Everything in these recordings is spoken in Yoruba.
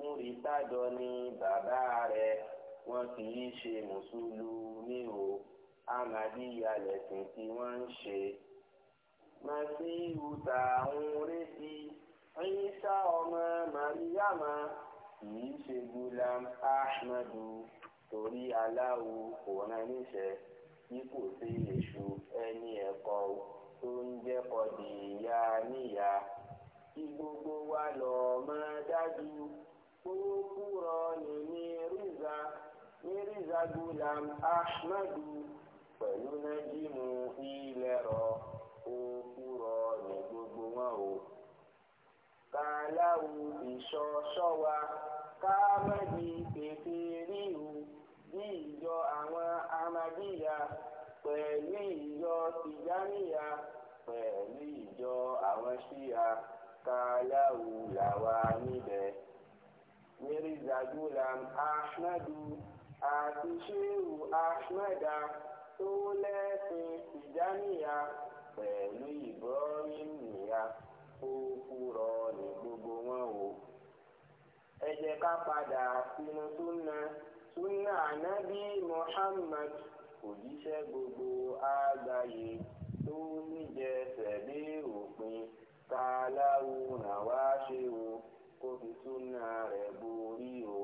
múrítàjọ ni bàbá rẹ̀ wọ́n kì í ṣe mùsùlùmí o amadi lẹ̀sìn tí wọ́n ń ṣe. masihu tá à ń retí Ìsá ọmọ màríyàmá kì í ṣe gulam ahmadu torí aláwo kò rán níṣẹ́ tí kò sí èṣù ẹni ẹ̀kọ́ tó ń jẹ́kọ̀ọ́ dìyà níyà kí gbogbo wa lọ́ọ́ mọ́ dájú kúrọ̀ ní Mírízà Mírízà Gulam Ahmadu pẹ̀lú nájímù ilẹ̀rọ òkúrọ̀ ní gbogbo wọn o. kàláwù ìṣọṣọ́wa káàmẹ́dì pèpè ríru bí ìjọ àwọn amadíyà pẹ̀lú ìjọ tìjáníyà pẹ̀lú ìjọ àwọn ṣíyà kàláwù làwa níbẹ̀ mirza gulam ahmadu àti shehu ahmeda tó lẹ́sìn tìjáníyà pẹ̀lú ìbọ́rin nìyà ó kúrọ̀ ní gbogbo wọn o. ẹ jẹ́ ká padà sínú súnà súnà ànábì muhammad òjíṣẹ́ gbogbo àgbáyé tó níjẹsẹ̀ dé òpin tá a láwùrán wá ṣe o kó fi súnà rẹ̀ borí o.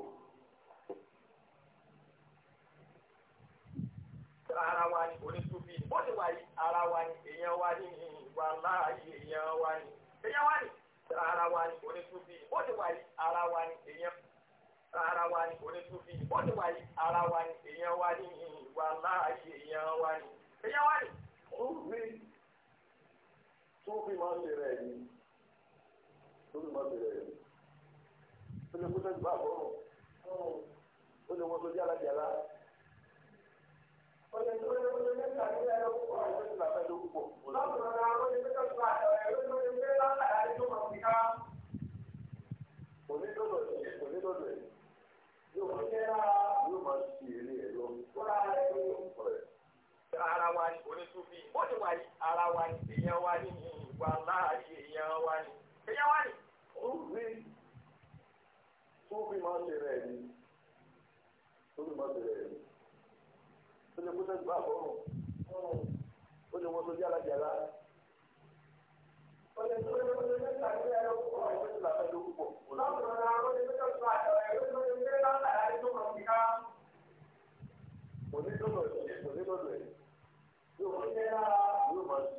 ara wa ni onítúbí bó ti wà yí ara wa ni èèyàn wa ni ìwà láàyè èèyàn wa ni èèyàn wa ni ara wa ni onítúbí bó ti wà yí ara wa ni èèyàn ara wa ni onítúbí bó ti wà yí ara wa ni èèyàn wa ni ìwà láàyè èèyàn wa ni èèyàn wa ni. túbí túbí máa ń lè rẹ̀ yìí túbí máa ń lè yìí ó lè kó sẹ́yìn bá àbọ̀rọ̀ ó lè wọ́n tó lè alájàlá ló púpọ̀ àti sẹ́yìn bàbá ló púpọ̀. Lọ́sùn náà ó lè fẹ́ mọ̀ sí ẹ̀ onídọ̀dọ̀ ẹ̀ lọ. ara wa ni onítúbí ó ní wáyé ara wa ni èèyàn wa ni ìwà láàyè èèyàn wa ni èèyàn wa ni tó fi máa ṣe rẹ̀ ni tó fi máa ṣe rẹ̀ ni ó lè kó sẹ́sì bá àbọ̀rùn ó lè wọ́n tó yára yàrá. ó lè tó lè tó lè mẹ́ta ní ẹ̀rọ púpọ̀ ó lè tó lè tó púpọ̀. lọ́sọ̀rọ̀ náà ó lè tó lè tó àjọ ẹ̀rọ tó lè tó lè látàrí àdéhùn kan kíkà. kò ní lọ́dọ̀ ẹ̀ kò ní lọ́dọ̀ ẹ̀ yóò máa ṣe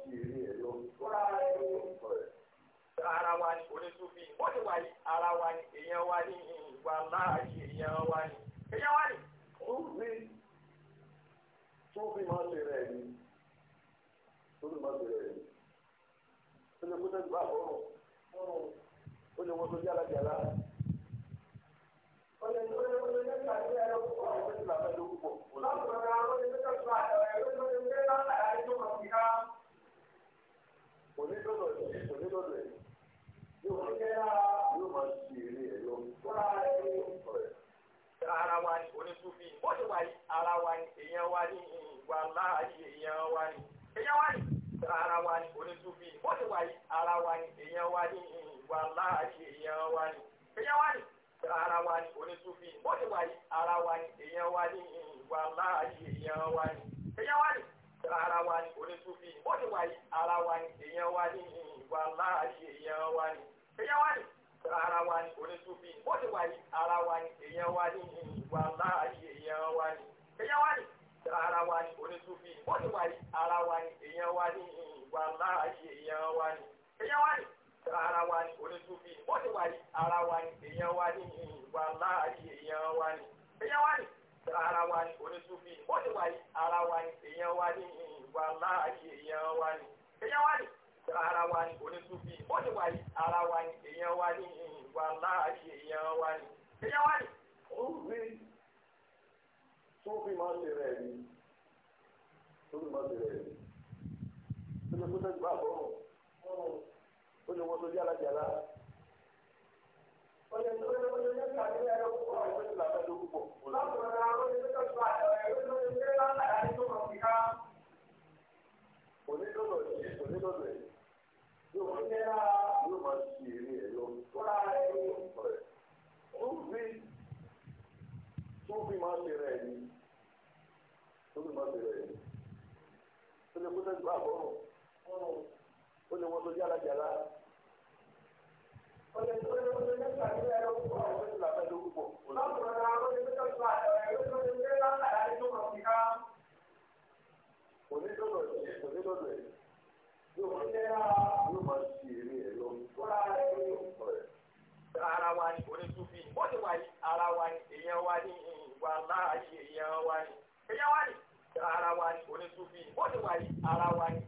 ara wa ni onísùfì wọ́n ti wà ní ara wa ni èèyàn wa ní ìwà láàyè èèyàn wa ni èèyàn wa ni. ó rí sófin máa ń ṣe rẹ̀ ni sófin máa ń ṣe rẹ̀ ni ó lè kó tẹ́sí bá àbọ̀rọ̀ ó lè wọ́n tó jálá jálá. ó lè ó lè ó lè nípa sí ẹ̀rọ púpọ̀ ó lè nípa sí ẹ̀rọ púpọ̀. lọ́sùn ọ̀gá ó lè nípa sí ẹ̀rọ púpọ̀ ó lè nípa sí ẹ̀rọ púpọ̀ ó lè nípa sí ẹ̀rọ púpọ̀ ara wa ni onisufi bó ṣe wà yìí ara wa ni èèyàn wa ni ìwà láàyè èèyàn wa ni èèyàn wa ni ara wa ni onisufi bó ṣe wà yìí ara wa ni èèyàn wa ni ìwà láàyè èèyàn wa ni èèyàn wa ni ara wa ni onisufi bó ṣe wà ara wa ni èèyàn wa ni ìwà láàyè èèyàn wa ni èèyàn wa ni ara wa ni onisufi bó ṣe wà ara wa ni èèyàn wa ni ìwà láàyè èèyàn wa ni èèyàn wá ní ara wa ni onítúbí bó ti wà yìí ara wa ni èèyàn wá ní ìwà láàyè èèyàn wá ní èèyàn wá ní ara wa ni onítúbí bó ti wà yìí ara wa ni èèyàn wá ní ìwà láàyè èèyàn wá ní èèyàn wá ní ara wa ni onítúbí bó ti wà yìí ara wa ni èèyàn wá ní ìwà láàyè èèyàn wá ní èèyàn wá ní ara wa ni onítúbí bó ti wà yìí ara wa ni èèyàn wá ní ìwà láàyè èèyàn wá ní èèyàn wá ní ara wa ni onísùnfì wọ́n ní wà ní ara wa ni èèyàn wa ní ìwà láàyè èèyàn wa ni èèyàn wa ni. ó rí sófin máa ń lè rẹ̀ ni sófin máa ń lè rẹ̀ ni ó lè kó sẹ́jú bá àbọ̀ ó lè wọ́n sójú alájàlá. ó lè tó lè alájàlá ẹ̀rọ yìí onídọ̀dọ̀ yìí yóò fi ní ra yóò máa ṣe eré ẹ̀ lọ fúnra rẹ̀ yóò sọ rẹ̀ túnfì túnfì máa ṣe rẹ̀ ni túnfì máa ṣe rẹ̀ ni ó lè kó sẹ́yìn bá àbọ̀rùn ó lè wọ́n tó jálajàla ó lè tó lè tó lè tó lè tó onídọ́dọ̀ ẹ̀ onídọ́dọ̀ ẹ̀ yóò máa ṣe eré ẹ̀ lọ fúnra rẹ̀ ló ń kọ́ ẹ̀. ara wa ni onítúbí wọ́n ti wà ní ara wa ni èèyàn wa ní ìwà láàyè èèyàn wa ní èèyàn wa ní ara wa ni onítúbí wọ́n ti wà ní ara wa ni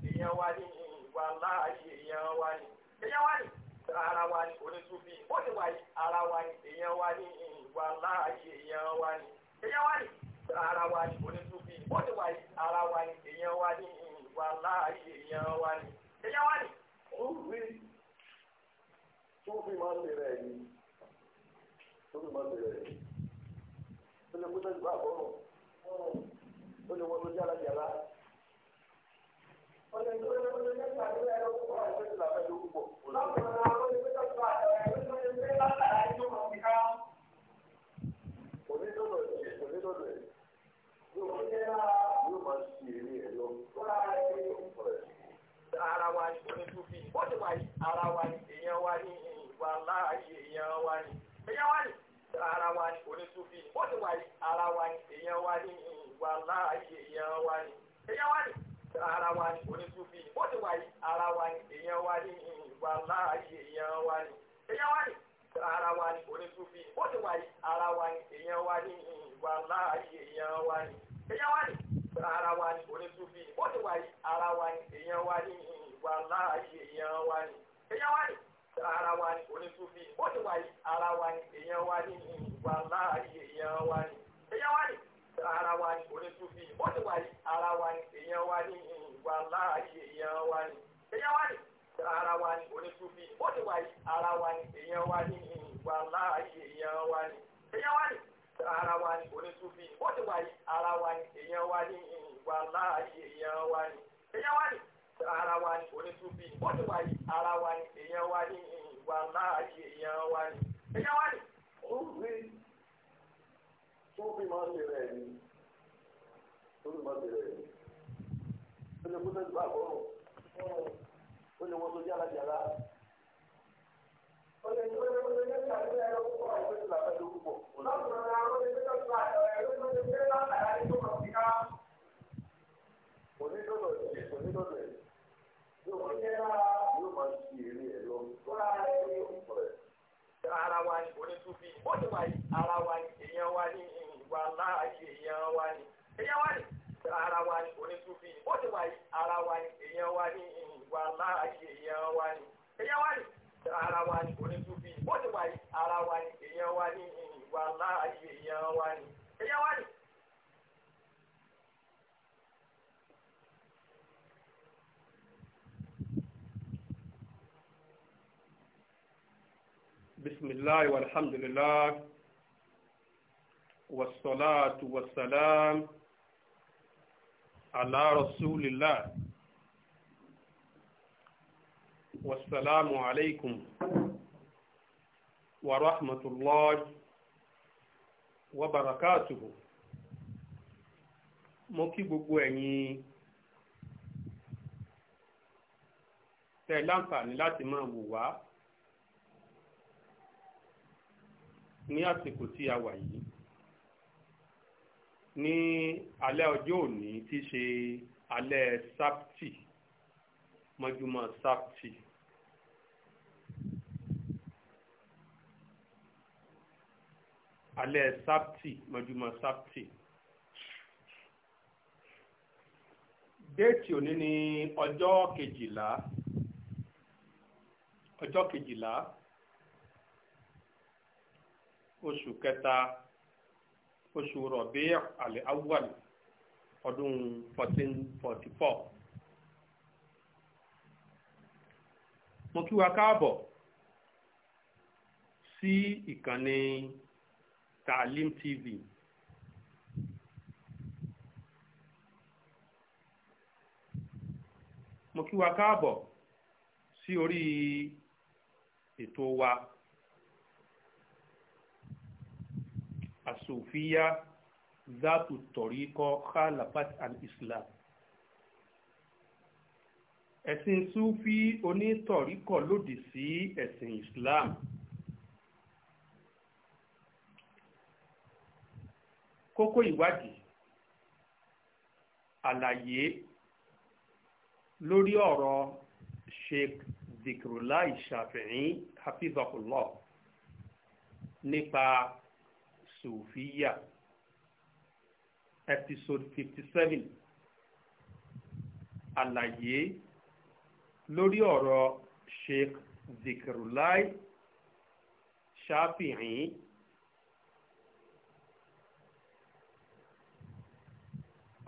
ẹ̀yà wá ní. ó fi tó fi máa ń lè rẹ̀ yìí tó fi máa ń lè rẹ̀ yìí ó lè kó sẹ́yìn bá àbọ̀rọ̀ ó lè wọ́n ni kò ní tó fi ó ti wà ní ara wa ni èèyàn wa ni ìwà láàyè èèyàn wa ni èèyàn wa ni ara wa ni kò ní tó fi ó ti wà ní ara wa ni èèyàn wa ni ìwà láàyè èèyàn wa ni èèyàn wa ni ara wa ni kò ní tó fi ó ti wà ní ara wa ni èèyàn wa ni ìwà láàyè èèyàn wa ni èèyàn wa ni ara wa ni kò ní tó fi ó ti wà ní ara wa ni èèyàn wa ni ìwà láàyè èèyàn wa ni èèyàn wa ni ara wa ni kò ní tó fi ó ti wà ní ara wa ni èèyàn wa ni wà láàyè èèyàn wa ni èèyàn wa ni ara wa ni onísùnfì ó ti wà yìí ara wa ni èèyàn wa ni wà láàyè èèyàn wa ni èèyàn wa ni ara wa ni onísùnfì ó ti wà yìí ara wa ni èèyàn wa ni wà láàyè èèyàn wa ni èèyàn wa ni ara wa ni onísùnfì ó ti wà yìí ara wa ni èèyàn wa ni wà láàyè èèyàn wa ni èèyàn wa ni ara wa ni onísùnfì ó ti wà ara wa ni èèyàn wa ni wà láàyè èèyàn wa ni èèyàn wa ni ara wa ni onítúbí bọ́ọ̀dù wa ni ara wa ni èèyàn wa ni ìwà láàyè èèyàn wa ni èèyàn wa ni. ó rí tóbi máa ń lè rẹ̀ ni tóbi máa ń lè rẹ̀ ni ó lè kó sẹ́yìn bá àkọ́rọ̀ ó lè wọ́n tó yára yàrá. ó lè ní ó lè wọ́n tó yára yàrá ó kọ́ àìsàn ìlà pẹ̀lú púpọ̀. lọ́sùn náà ó lè gbé lọ́sùn àjọ ẹ̀ ló ló lè gbé lọ́sùn àjọ ẹ̀ tó kọ̀ sí ká. onídọ̀dọ̀ ẹ̀ onídọ̀dọ̀ ẹ̀ yóò máa ṣe eré ẹ̀ lọ fúnra ẹ̀ ló ń pọ̀ ẹ̀. ara wa ni onítúbí ó ti wà yìí ara wa ni èèyàn wa ni ìwà láàyè èèyàn wa ni èèyàn wa ni ara wa ni onítúbí ó ti wà yìí ara wa ni èèyàn wa ni ìwà láàyè èèyàn wa ni èèyàn wa ni ara wa ni èèyàn wa ni ìwà láàyè èèyàn wa ni èèyàn wa ni. بسم الله والحمد لله والصلاة والسلام على رسول الله والسلام عليكم ورحمة الله وبركاته mo kí gbogbo ẹ̀yin tẹ́ láǹfààní ní àsìkò tí a wà yìí ní alẹ́ ọjọ́ òní tí í ṣe alẹ́ sábtì mọ́júmọ́ sábtì. alẹ́ sábtì mọ́júmọ́ sábtì. déètì òní ni ọjọ́ kejìlá ọjọ́ kejìlá oṣù kẹta oṣù rọ̀bí àlẹ́ awwal ọdún 1444. mo kí wa káàbọ̀ sí ìkànnì Taalim TV. mo kí wa káàbọ̀ sí orí ètò wa. àsòfíà zatu tọ̀ríkọ khalafat al-islam ẹ̀sìn súfí onítọ̀ríkọ lòdì sí ẹ̀sìn islam kókó ìwádìí àlàyé lórí ọ̀rọ̀ sheikh zikrullah Shafi'i hafizahullah nípa Sufiya episode fifty seven àlàyé lórí ọ̀rọ̀ Sheikh Zikirulai Shafi'i.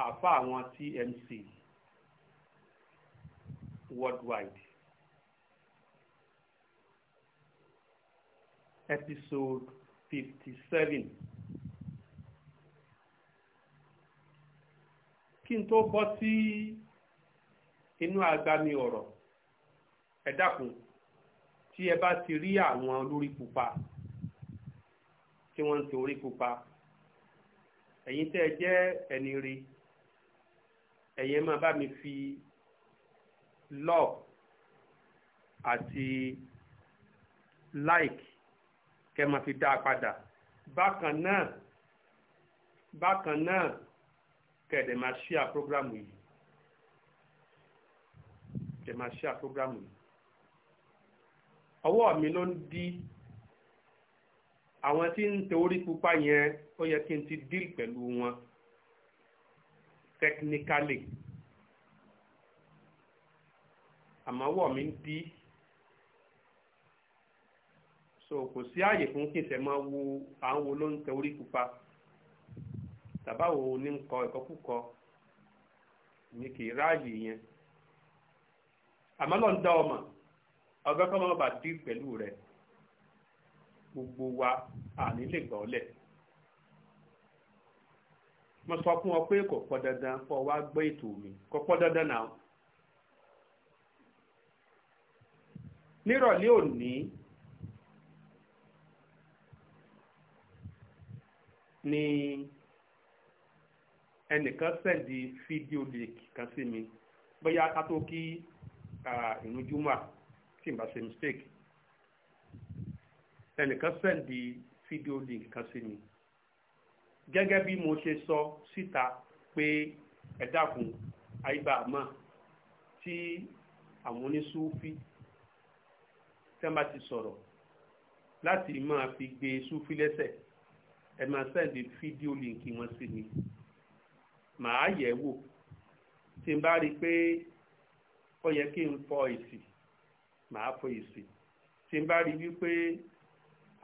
àfa àwọn TMC worldwide episode 57. kí n tó bọ́ sí inú agbami ọ̀rọ̀ ẹ dákun tí ẹ bá ti rí àwọn olórí pupa tí wọ́n ń ti orí pupa ẹ̀yin tẹ́ ẹ jẹ́ ẹni rí ẹ̀yin máa bá mi fi love àti like kẹ́ máa fi dá a padà bákan náà bákan náà kẹ̀dẹ̀ máa ṣíà prógrámù yìí kẹ̀dẹ̀ máa ṣíà prógrámù yìí ọwọ́ mi ló ń dí àwọn tí ń torí pupa yẹn ó yẹ kí n ti díl pẹ̀lú wọn technically àmọ́ ọwọ́ mi ń dí. so kò sí ààyè fún kí n ṣe máa wo àwọn wo ló ń tẹ orí pupa tàbáwo ní ń kọ ìkọkúkọ ní kì í ráàyè yẹn àmọ́ lọ́n dá ọmọ ọgbẹ́ kọ́ dí pẹ̀lú rẹ gbogbo wa àní lè gbọ́ lẹ̀ sọ fún ọ pé kò dandan fọ wá ètò mi kò dandan náà nírọ̀lẹ́ ni ẹnìkan sẹ̀ndì fídíò link kan sí mi bóyá ká tó kí ìrújúmọ́ tí n bá ṣe mistake ẹnìkan sẹ̀ndì fídíò link kan sí mi gẹ́gẹ́ bí mo ṣe sọ síta pé ẹ dákun àyíbá àmọ́ tí àwọn oníṣúfí tẹ́ bá ti sọ̀rọ̀ láti máa fi gbé súfí lẹ́sẹ̀ ẹ máa sẹ́ndì fídíò líǹkì wọn sí mi màá yẹ̀ wò tí n bá rí i pé ó yẹ kí n fọ èsì màá fọ èsì tí n bá rí i wípé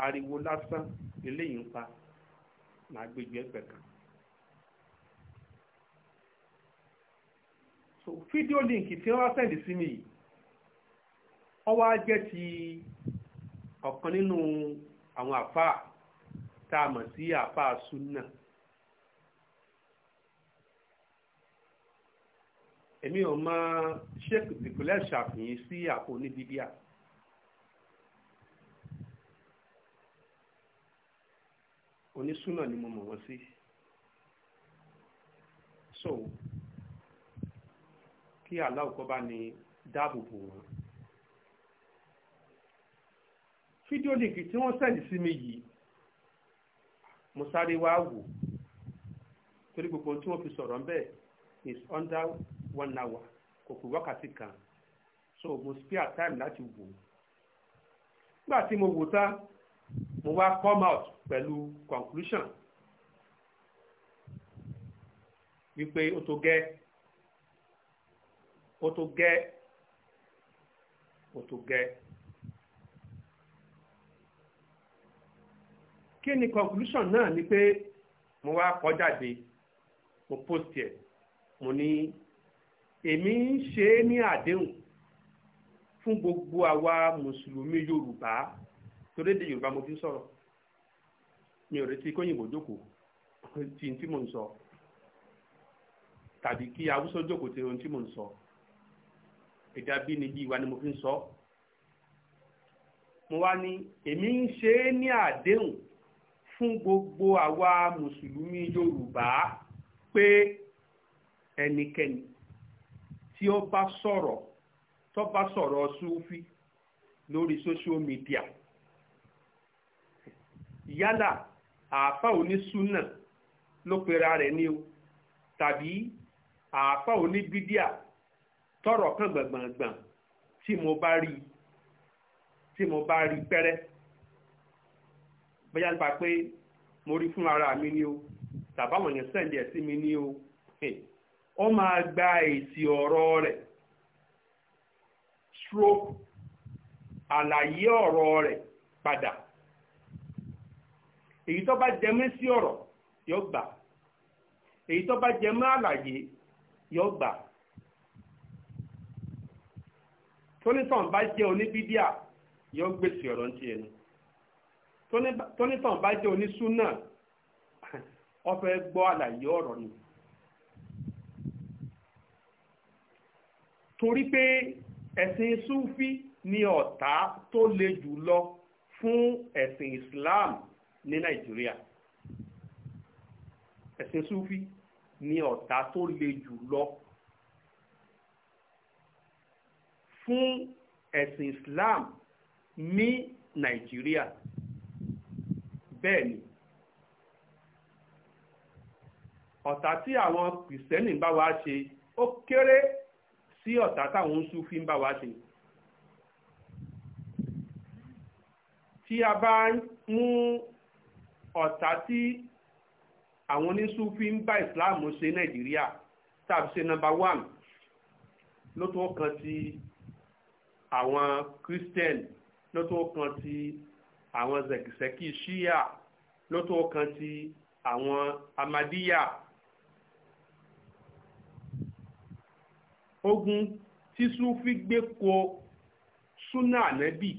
ariwo lásán eléyìí ń pa màá gbéjú ẹgbẹ́ kan. so fídíò líǹkì tí wọ́n wá sẹ́ndì sí mi yìí ó wá jẹ́ ti ọ̀kan nínú àwọn àfáà tá a mọ̀ sí àáfàá súnà èmi ò mọ sheikh dìpọ̀lẹ́ ṣàfihàn sí àpò oníbíbíà onísúnà ni mo mọ̀ wọ́n sí so kí aláwùkọ́ bá ní dáàbò bò wọ́n fídíò líǹkì tí wọ́n sẹ́ndì sí mi yìí mo sáré wá wò torí gbogbo tí wọ́n fi sọ̀rọ̀ ń bẹ̀ is under one hour kò pé wákàtí kan so mo spare time láti wò nígbà tí mo wò tán mo wá come out pẹ̀lú conclusion wípé ó tó gẹ́ ó tó gẹ́ ó tó gẹ́. kí ni conclusion náà ni pé mo wá kọ jáde mo post ẹ̀ mo ní èmi ń ṣe é ní àdéhùn fún gbogbo àwa mùsùlùmí yorùbá torí èdè yorùbá mo fi sọ̀rọ̀ mi ò retí kóyìnbó jókòó tí n tí mò ń sọ tàbí kí awúsọ jókòó tí n tí mò ń sọ ẹ̀dá bínibí wa ni mo fi ń sọ mo wá ní èmi ń ṣe é ní àdéhùn fún gbogbo àwa mùsùlùmí yorùbá pé ẹnikẹ́ni tí ó bá sọ̀rọ̀ tó bá sọ̀rọ̀ súfì lórí social media yálà àáfà onísúnà ló pera rẹ̀ ní o tàbí àáfà oníbídíà tọ̀rọ̀ kan gbàngbàngbàn tí mo bá rí tí mo bá rí pẹ́rẹ́ bóyá nípa pé mo rí fún ara mi ni o tàbáwọn èèyàn sẹ́ǹdì ẹ̀ sí mi ni o eh, ó máa gba èsì ọ̀rọ̀ rẹ̀ stroke àlàyé ọ̀rọ̀ rẹ̀ padà èyí tó bá jẹmọ́ sí ọ̀rọ̀ yóò gbà èyí tó bá jẹmọ́ àlàyé yóò gbà tónítàn bá jẹ́ oníbídíà yóò gbèsè ọ̀rọ̀ tiẹ̀ tónítàn bá jẹ́ onísúnà ó fẹ́ gbọ́ àlàyé ọ̀rọ̀ ni torí pé ẹ̀sìn súfí ni ọ̀tá tó le jù lọ fún ẹ̀sìn Islam ní Nàìjíríà ẹ̀sìn súfí ni ọ̀tá tó le jù lọ fún ẹ̀sìn Islam ní Nàìjíríà bẹ́ẹ̀ ni ọ̀tá tí àwọn kìrìsìtẹ́nì ń bá wa ṣe ó kéré sí ọ̀tá táwọn Súfì ń bá wa ṣe. tí a bá mú ọ̀tá tí àwọn onísúfí ń bá ìsìláàmù ṣe nàìjíríà tàbí ṣe nọ́mbà one ló tó kan ti àwọn christian ló tó kan ti àwọn zẹ̀kìsẹ́kì ṣíyà ló tó kan ti àwọn amadíyà ogun tí sufi gbé ko súnà ànẹ́bì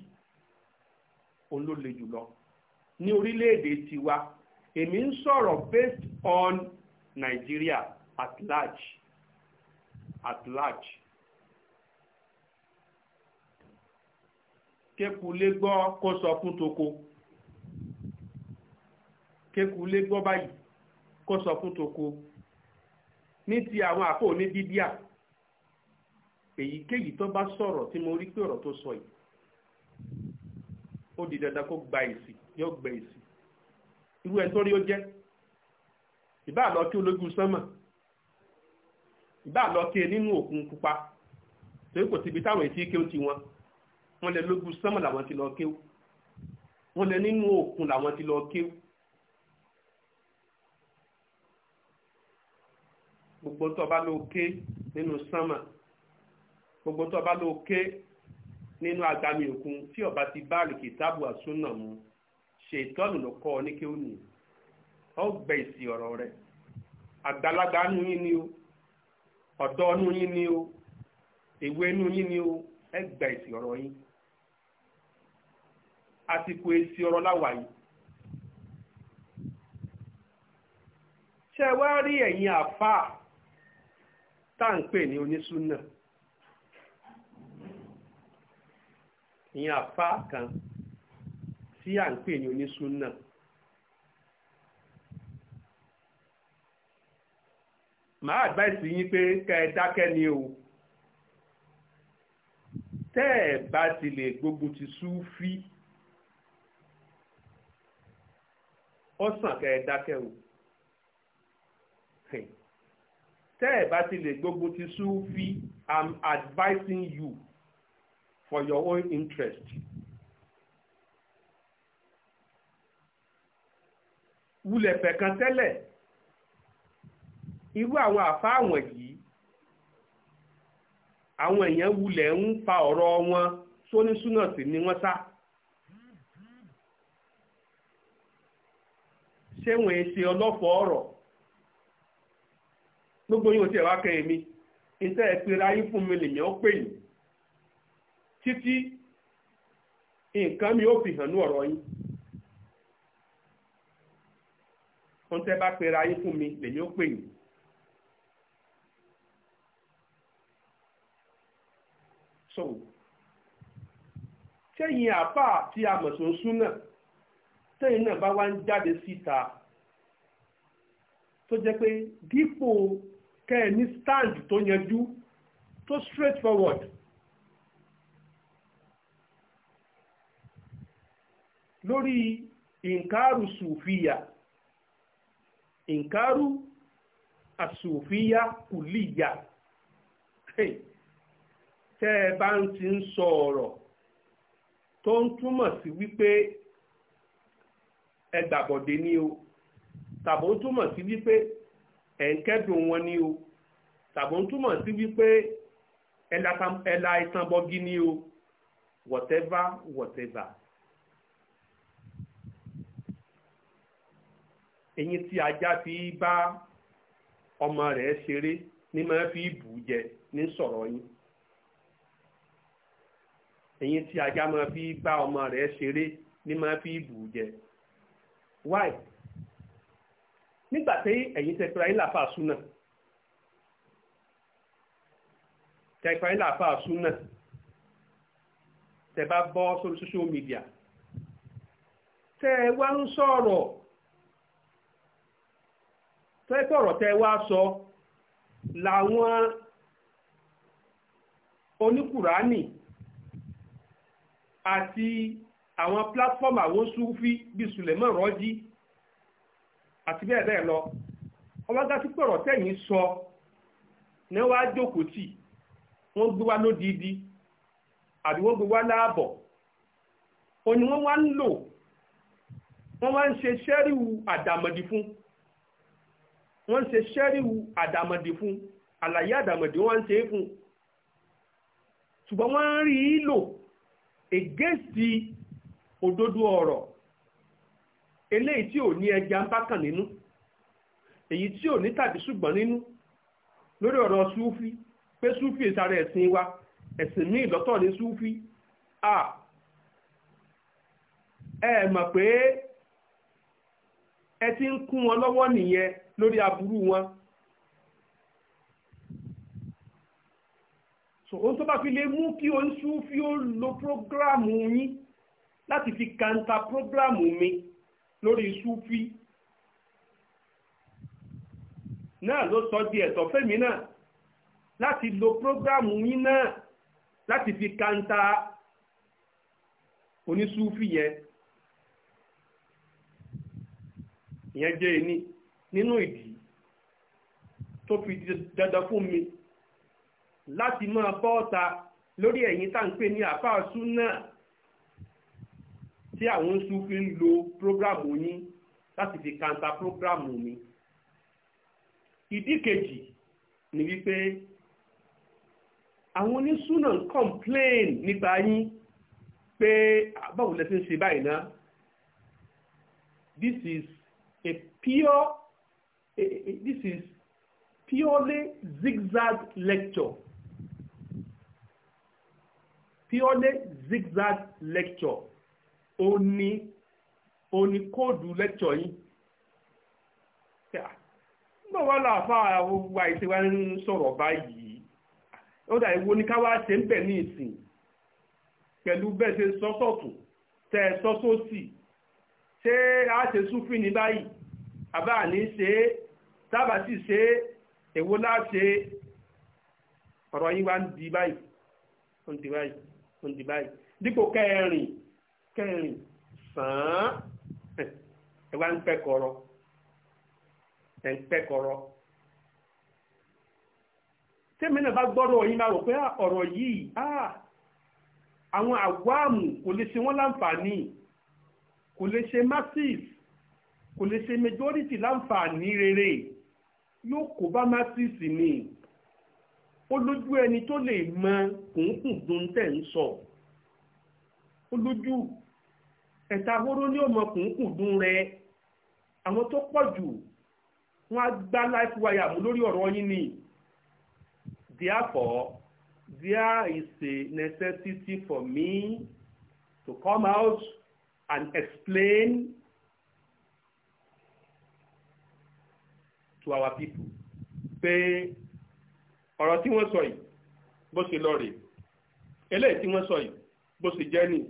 òun ló le jùlọ ní orílẹ̀-èdè tiwa èmi ń sọ̀rọ̀ based on Nigeria at large at large kékulé gbọ́ kó fún toko n'i ti àwọn àpò ní bíbíà èyíkéyìí tó bá sọ̀rọ̀ tí mo rí pé ọ̀rọ̀ tó sọ yìí ó di dandan kó gba èsì yóò gba èsì irú ẹ̀ tó ó jẹ́ ìbá lọ kí ológun sánmà ìbá lọ kí nínú òkun pupa torí kò síbi táwọn èsì ti wọn. wọ́n lẹ lójú sánmọ̀ làwọn ti lọ kéwú wọ́n lẹ nínú òkun làwọn ti lọ kéwú. gbogbo tó bá lọ ké nínú sánmọ̀ gbogbo tó bá lọ ké nínú agbami òkun tí ọba ti bá àlùkì tábù àsúnà mu ṣètọ́nù ló kọ́ ọ ní kéwú nìyí ọ gbẹ ìsì ọ̀rọ̀ rẹ̀ àgbàlagbà nu yín ni o ọ̀dọ́ nu yín ni o èwe nu yín ni o ẹ gbẹ ìsì ọ̀rọ̀ yín àsìkò èsì ọ̀rọ̀ láwàyí. ṣe wá rí ẹ̀yin àfáà tá à ń pè ní onísúnà ìyẹn àfáà kan tí à ń pè ní onísúnà. màá advice yín pé kẹ́ ẹ dákẹ́ ni o tẹ́ ẹ bá ti lè gbógun ti súfì. ó sàn kẹ́ ẹ dákẹ́ o tẹ́ ẹ bá ti lè gbógun ti súfì i'm advising you for your own interest. wulẹ̀ fẹ̀kan tẹ́lẹ̀ irú àwọn àfáà wọ̀nyí àwọn èèyàn wulẹ̀ ń fa ọ̀rọ̀ wọn sónísúnà sí ni wọ́n sá. ṣé wọ́n ń ṣe ọlọ́fọ̀ ọ̀rọ̀ gbogbo yóò ti ẹ̀wá kẹ́yìn mi níta ìpera yín fún mi lèmi ó pè yín títí nǹkan mi ó fi hàn ní ọ̀rọ̀ yín wọ́n tẹ́ bá pera yín fún mi lèmi ó pè yín. so ṣẹ́yìn àpá àti àmọ̀sọ̀nsún náà tẹ́yìn náà bá wá ń jáde síta tó jẹ́ pé dípò kẹ́ ní stand tó yanjú tó straight forward lórí ìǹkàrù sùfìyà ìǹkàrù àsùfìyà kùlìyà tẹ́ ẹ bá ń ti ń sọ ọ̀rọ̀ tó ń túmọ̀ sí wípé ẹgbàbọ̀dé ni o tàbó ń túmọ̀ sí wípé ẹ̀ ń kẹ́dùn wọn ni o tàbó ń túmọ̀ sí wípé ẹ̀la ìtànbọ̀gì ni o whatever whatever. eyín tí ajá fi bá ọmọ rẹ̀ ṣeré ní máa fi bù jẹ ní sọ̀rọ̀ yín eyín tí ajá máa fi bá ọmọ rẹ̀ ṣeré ní máa fi bù jẹ why nígbà tí ẹ̀yin tẹ̀pẹ̀rẹ̀ ayé làfà súnà tẹ̀pẹ̀rẹ̀ ayé làfà súnà tẹ̀ bá bọ́ sórí social media tẹ́ ẹ wá ń sọ̀rọ̀ tẹ́ ẹ tẹ́ wá sọ làwọn oníkùránì àti àwọn platform àwọn sufi bíi Suleiman Rọ́jí àti bẹ́ẹ̀ bẹ́ẹ̀ lọ ọlọ́gá tí pọ̀rọ̀ tẹ̀yìn sọ ní wàá jókòó tì wọ́n gbé wá lódìdí àbí wọ́n gbé wá láàbọ̀ òní wọ́n wá ń lò wọ́n wá ń ṣe ṣẹ́ríwù àdàmọ̀dì fún wọ́n ń ṣe ṣẹ́ríwù àdàmọ̀dì fún àlàyé àdàmọ̀dì wọ́n ń ṣe é fún ṣùgbọ́n wọ́n ń rí i lò against the òdodo ọ̀rọ̀ eléyìí tí ò ní ẹja ń bákan nínú èyí tí ò ní tàbí ṣùgbọ́n nínú lórí ọ̀rọ̀ súfí pé súfí ìsàrẹ̀ ẹ̀sìn wa ẹ̀sìn míì lọ́tọ̀ ní súfí a ẹ mọ̀ pé ẹ ti ń kún wọn lọ́wọ́ nìyẹn lórí aburú wọn. so ohun tó bá fi lè mú kí oníṣúfí ó lo programu yín láti fi kanta prógrámù mi lórí súfí náà ló sọ di ẹ̀tọ́ fẹ́mi náà láti lo prógrámù yín náà láti fi kanta onísúfí yẹn ìyẹn jẹ́ ẹni nínú ìdí tó fi dandan fún mi láti máa bọ́ ọ̀ta lórí ẹ̀yin tá ń pè ní àfáà súnà tí àwọn sufi ń lo prógrámù yín láti fi kanta prógrámù mi ìdí kejì ni wípé àwọn onísúnà ń complain nípa yín pé báwo lẹ ń ṣe báyìí ná this is a pure a, a, this is purely zigzag lecture purely zigzag lecture oni ní ó ní kóòdù lẹ́kṣọ̀ yín náà wá láàfà wa ìṣèwà ń sọ̀rọ̀ báyìí ó dà ìwo ni ká wá ṣe ń bẹ̀ ní ìsìn pẹ̀lú bẹ́ẹ̀ ṣe sọ́sọ̀tún tẹ́ ẹ sọ́sọ́sì ṣé a ṣe súnfì ní báyìí àbá ní ṣe é tábà sì ṣe é èwo la ṣe ọ̀rọ̀ yín wá ń di báyìí ó ń di báyìí ó ń di báyìí dípò kẹrin kẹrin sàn án ẹ wá ń pẹ́kọ̀rọ̀ ẹ ń pẹ́kọ̀rọ̀ tẹ́mi náà bá gbọ́rọ̀ yín máa rò pé ah, ọ̀rọ̀ yìí ah, àwọn àwáàmù kò lè ṣe wọ́n láǹfààní kò lè ṣe massive kò lè ṣe majority láǹfààní rere yóò kó bá massive ni ó lójú ẹni tó lè mọ kùnkùn dùn ń sọ. So ó ẹ̀ta ahóró ní òmọkùnkùn dún rẹ àwọn tó pọ̀ jù wọ́n á gbá life wire mú lórí ọ̀rọ̀ yín ni therefore there is a necessity for me to come out and explain to our people pé ọ̀rọ̀ tí wọ́n sọ yìí bó ṣe lọ rèé eléyìí tí wọ́n sọ yìí bó ṣe jẹ́ nìyí.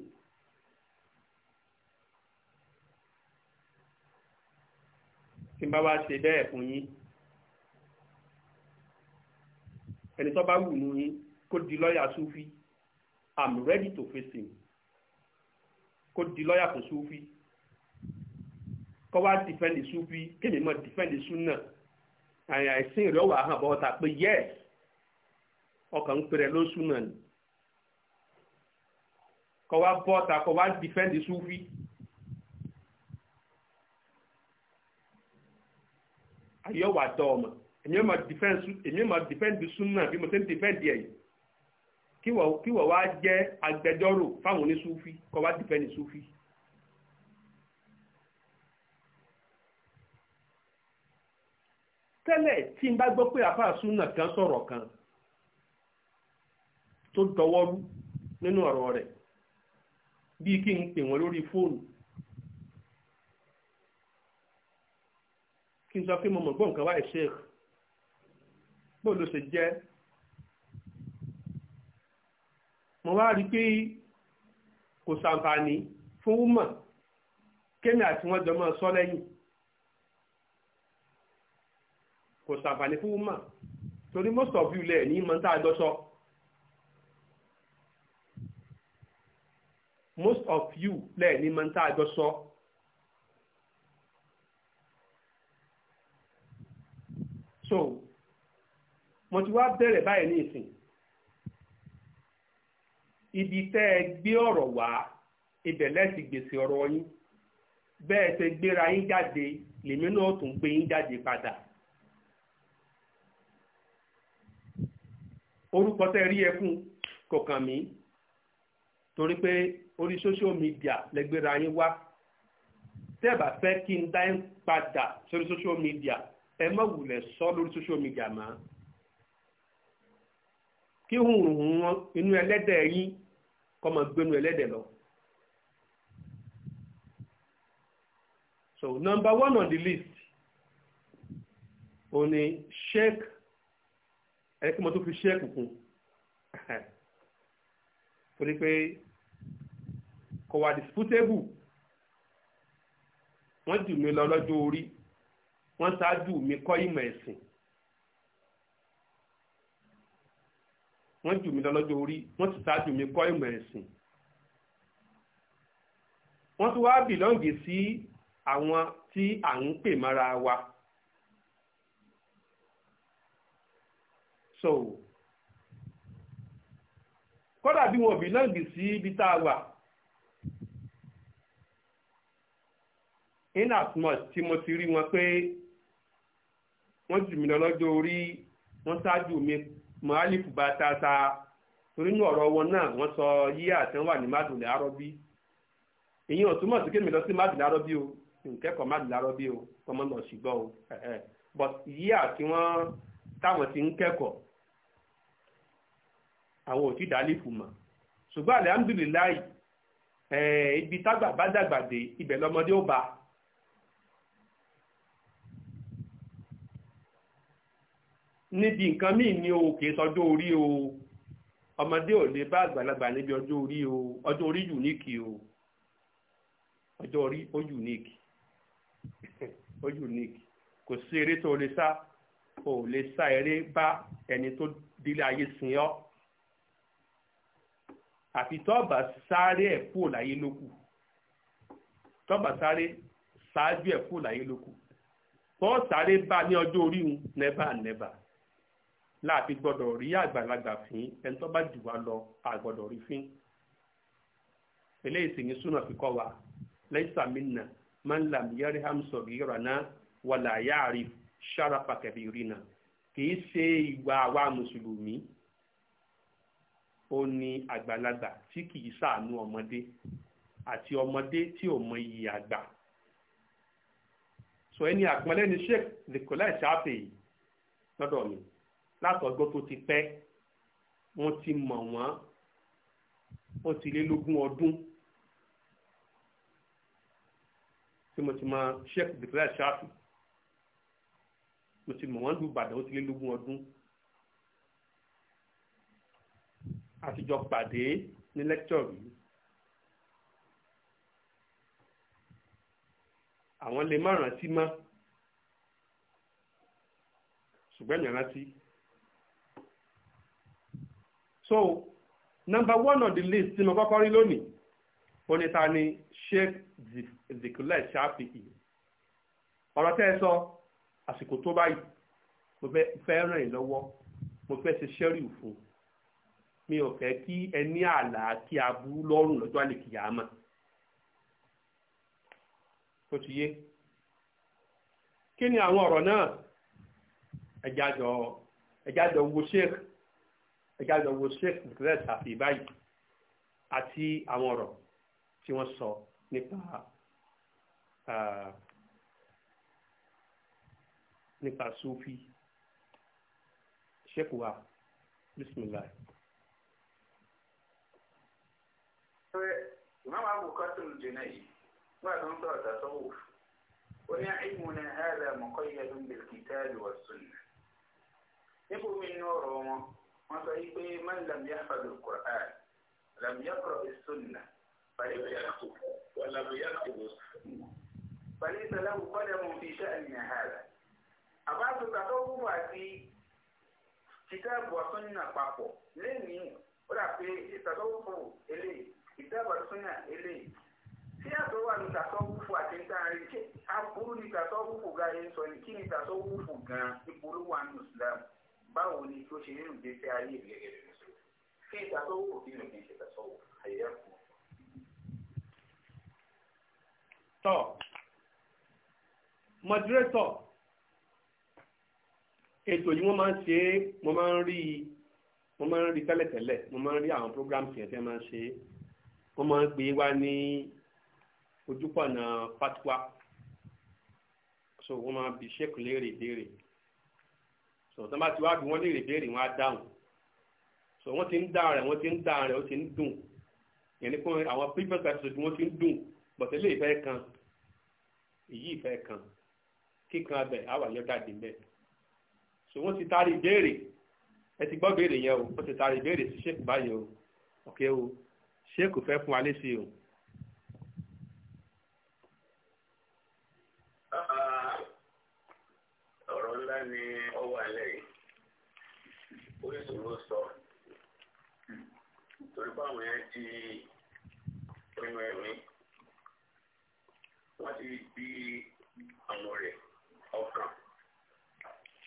tí n bá wá ṣe bẹ́ẹ̀ fún yín ẹni tó bá wù nú yín kó di lọ́ọ̀yà sufi i'm ready to face him kó di lọ́ọ̀yà fún sufi kó wá dìfẹ́ǹdì sufi kémi mọ́ dìfẹ́ǹdì sunna àyà ìsìn rẹ̀ wà hàn bọ́ta pé yes ọkàn ń pèrè lóṣù náà ni kó wá bọ́ta kó wá dìfẹ́ǹdì sufi. ayé wà dọ́ ọmọ èmi ò máa dìfẹ́ǹdì súnà bí mo ṣe ń dìfẹ́ǹdì ẹ̀ yìí kí wọ́n wá jẹ́ agbẹjọ́rò fáwọn oníṣúfì kọ́ wá dìfẹ́ǹdì súfì. tẹ́lẹ̀ tí n bá gbọ́ pé àfáà na kan sọ̀rọ̀ kan tó dọwọ́rú nínú ọ̀rọ̀ rẹ̀ bíi kí n pè wọ́n lórí fóònù kí n sọ pé mo mọ̀ gbọ́ nǹkan wáyé sheikh bó ló ṣe jẹ́ mo wá rí pé kò ṣàǹfààní fún wúmọ̀ kémi àti wọn jọ máa sọ lẹ́yìn kò ṣàǹfààní fún wúmọ̀ torí most of you lẹ̀ ní mọ́ tá a jọ sọ most of you lẹ̀ ní mọ́ tá a jọ sọ. So. so mo ti wá bẹ̀rẹ̀ báyìí ní ìsìn ibi tẹ́ ẹ gbé ọ̀rọ̀ wá ibẹ̀ lẹ́sìn gbèsè ọ̀rọ̀ yín bẹ́ẹ̀ ṣe gbéra yín jáde lèmi náà tún gbé yín jáde padà. orúkọ tẹ́ rí ẹkún kò kàn mí torí pé orí social media lẹ́gbéra yín wá tẹ́ bá fẹ́ kí n dá yín padà sórí social media ẹ má wulẹ̀ sọ lórí social media mọ́ kí hùrùhùn wọn inú ẹlẹ́dẹ̀ yín kọ́ máa gbénu ẹlẹ́dẹ̀ lọ. so number one on the list òun ni sheikh ẹni kí mo tún fi sheikh kún torí pé kò wà disputable wọ́n jù mí lọ lọ́jọ́ orí wọ́n ṣáájú mi kọ́ ìmọ̀ ẹ̀sìn wọ́n jù mí lọ́lọ́jọ́ orí wọ́n sì ṣáájú mi kọ́ ìmọ̀ ẹ̀sìn wọ́n tún wá bìlọ́ǹgì sí àwọn tí à ń pè mọ́ra wa. so kódà bí wọn bìlọ́ǹgì sí ibi tá a wà in as much tí mo ti rí wọn pé wọ́n jù mí lọ́jọ́ orí wọ́n ṣáájú mi mọ́álífù bá tata torí inú ọ̀rọ̀ wọn náà wọ́n sọ yíyá àtẹ́wọ́n wà ní mádùlẹ̀ arọ́bí èyí ọ̀túnmọ̀ túmọ̀ sí kémi lọ sí mádùlẹ̀ arọ́bí o nkẹ́kọ̀ọ́ mádùlẹ̀ arọ́bí o ọmọ lọ ṣùgbọ́n o but wọ́n táwọn ti ń kẹ́kọ̀ọ́ àwọn ò mọ̀ ṣùgbọ́n níbi nǹkan míì ní o kì í sọjọ́ orí o ọmọdé ò lè bá àgbàlagbà níbi ọjọ́ orí o ọjọ́ orí unique o ọjọ́ orí ó unique ó unique kò sí eré tó lè sá o lè sá eré bá ẹni tó délé ayé sin ọ́ àfi tọ́ọ̀bà sáré ẹ̀ kúrò láyé lókù tọ́ọ̀bà sáré ṣáájú ẹ̀ kúrò láyé lókù bọ́ọ̀ bá ní ọjọ́ orí un nẹ́bà nẹ́bà láàfin gbọ́dọ̀ rí àgbàlagbà fín ẹni tó bá jù wá lọ àgbọ́dọ̀ rí fín eléyìí sì ní súnà fi kọ́ wa laysa minna man lam yarham saghirana wala ya'rif sharafa kabirina kìí ṣe ìwà àwa mùsùlùmí ó ní àgbàlagbà tí kìí ṣàánú ọmọdé àti ọmọdé tí ò mọ iyì àgbà sọ ẹni àpọ́nlé ni sheikh nikolai ṣáfì lọ́dọ̀ mi látọ̀gbọ́ tó ti pẹ́ wọ́n ti mọ̀ wọ́n wọ́n ti lé lógún ọdún tí mo ti mọ sheikh dikla shafi mo ti mọ̀ wọ́n lu ìbàdàn wọ́n ti lé lógún ọdún àtijọ́ pàdé ní lẹ́kítọ̀ rí àwọn lè má rántí mọ́ ṣùgbọ́n èèyàn rántí so number one on the list tí mo kọ́kọ́ rí lónìí oníta ni Sheikh Dhikrullah Shafi'i ọ̀rọ̀ tẹ́ ẹ sọ àsìkò tó báyìí mo fẹ́ ràn yín lọ́wọ́ mo fẹ́ ṣe ṣẹ́rì fún mi ò fẹ́ kí ẹ ní àlá kí aburú lọ́rùn lọ́jọ́ àlèkìyàmà tó ti yé kí ni àwọn ọ̀rọ̀ náà ẹ̀jájọ ẹ̀jájọ wo Sheikh ẹ̀ka ìdánwò sheikh mukres àfi báyìí àti àwọn ọ̀rọ̀ tí wọ́n sọ nípa nípa sufi sheikh wa bismillah. Imam Abu Qasim al-Junayd wà ló ń sọ̀rọ̀ هذا مقيد بالكتاب والسنة نبو من نور wọ́n sọ wípé man lam yahfaz al-Qur'an lam yaqra as-sunnah fàlẹ́ yàtò wà lam yàtò fàlẹ́ sàlẹ̀ kọ́lẹ̀ mọ̀ fi sha'ni hàdà. àbáṣe kàtó wúwo àti kìtàbù wa sunna papọ̀ lẹ́yìn ó dà pé ìtàtọ́wùfù eléyìí kìtàbù wa sunna eléyìí tí àtọ́ wà ní tàtọ́wùfù àti ntaari ṣe aburú ní tàtọ́wùfù gan-an sọ ní kí ní tàtọ́wùfù gan-an ìpolówó àánú Islam báwo ni tó ṣe nínú ìgbésí ayé mi gẹ́gẹ́ bí mùsùlùmí kí ìtasọ́wọ́ kò kí ni kì í ṣe tasọ́wọ́ àyè ẹ̀kọ́. tọ́ mọdúrétọ̀ ètò yìí wọ́n máa ń ṣe é mo máa ń rí i mo máa ń rí tẹ́lẹ̀tẹ́lẹ̀ mo máa ń rí àwọn programs yẹn tí wọ́n máa ń ṣe é wọ́n máa ń gbé wá ní ojúpọ̀nà fatwa so wọ́n máa bi sheik léèrè léèrè so tó bá ti wá bí wọ́n léèrè béèrè wọn á dáhùn so wọ́n ti ń dáhùn rẹ̀ wọ́n ti ń dáhùn rẹ̀ ó ti ń dùn yẹn ni pé àwọn previous episode wọ́n ti ń dùn bọ̀tẹ́ lè fẹ́ kan èyí ìfẹ́ kan kíkan abẹ àwọn àyọ̀jáde mbẹ́ so wọ́n ti taari ìbéèrè ẹ ti gbọ́ béèrè yẹn o wọ́n ti taari ìbéèrè sí sheik báyìí o ok o sheik fẹ́ fún wa léṣe o. Ah, ọ̀rọ̀ ńlá ni tó sọ torí báwọn yẹn ti pinnu ẹ̀mí wọ́n ti di àwọn rẹ̀ ọkàn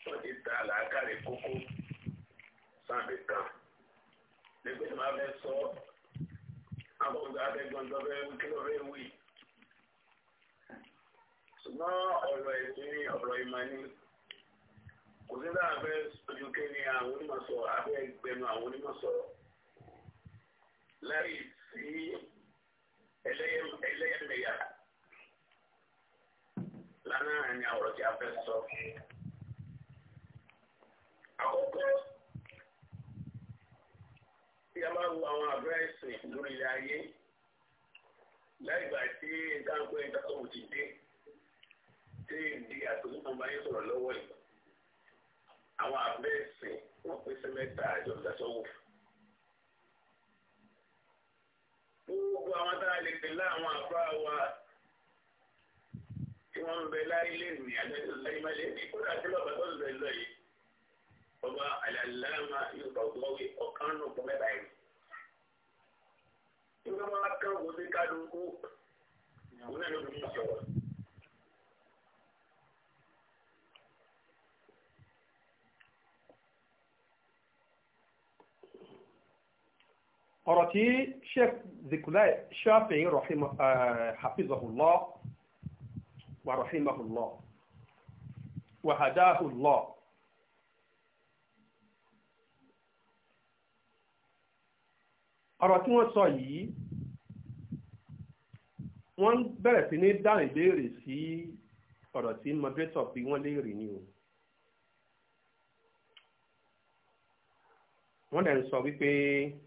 wọ́n ti ta làákàrẹ̀ kókó sáàbì kan nígbà tí màá fẹ́ sọ àwọn ọ̀gá akẹ́gbọ̀n tó fẹ́ wí kí ló fẹ́ wí ṣùgbọ́n ọ̀rọ̀ ẹ̀sìn ni ọ̀rọ̀ ìmọ̀ ni kò sí dáa fẹ́ sojú kẹ́ni àwọn onímọ̀sọ̀ abẹ́ ẹgbẹ̀nu àwọn onímọ̀sọ̀ láì sí ẹlẹ́yẹmẹ̀yà lánàá ni àwọ̀rọ̀ tí a fẹ́ sọ. àkọ́kọ́ tí a bá wo àwọn àbúrò ẹ̀sìn lórí ilé ayé láì gbà tí ìdáǹkó ìdáǹkó ti dé tí ìdí àtòkùnfọ̀n bá yẹn sọ̀rọ̀ lọ́wọ́ yìí àwọn àbẹ́sìn wọ́n pín sí mẹ́ta àjọ ìdásọ́wò. gbogbo àwọn tá a lè pè láwọn àbá wa tí wọ́n ń bẹ láyé lẹ́nu àjọyọ̀ láyé má lé ní kódà tí lọ́ba tó ń bẹ lọ yìí ọba àlàlámà yóò bá gbọ́ wí ọ̀kan nù fún mẹ́ta yìí. ìwé wọn kàn wọ́n sí kálukú òun náà ló fi ń sọ̀rọ̀. ọ̀rọ̀ tí sheikh zikulai shafi'i eh, hafizahullah wa rahimahullah wa hadahullah ọ̀rọ̀ tí wọ́n sọ yìí wọ́n bẹ̀rẹ̀ sí ní dáhùn ìbéèrè sí ọ̀rọ̀ tí moderator bí wọ́n léèrè ni o. wọ́n dẹ̀ sọ wípé. So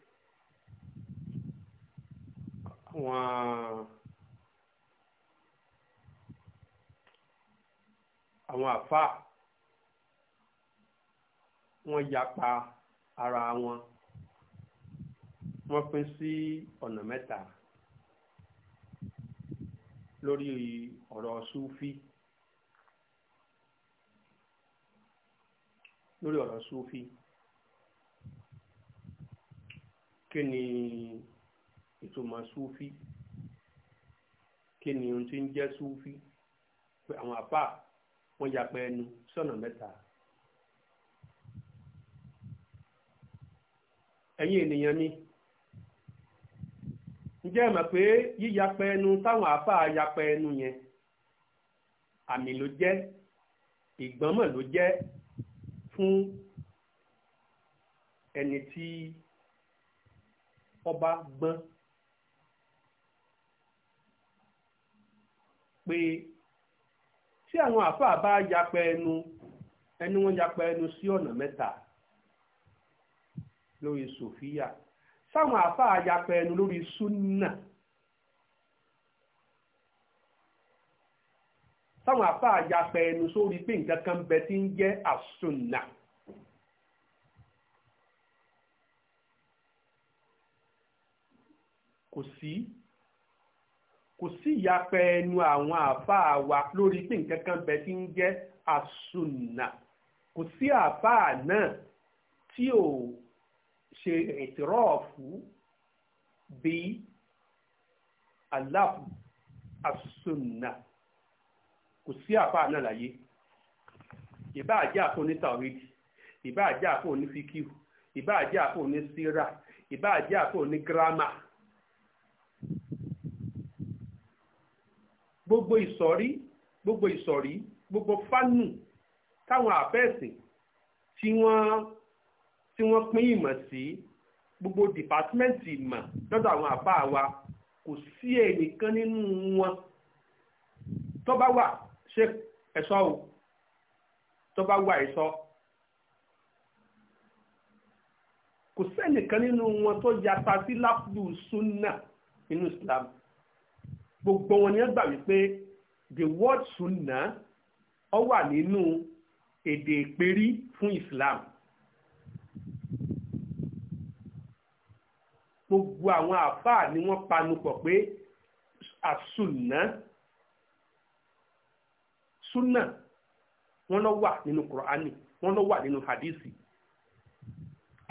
fún wọn àwọn àfáà wọ́n yapa ara wọn wọ́n pín sí ọ̀nà mẹ́ta lórí ọ̀rọ̀ súfí lórí ọ̀rọ̀ súfí kí ni ìtumọ̀ súfí kí ni ohun tí ń jẹ́ súfí pé àwọn àpá wọ́n yapa ẹnu sọ́nà mẹ́ta. ẹ̀yin ènìyàn mi ǹjẹ́ mọ̀ pé yíyapa ẹnu táwọn àpá yapa ẹnu yẹn àmì ló jẹ́ ìgbọ́nmọ̀ ló jẹ́ fún ẹni tí ọba gbọ́n. pé tí àwọn àfáà bá yapa ẹnu ẹni wọ́n yapa ẹnu sí ọ̀nà mẹ́ta lórí sòfíà sáwọn àáfàá yapa ẹnu lórí súnà sáwọn àáfàá yapa ẹnu sórí pé nǹkan kan bẹ tí ń jẹ́ àsùnà. kò sí kò sí ìyapẹ ẹnu àwọn àáfàá wa lórí pé nǹkan kan bẹ tí ń jẹ́ àsùnà kò sí àáfàá náà tí ò ṣe ìtìrọ́ọ̀fù bí aláfù àsùnà kò sí àáfàá náà láyé ìbá àjẹ́ àfọ ní ìbá àjẹ́ àfọ ní ìbá àjẹ́ àfọ ní ìbá àjẹ́ àfọ ní gbogbo ìsọ̀rí gbogbo ìsọ̀rí gbogbo fánù táwọn àfẹ́ẹ̀sìn tí wọ́n tí wọ́n pín ìmọ̀ sí gbogbo dìpátímẹ́ǹtì ìmọ̀ lọ́dọ̀ àwọn àbá wa kò sí ẹnìkan nínú wọn tó bá wà ṣe ẹ̀ṣọ́ o tó bá wà ẹ̀ṣọ́ kò sẹ́nìkan nínú wọn tó yapa sí lápùlù súnà nínú Islam gbogbo wọn ni wọ́n gbà wípé the word sunna ó wà nínú èdè ìpérí fún Islam gbogbo àwọn àfáà ni wọ́n panupọ̀ pé àsunna sunna wọ́n lọ wà nínú Kùránì wọ́n lọ wà nínú hadisi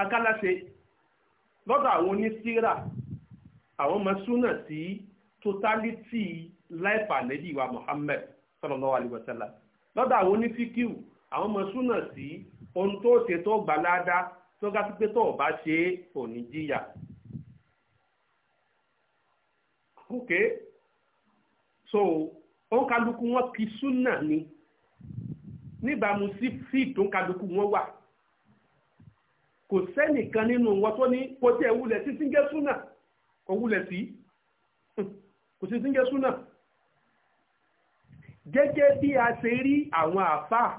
akáláṣe lọ́dọ̀ àwọn onísírà àwọn ọmọ súnà sí totality life ànẹ́bí wa Muhammad sallallahu alaihi wasallam lọ́dọ̀ àwọn onífíkìw àwọn ọmọ súnà sí ohun tó ṣe tó gbà ládàá tó ga sí pé tó bá ṣe ò ní ok so òǹkàlùkù wọn kì í súnà ni níbàámu sí fíì tó ń kàlùkù wọn wà kò sẹ́nìkan nínú wọn tó ní kò tí ẹ̀ wulẹ̀ sí síngẹ́ súnà kò wulẹ̀ sí kò sí ti ń jẹ́ súnà gẹ́gẹ́ bí a ṣe rí àwọn àfáà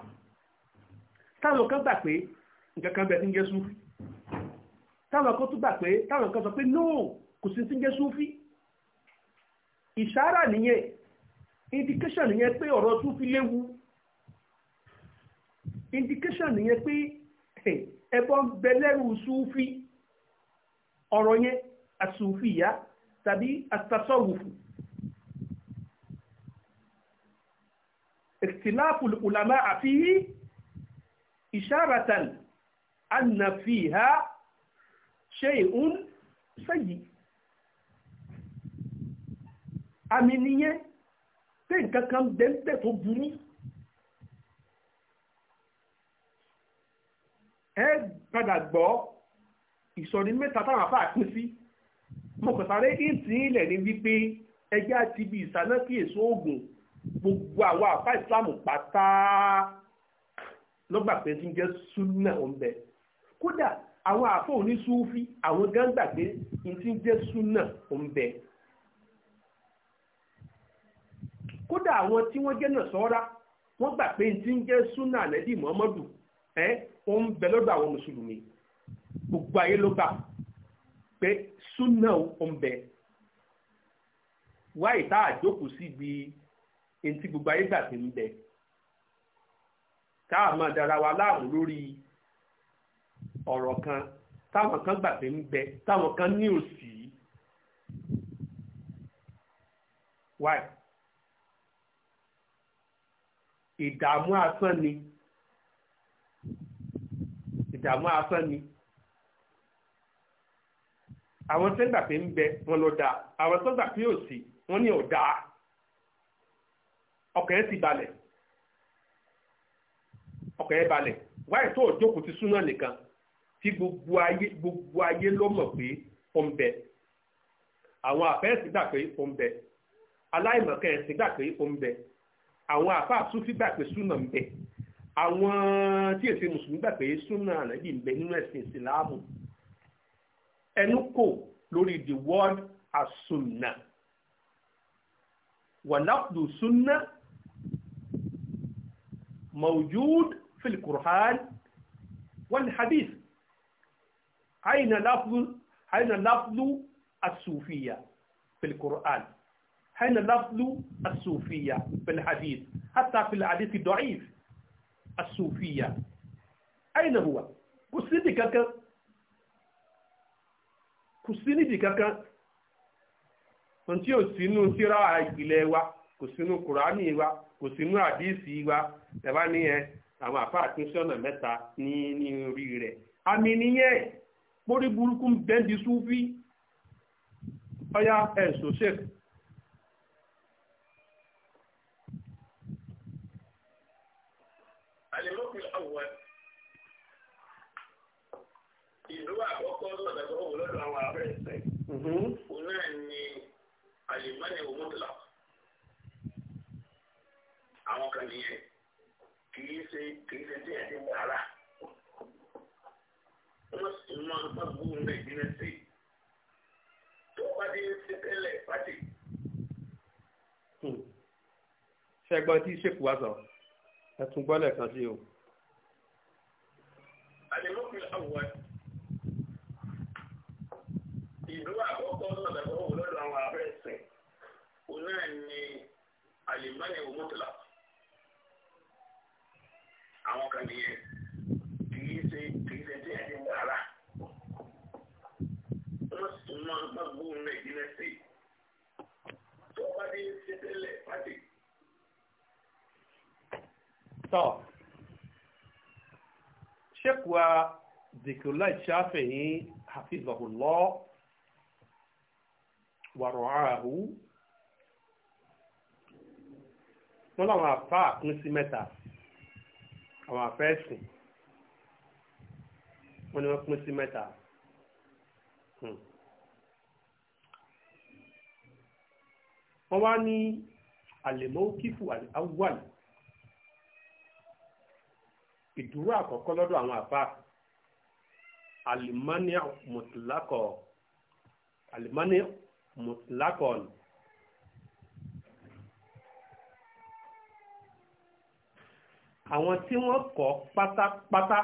táwọn kan gbà pé nǹkan kan bẹ̀ ti ń jẹ́ súnfì táwọn kan tún gbà pé táwọn kan sọ pé no kò sí ti ń jẹ́ súnfì ìṣàrà nìyẹn indication nìyẹn pé ọ̀rọ̀ súnfì léwu indication nìyẹn pé ẹbọ ń bẹ lẹ́rù súnfì ọ̀rọ̀ yẹn àsùnfìyà tàbí àtàsọ̀wùfù اختلاف العلماء فيه إشارة أن فيها شيء سيء àmì nìyẹn pé nǹkan kan bẹ́ẹ̀ tó burú ẹ padà gbọ́ ìsọ̀rí mẹ́ta táwọn afá pín sí mo kàn sáré ìtì ilẹ̀ ní wípé ẹgbẹ́ àti ibi ìsáná kí èso oògùn gbogbo àwọn àfa ìsìláàmù pátá ló gbà pé tí ń jẹ́ súnà ọ̀nbẹ kódà àwọn àfa òní súfí àwọn gan gbà pé tí ń jẹ́ súnà ọ̀nbẹ kódà àwọn tí wọ́n jẹ́ nàṣọ́ra wọ́n gbà pé tí ń jẹ́ súnà ànẹ́dì Muhammadu ẹ́ wọ́n ń bẹ lọ́dọ̀ àwọn mùsùlùmí gbogbo ayé ló gbà pé súnà ọ̀nbẹ wáyé tá a jókòó síbi. Si ntí gbogbo ayé gbà ti ń bẹ káà máa dára wa láàmú lórí ọ̀rọ̀ kan táwọn kan gbà pé ń bẹ táwọn kan ní òsì wáì ìdààmú asán ni ìdààmú asán ni àwọn tó gbà pé ń bẹ wọn ló dáa àwọn tó gbà pé òsì wọn ní ò dáa ọkàn ẹ̀ sì balẹ̀ ọkàn ẹ̀ balẹ̀ wáyé tó òjókòó ti súná nìkan tí gbogbo ayé gbogbo ayé ló mọ̀ pé ó ń bẹ àwọn àfẹ́sì gbà pé ó ń bẹ aláìmọ̀kẹ́ ẹ̀sìn gbà pé ó ń bẹ àwọn àfáà súfì gbà pé súnà ń bẹ àwọn tí èsì mùsùlùmí gbà pé súnà ànábì ń bẹ nínú ẹ̀sìn ìsìláàmù ẹnu kò lórí the word as sunna wàlá lù súnà موجود في القرآن والحديث أين لفظ أين لفظ الصوفية في القرآن أين لفظ الصوفية في الحديث حتى في الحديث الضعيف الصوفية أين هو؟ كسيدي كاكا كسيدي كاكا سينو يوسف نسيرا إليه kò sínú kùránì wa kò sínú àdìsí wa ẹ̀bá nìyẹn àwọn àfa àtúnṣe ọ̀nà mẹ́ta ní ní orí rẹ̀ àmì nìyẹn mórí burúkú bẹ́ndì súfì ọ̀yà ẹ̀ sọ́sẹ̀kù. الموقف الأول ìlú àkọ́kọ́ tó lọ́dọ̀ àwọn àbẹ̀rẹ̀ sẹ́yìn. Mhm. òun náà ni àlìmọ́nì òmùtìlá àwọn kan nìyẹn kì í ṣe kì í ṣe díẹ̀ ní wàhálà wọ́n sì máa ń gbàgbó nàìjíríà sí tó bá dé ṣe tẹ́lẹ̀ pàtì. Hmm. ṣẹ́gbọ́n tí ṣèkù wá sọ ẹ tún gbọ́ lẹ́ẹ̀kan sí o. àlèmọ́kùn àwọ̀ ìlú àkọ́kọ́ sọ̀tàkọ́ wò lọ́dọ̀ àwọn abẹ́sẹ̀ òun náà ni àlèmọ́nì òmùtìlá àwọn kan nìyẹn kìí ṣe kìí ṣe tí ẹni rárá wọ́n sì máa ń gbàgbó nàìjíríà sí tó bá dé ṣe tẹ́lẹ̀ pàtì. tọ́ ṣékùá dìkúlá ìṣáfẹ̀yìn hafizahullah wàrọ̀háhù wọ́n láwọn àfáà pín sí mẹ́ta àwọn àfẹ́sìn wọ́n ní wọ́n pín sí mẹ́ta. Hmm. wọ́n wá ní al-mawqifu al ìdúró àkọ́kọ́ lọ́dọ̀ àwọn àfa alimania mutlakọ alimania mutlakọ àwọn tí wọ́n kọ́ pátápátá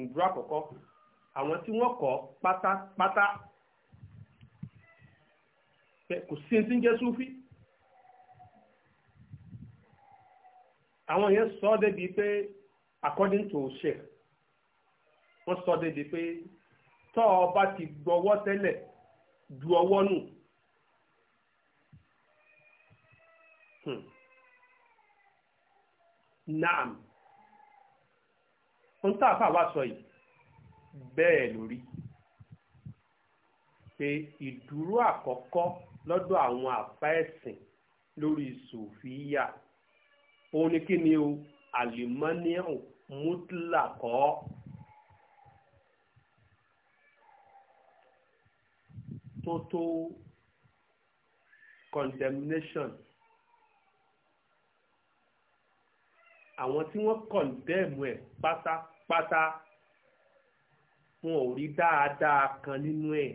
ìdúró àkọ́kọ́ àwọn tí wọ́n kọ́ pátápátá kò sí ẹni tí ń jẹ́ súfì àwọn yẹn sọ ọ́ débi pé according to sheikh wọ́n sọ débi pé tọ́ ọ bá ti gbọ́wọ́ tẹ́lẹ̀ du ọwọ́ nù. Hmm naam ń tàfà wá sọ yìí bẹ́ẹ̀ lórí pé ìdúró àkọ́kọ́ lọ́dọ̀ àwọn àfá ẹ̀sìn lórí sòfíà òun ni kí ni o àlìmọ́níọ̀ mútìlákọ́ total condemnation àwọn tí wọ́n kọ̀ǹdẹ́ẹ̀mù ẹ̀ pátápátá wọn ò rí dáadáa kan nínú ẹ̀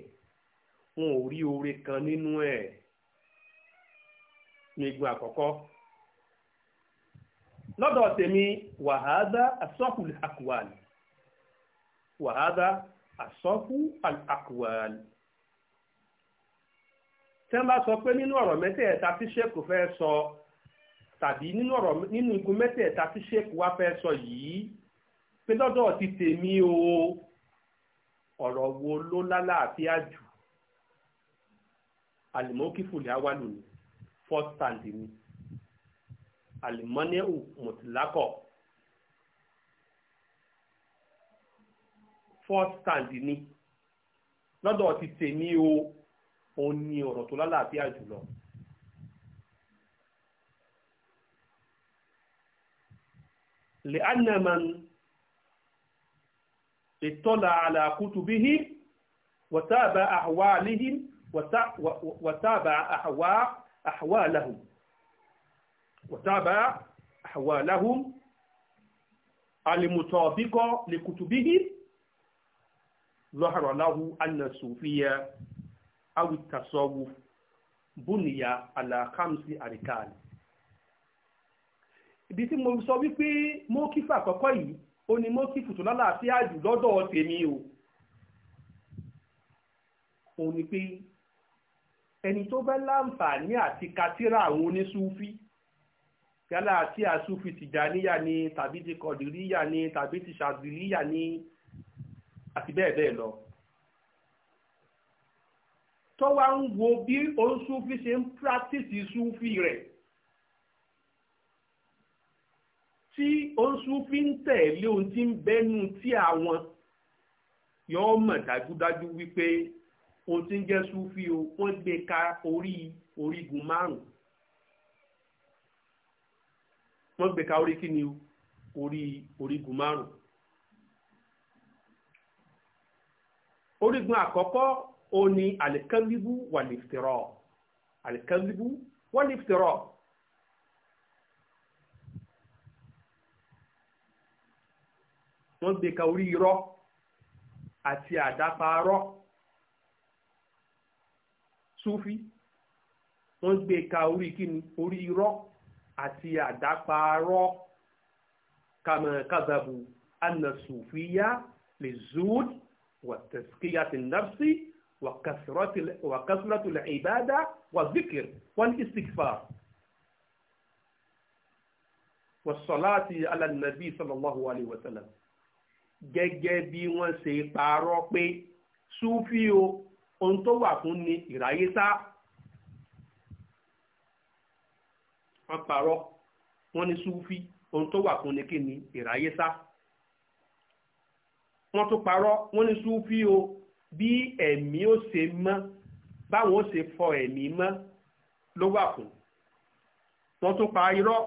wọn ò rí oore kan nínú ẹ̀ nígun àkọ́kọ́ lọ́dọ̀ tèmi wàhádá àsọ́kù àkùwàlì wàhádá àsọ́kù àkùwàlì tẹ́ sọ pé nínú ọ̀rọ̀ mẹ́tẹ̀ẹ̀ta tí sẹ́kù fẹ́ sọ tàbí nínú ọ̀rọ̀ nínú igun mẹ́tẹ̀ẹ̀ta tí sheik wa fẹ́ sọ yìí pé lọ́dọ̀ ti tèmi o ọ̀rọ̀ wo ló lálàáfíà jù alimokifuli awalu ni first stand ni alimọ́nẹ́hù mọ̀tìlákọ̀ first stand ni lọ́dọ̀ ti tèmi o òun ni ọ̀rọ̀ tó lálàáfíà jùlọ. لأن من اطلع على كتبهم وتابع أحوالهم وتابع أحوالهم وتابع أحوالهم المطابقة لكتبهم ظهر له أن الصوفية أو التصوف بني على خمس أركان ibi tí mo sọ wípé mọ́kífù àkọ́kọ́ yìí ó ní mọ́kífù tó lálàáfíà jù lọ́dọ̀ tèmi o òun ni pé ẹni tó bá láǹfààní àti katira àwọn onísúfí yálà tí àsúfí tìjàníyà ni tàbí ti kọ̀dìríyà ni tàbí ti ṣàdìríyà ni àti bẹ́ẹ̀ bẹ́ẹ̀ lọ tó ń wo bí onísúfí ṣe ń pírátìsì súfí rẹ̀ tí oṣù fi ń tẹ̀lé ohun tí ń bẹ́nu tí àwọn yóò mọ̀ dájúdájú wípé ohun tí ń jẹ́ súfì o wọ́n gbé ka orí orígun márùn-ún wọ́n gbé ka orí kí ni orí orígun márùn orígun àkọ́kọ́ o ní alikalibu wàlìfitìrọ̀ alikalibu wàlìfitìrọ̀. wọ́n gbé ka orí irọ́ àti àdáparọ́ súfí wọ́n gbé ka orí kíni orí irọ́ àti àdáparọ́ kàmọ̀kàzàbù anna sùfíyá lè zúd wà tẹ̀síkíyà ti nàfsí wà kásúrọ̀tì lè ìbádá wà zikir wọ́n istikfar. والصلاة على النبي صلى الله عليه وسلم gẹ́gẹ́ bí wọ́n ṣe parọ́ pé súfì o ohun tó wà fún ni ìráyé sá wọ́n parọ́ wọ́n ní súfì ohun tó wà fún ni kí ni ìráyé sá wọ́n tún parọ́ wọ́n ní súfì o bí ẹ̀mí ó ṣe mọ́ báwọn ó ṣe fọ ẹ̀mí mọ́ ló wà fún wọ́n tún pa irọ́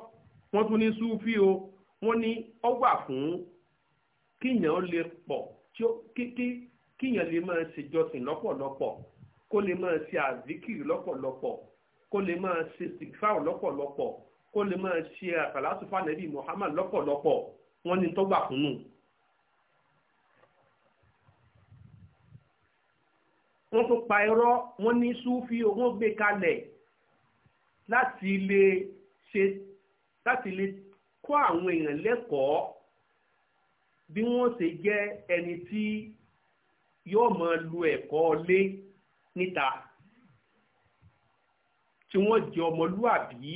wọ́n tún ní súfì o wọ́n ní ó wà fún kíyàn lè pọ̀ kíyàn lè máa ṣèjọsìn lọ́pọ̀lọpọ̀ kó lè máa ṣe àzíkìrì lọ́pọ̀lọpọ̀ kó lè máa ṣe sìkfáù lọ́pọ̀lọpọ̀ kó lè máa ṣe àfàlásùfà nẹ́bí Muhammad lọ́pọ̀lọpọ̀ wọ́n ní tó gbà kúnnù. wọ́n tún pa irọ́ wọ́n ní súfì owó gbé kalẹ̀ láti lè ṣe láti lè kọ́ àwọn èèyàn lẹ́kọ̀ọ́ bí wọ́n ṣe jẹ́ ẹni tí yóò máa lu ẹ̀kọ́ lé níta tí wọ́n jẹ́ ọmọlúàbí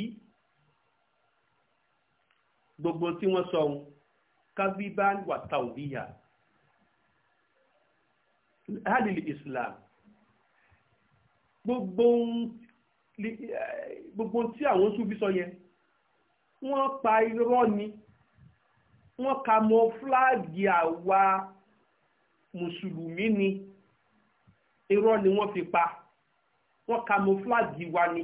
gbogbo tí wọ́n sọ ohun kaziban wa tawbiya islam gbogbo tí àwọn súnbí sọ yẹn wọ́n pa irọ́ ni wọ́n kamọ́fúláàgì àwa mùsùlùmí ni irọ́ ni wọ́n fi pa wọ́n kamọ́fúláàgì wa ni.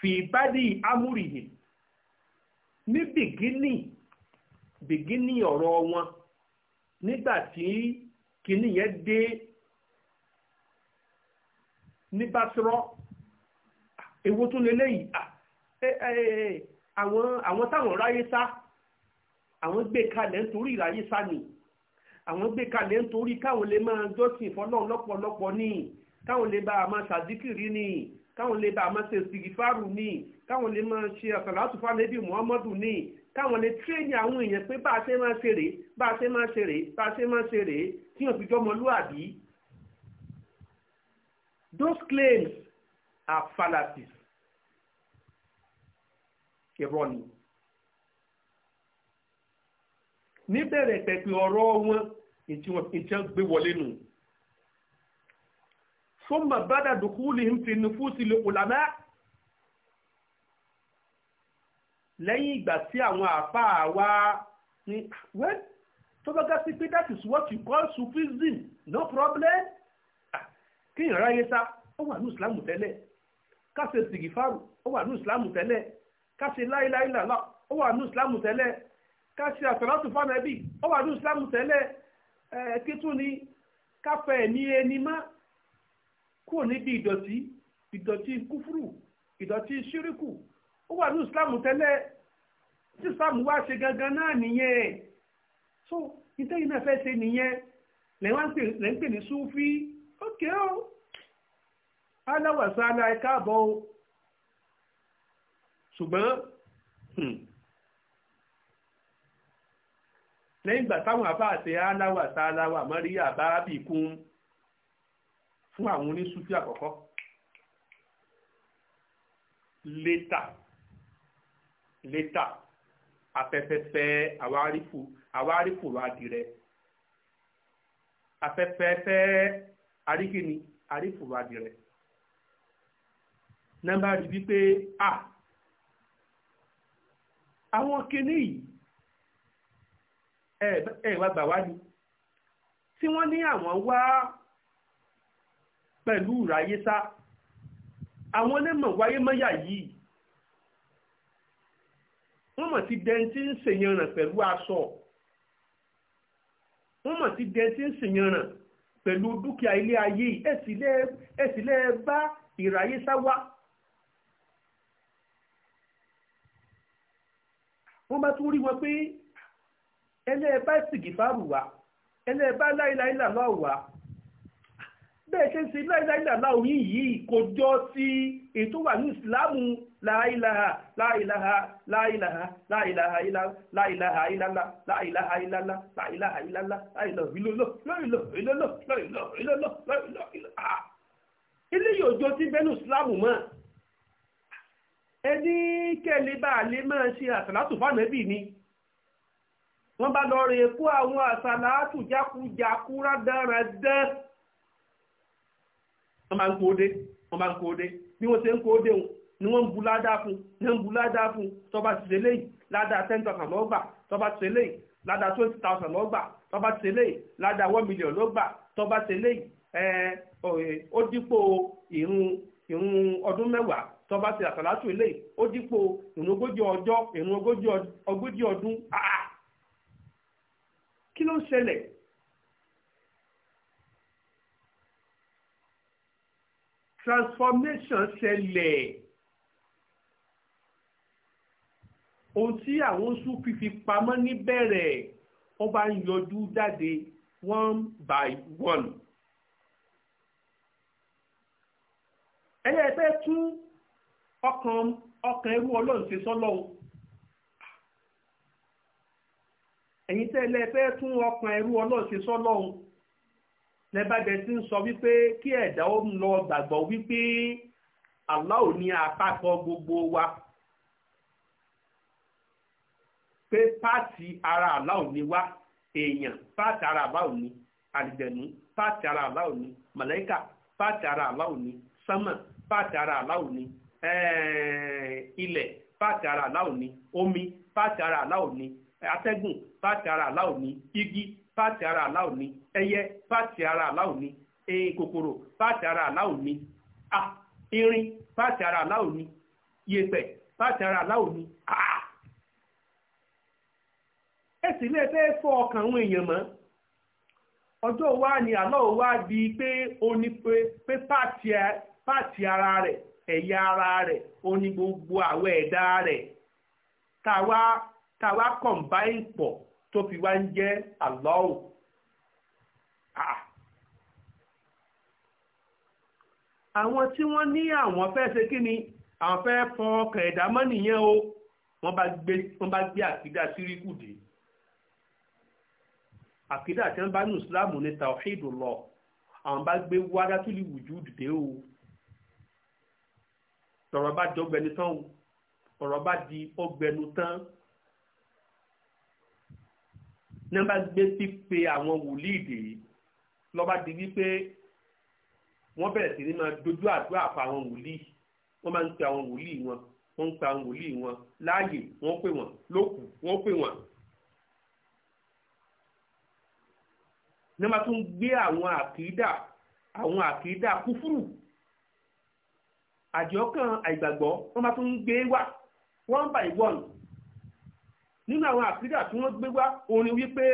fìbádì amúrìyìn ní bìgínì bìgínì ọ̀rọ̀ wọn nígbà tí kinní yẹn dé ní bá sọ̀rọ̀ èwo tún lélẹ́yìí à ah, Eh, àwọn táwọn ráyé sá àwọn gbé kalẹ̀ nítorí ìráyé sá ni àwọn gbé kalẹ̀ nítorí káwọn lè máa jọ́sìn fọlọ́run lọ́pọ̀lọpọ̀ ni káwọn lè bá a máa ṣàdíkìrì ni káwọn lè bá a máa ṣe sìgìfàrù ni káwọn lè máa ṣe àsàlátù fánẹ́bí muhammadu ni káwọn lè tírẹ́nì àwọn èèyàn pé bá a ṣe máa ṣeré bá a ṣe máa ṣeré bá a ṣe máa ṣeré tí yóò fi jọmọ lúàbí. those claims are fallacies irọ́ ni. níbẹ̀rẹ̀ pẹ̀pẹ̀ ọ̀rọ̀ wọn ìtìwọ̀n gbé wọlé nù. ثم بعد دخولهم في نفوس العلماء lẹ́yìn ìgbà tí àwọn àpá wa ni well tó bá gá pé that is what you call sufism no problem ah, kí ìráyé sá ó wà ní ìsìlámù tẹ́lẹ̀ ká ṣe sìgìfàrù ó wà ní ìsìlámù tẹ́lẹ̀ ká ṣe láìláìlàlá ó wà ní ìsìlámù tẹ́lẹ̀ ká ṣe àtàlátù fánàbí ó wà ní ìsìlámù tẹ́lẹ̀ kítún ni ká fẹ́ ẹ̀mí ẹni má kúrò níbi ìdọ̀tí ìdọ̀tí kúfúrù ìdọ̀tí ṣíríkù ó wà ní ìsìlámù tẹ́lẹ̀ tí ìsìlámù wá ṣe gangan náà nìyẹn so ìtẹ́yìn náà fẹ́ ṣe nìyẹn lẹ́yìn pè ní súfí ókè ó aláwàsá aláìkáàbọ̀ o ṣùgbọ́n hmm, lẹ́yìn ìgbà táwọn àfáàṣe aláwà sáláwà mọ́rí àbábì kún fún àwọn oníṣúfí àkọ́kọ́ lẹ́tà lẹ́tà afẹ́fẹ́fẹ́ àwárífù àwárífù adìrẹ afẹ́fẹ́fẹ́ aríkíni àrífù adìrẹ nọ́mbà rí wípé ah àwọn kinní yìí ẹ wá gbà wá ni tí wọ́n ní àwọn wá pẹ̀lú ìráyé sá àwọn onímọ̀ wáyé mọ́yà yìí wọ́n mọ̀ ti dẹni tí ń ṣèyànràn pẹ̀lú aṣọ wọ́n mọ̀ ti dẹni tí ń ṣèyànràn pẹ̀lú dúkìá ilé ayé ẹ̀sìlẹ̀ bá ìráyé sá wá. wọ́n bá tún rí wọn pé ẹlẹ́ẹ̀bá ìsìgìfàrù wa ẹlẹ́ẹ̀bá láìláìlà láwà bẹ́ẹ̀ ṣe ń ṣe láìláìlà láwù yìí kò jọ sí ètò wà ní ìsìlámù láìláha láìláha láìláha láìláha láìláha ìlàlá láìláha ìlàlá láìláha ìlàlá láìlọ ìlọlọ lọìlọ ìlọlọ lọìlọ ìlọlọ lọìlọ. eléyìí ò jọ sí bẹ́ẹ̀ ní ìsìlámù mọ́ ẹni kẹ́lẹ́ bá lè máa ṣe àsàlátù fánàbì ni wọ́n bá lọ rè kó àwọn àsàlátù jákújákú rádaràdán wọ́n máa ń kó dé wọ́n máa ń kó dé bí wọ́n ṣe ń kó dé wọn ni wọ́n ń bu ládàá fún ní ń bu ládàá fún tọ́ba ti ṣẹlẹ̀ yìí ládàá ten thousand lọ́gbà tọ́ba ti ṣẹlẹ̀ yìí ládàá twenty thousand lọ́gbà tọ́ba ti ṣẹlẹ̀ yìí ládàá one million lọ́gbà tọ́ba ti ṣẹlẹ̀ yìí ó dípò ìrun ìrun ọdún mẹ́wàá tó bá ṣe àsàlátù ó dípò ìrun ogójì ọjọ́ ìrun ogójì ọdún kí ló ń ṣẹlẹ̀ transformation ṣẹlẹ̀ ohun tí àwọn oṣù fífi pamọ́ níbẹ̀rẹ̀ wọ́n bá ń yọjú jáde one by one. ẹlẹ́ẹ̀fẹ́ tún ọkàn ọkàn ẹrú ọlọ́run ṣe sọ́lọ́ o ẹ̀yin tẹ́lẹ̀ fẹ́ tún ọkàn ẹrú ọlọ́run ṣe sọ́lọ́ o lẹ́bàbẹ̀ tí ń sọ wípé kí ẹ̀dá ó ń lọ gbàgbọ́ wípé Allah ni àpapọ̀ gbogbo wa pé páàtì ara Allah ni wá èèyàn páàtì ara Allah ni àlìjẹ̀nú páàtì ara Allah ni màláíkà páàtì ara Allah ni sánmà páàtì ara Allah ni Eh, ilẹ̀ páàtì ara aláwọ̀ ni omi páàtì ara aláwọ̀ ni atẹ́gùn páàtì ara aláwọ̀ ni igi páàtì ara aláwọ̀ ni ẹyẹ páàtì ara aláwọ̀ ni eh, kòkòrò páàtì ara aláwọ̀ ni ah, irin páàtì ara aláwọ̀ ni yẹ̀pẹ̀ páàtì ara aláwọ̀ ni ah. ẹ sì lè fẹ́ fọ́ ọkàn àwọn èèyàn mọ́ ọjọ́ wa ni àlọ́ wa di pé o ní pé pé páàtì ara rẹ̀ ẹ̀yà ara rẹ̀ ó ní gbogbo àwọn ẹ̀dá rẹ̀ táwa táwa kọ̀m̀báìn pọ̀ tó fi wá ń jẹ́ Allahu ah. àwọn tí wọ́n ní àwọn fẹ́ ṣe kí ni àwọn fẹ́ fọ ọkàn ẹ̀dá mọ́ nìyẹn o wọ́n bá gbé àkídà síríkù dé àkídà tí wọ́n bá ní Islam ní tawhidullah àwọn bá gbé wádá tó lè wùjú dìde o lọ̀rọ̀ bá di ọgbẹnu tán o ọ̀rọ̀ bá di ọgbẹnu tán ní bá gbé pípe àwọn wòlíì dè lọ́ba di wípé wọ́n bẹ̀rẹ̀ sí ní máa dojú àdúrà fún àwọn wòlíì wọ́n máa ń pe àwọn wòlíì wọn wọ́n ń pe àwọn wòlíì wọn láàyè wọ́n pè wọ́n lókù wọ́n pè wọ́n. ní wọ́n tún gbé àwọn àkídà àwọn àkídà kúfúrù àjọkàn àìgbàgbọ́ wọ́n máa tún ń gbé wá one by one nínú àwọn àfíríkà tí wọ́n gbé wá òun ni wípé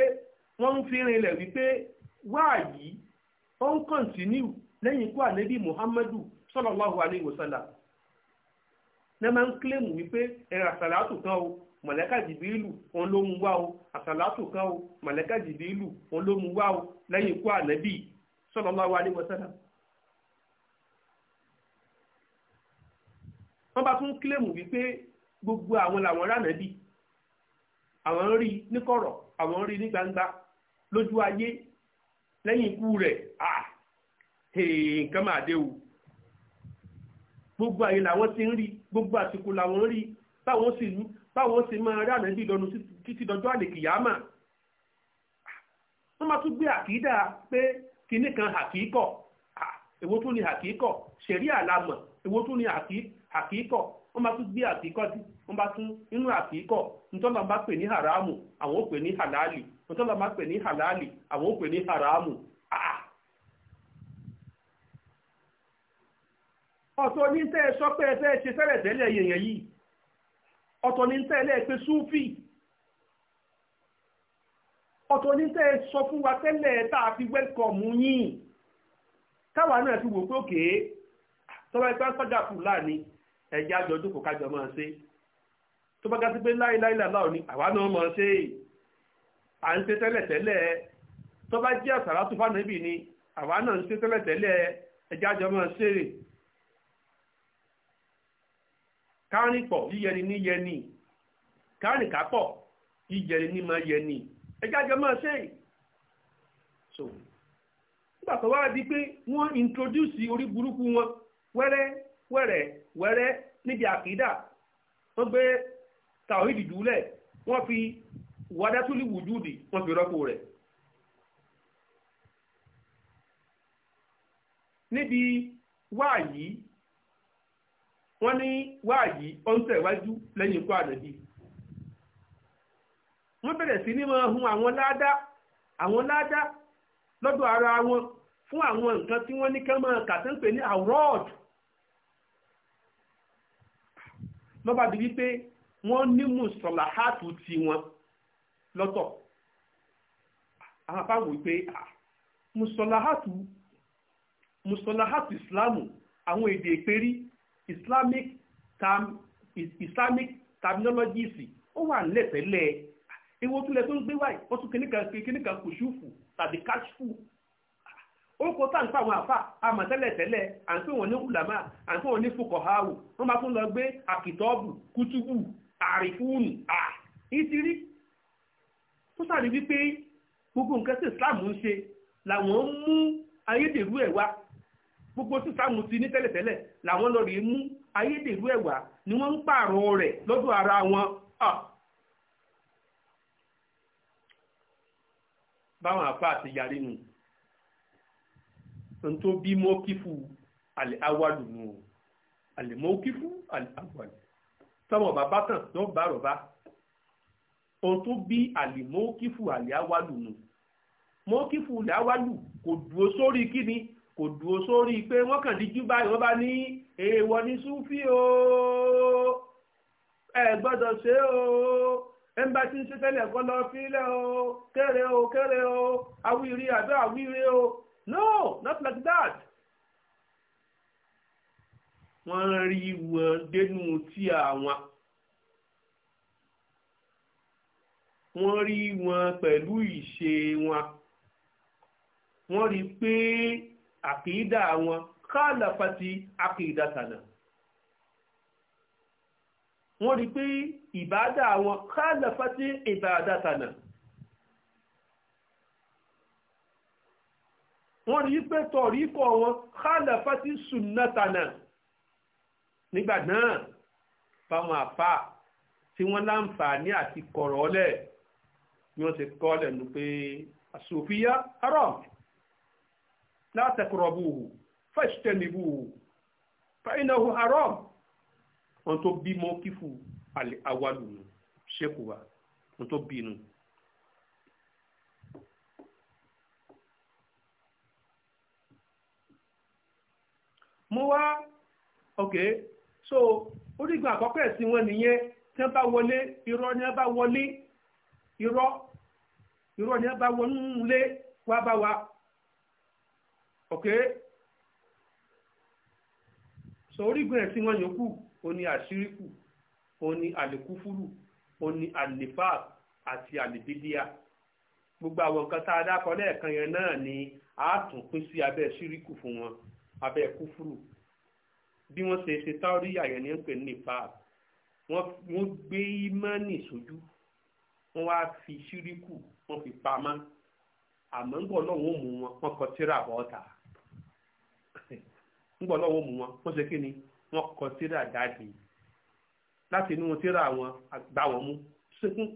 wọ́n ń fi rinlẹ̀ wípé wáàyí ó ń kọ̀ǹtínú lẹ́yìn ikú ànábì muhammadu sallallahu alayhi wa sallam ní máa ń kílèmù wípé ẹ̀rọ àsàlátù kan o mọ̀lẹ́kà jìbìlù òun ló mú wá o àsàlátù kan o mọ̀lẹ́kà jìbìlù òun ló mú wá o lẹ́yìn ikú ànábì sallallahu alayhi wa sallam wọ́n bá tún kílèmù wípé gbogbo àwọn làwọn ránàbí àwọn rí níkọ̀rọ̀ àwọn rí ní gbangba lójú ayé lẹ́yìn ikú rẹ̀ à nǹkan máa dé o gbogbo àyè làwọn ti ń rí gbogbo àsìkò làwọn rí báwọn sì báwọn sì máa rí ànábì ìdọ́nu títí dọjọ́ àlèkìyàmà wọ́n máa tún gbé àkídà pé kinní kan àkíkọ̀ èwo tún ni àkíkọ̀ ṣẹ̀rí àlámọ̀ èwo tún ni àkíkọ̀ àkíkọ̀ wọ́n bá tún gbé àkíkọ̀ sí wọ́n bá tún inú àkíkọ̀ nítorí wọ́n bá pè ní haramu àwọn ò pè ní halali nítorí wọ́n bá pè ní halali àwọn ò pè ní haramu àà. ọ̀tọ̀ ní tẹ́ ẹ sọ pé ẹ fẹ́ ṣe fẹ́rẹ̀ tẹ́lẹ̀ yẹ̀yẹ̀ yìí ọ̀tọ̀ ní tẹ́ ẹ lẹ́ẹ̀ pé súfì ọ̀tọ̀ ní tẹ́ ẹ sọ fún wa tẹ́lẹ̀ tá a fi wẹ́lkọ̀mù yín táwa náà fi wò pé òkè tọ́wọ́ ẹgbẹ́ sọ́jà fúlàní ẹjẹ́ àjọ dúkò kájọ máa ṣe tó bá gásí pé láìláìlà láò ní àwa náà máa ṣe à ń ṣe tẹ́lẹ̀tẹ́lẹ̀ tó bá jẹ́ àṣàrà tó fà níbì ni àwa náà ń ṣe tẹ́lẹ̀tẹ́lẹ̀ ẹjẹ́ àjọ máa ṣe rè kárìn pọ̀ yíyẹni ní yẹni kárìn kápọ̀ yíyẹni ní máa yẹni ẹjẹ́ àjọ máa ṣe so nígbà tó wá di pé wọ́n introduce orí burúkú wọn wẹ́rẹ́ wẹ́rẹ́ wẹ́rẹ́ níbi àkídà wọ́n gbé tàwídì dúlẹ̀ wọ́n fi wàdátúlì wùjúdì wọ́n fi rọ́pò rẹ̀ níbi wáàyí wọ́n ní wáàyí ó ń tẹ̀wájú lẹ́yìn ikú ànàbí wọ́n bẹ̀rẹ̀ sí ní máa hun àwọn ládá àwọn ládá lọ́dọ̀ ara wọn fún àwọn nǹkan tí wọ́n ní ká máa ní àwòrán lọ́ba di wípé wọ́n ní mùsọ̀láhàtù tiwọn lọ́tọ̀ àwọn apá wò pé mùsọ̀láhàtù mùsọ̀láhàtù ìsìláàmù àwọn èdè ìpérí islamic term islamic terminologies ó wà nílẹ̀ tẹ́lẹ̀ ewu tó lẹ tó ń gbé wáyé wọ́n tún kíníkan kíníkan kùsùfù tàbí káṣfù ó kó tá à ń pa àwọn àfà àmọ̀tẹ́lẹ̀tẹ́lẹ̀ à ń pè wọ́n ní ulama à ń pè wọ́n ní fukọ̀háwù wọ́n máa tún lọ gbé àkìtọ́ọ̀bù kútùbù àrífúùnù à ìtìrí tó sàrí wípé gbogbo nǹkan tí Islam ń ṣe làwọn ń mú ayédèrú ẹ̀ wá gbogbo tí Islam ti ní tẹ́lẹ̀tẹ́lẹ̀ làwọn lọ rí mú ayédèrú ẹ̀ wá ni wọ́n ń pààrọ̀ rẹ̀ lọ́dọ̀ ara wọn. báwọn àfà àti yarí nù tó bí mọ́kífù àwàlù nù àlèmọ́kífù àwàlù tọmọ bàbá tàn tó bá rọ̀bá ohun tó bí àlèmọ́kífù àwàlù nù mọ́kífù àwàlù kò dúró sórí kíni kò dúró sórí pé wọ́n kàn díjú báyìí wọ́n bá ní èèwọ̀ ní súfì o ẹ gbọ́dọ̀ ṣe o ẹnba tí ń ṣe tẹ́lẹ̀ kọ́ lọ fílẹ̀ o kéré o kéré o awírí àbẹ́ awírí o no not like that wọ́n rí wọn dénú tí àwọn wọ́n rí wọn pẹ̀lú ìṣe wọn wọ́n rí pé àkìdá wọn kálàfàtì àkìdá tànà wọ́n rí pé ìbádà wọn kálàfàtì ìbádà tànà. wọ́n rí pé tọ̀ríkọ̀ wọn khalafati sunnatana nígbà náà fáwọn àfà tí wọ́n láǹfààní àti kọ̀rọ̀ ọlẹ̀ ni wọ́n ti kọ́ lẹ́nu pé àsòfíà haram látẹkọrọ̀bùhù fẹ́ṣtẹ́nibùhù fẹ́ináhù haram wọ́n tó bímọ kífù àwàlù ṣekùwà wọ́n tó bínú. mo wá ok so orígun àkọ́kọ́ ẹ̀sìn wọn nìyẹn tí wọ́n bá wọlé irọ́ ni wọ́n bá wọlé irọ́ irọ́ ni wọ́n bá wọnú lé wá bá wa ok so orígun ẹ̀sìn wọn yòókù ó ní àṣíríkù ó ní àlékúfúrù ó ní àlèfáà àti àlèbídíà gbogbo àwọn nǹkan tá a dákọ lẹ́ẹ̀kan yẹn náà ni a tún pín sí abẹ́ ṣíríkù fún wọn abẹ́ kúfúrú bí wọ́n ṣe ṣe táóríyà yẹn ní pè ní pap wọ́n gbé ìmánì sójú wọ́n wá fi ṣíríkù wọ́n fi pamọ́ àmọ́ ńgbọ́ lọ́wọ́ mú wọn wọ́n kọ tíra bọ́ ọ̀tà ńgbọ́ lọ́wọ́ mú wọn wọ́n ṣe kí ni wọ́n kọ tíra jáde láti inú tíra wọn gbá wọn mú síkún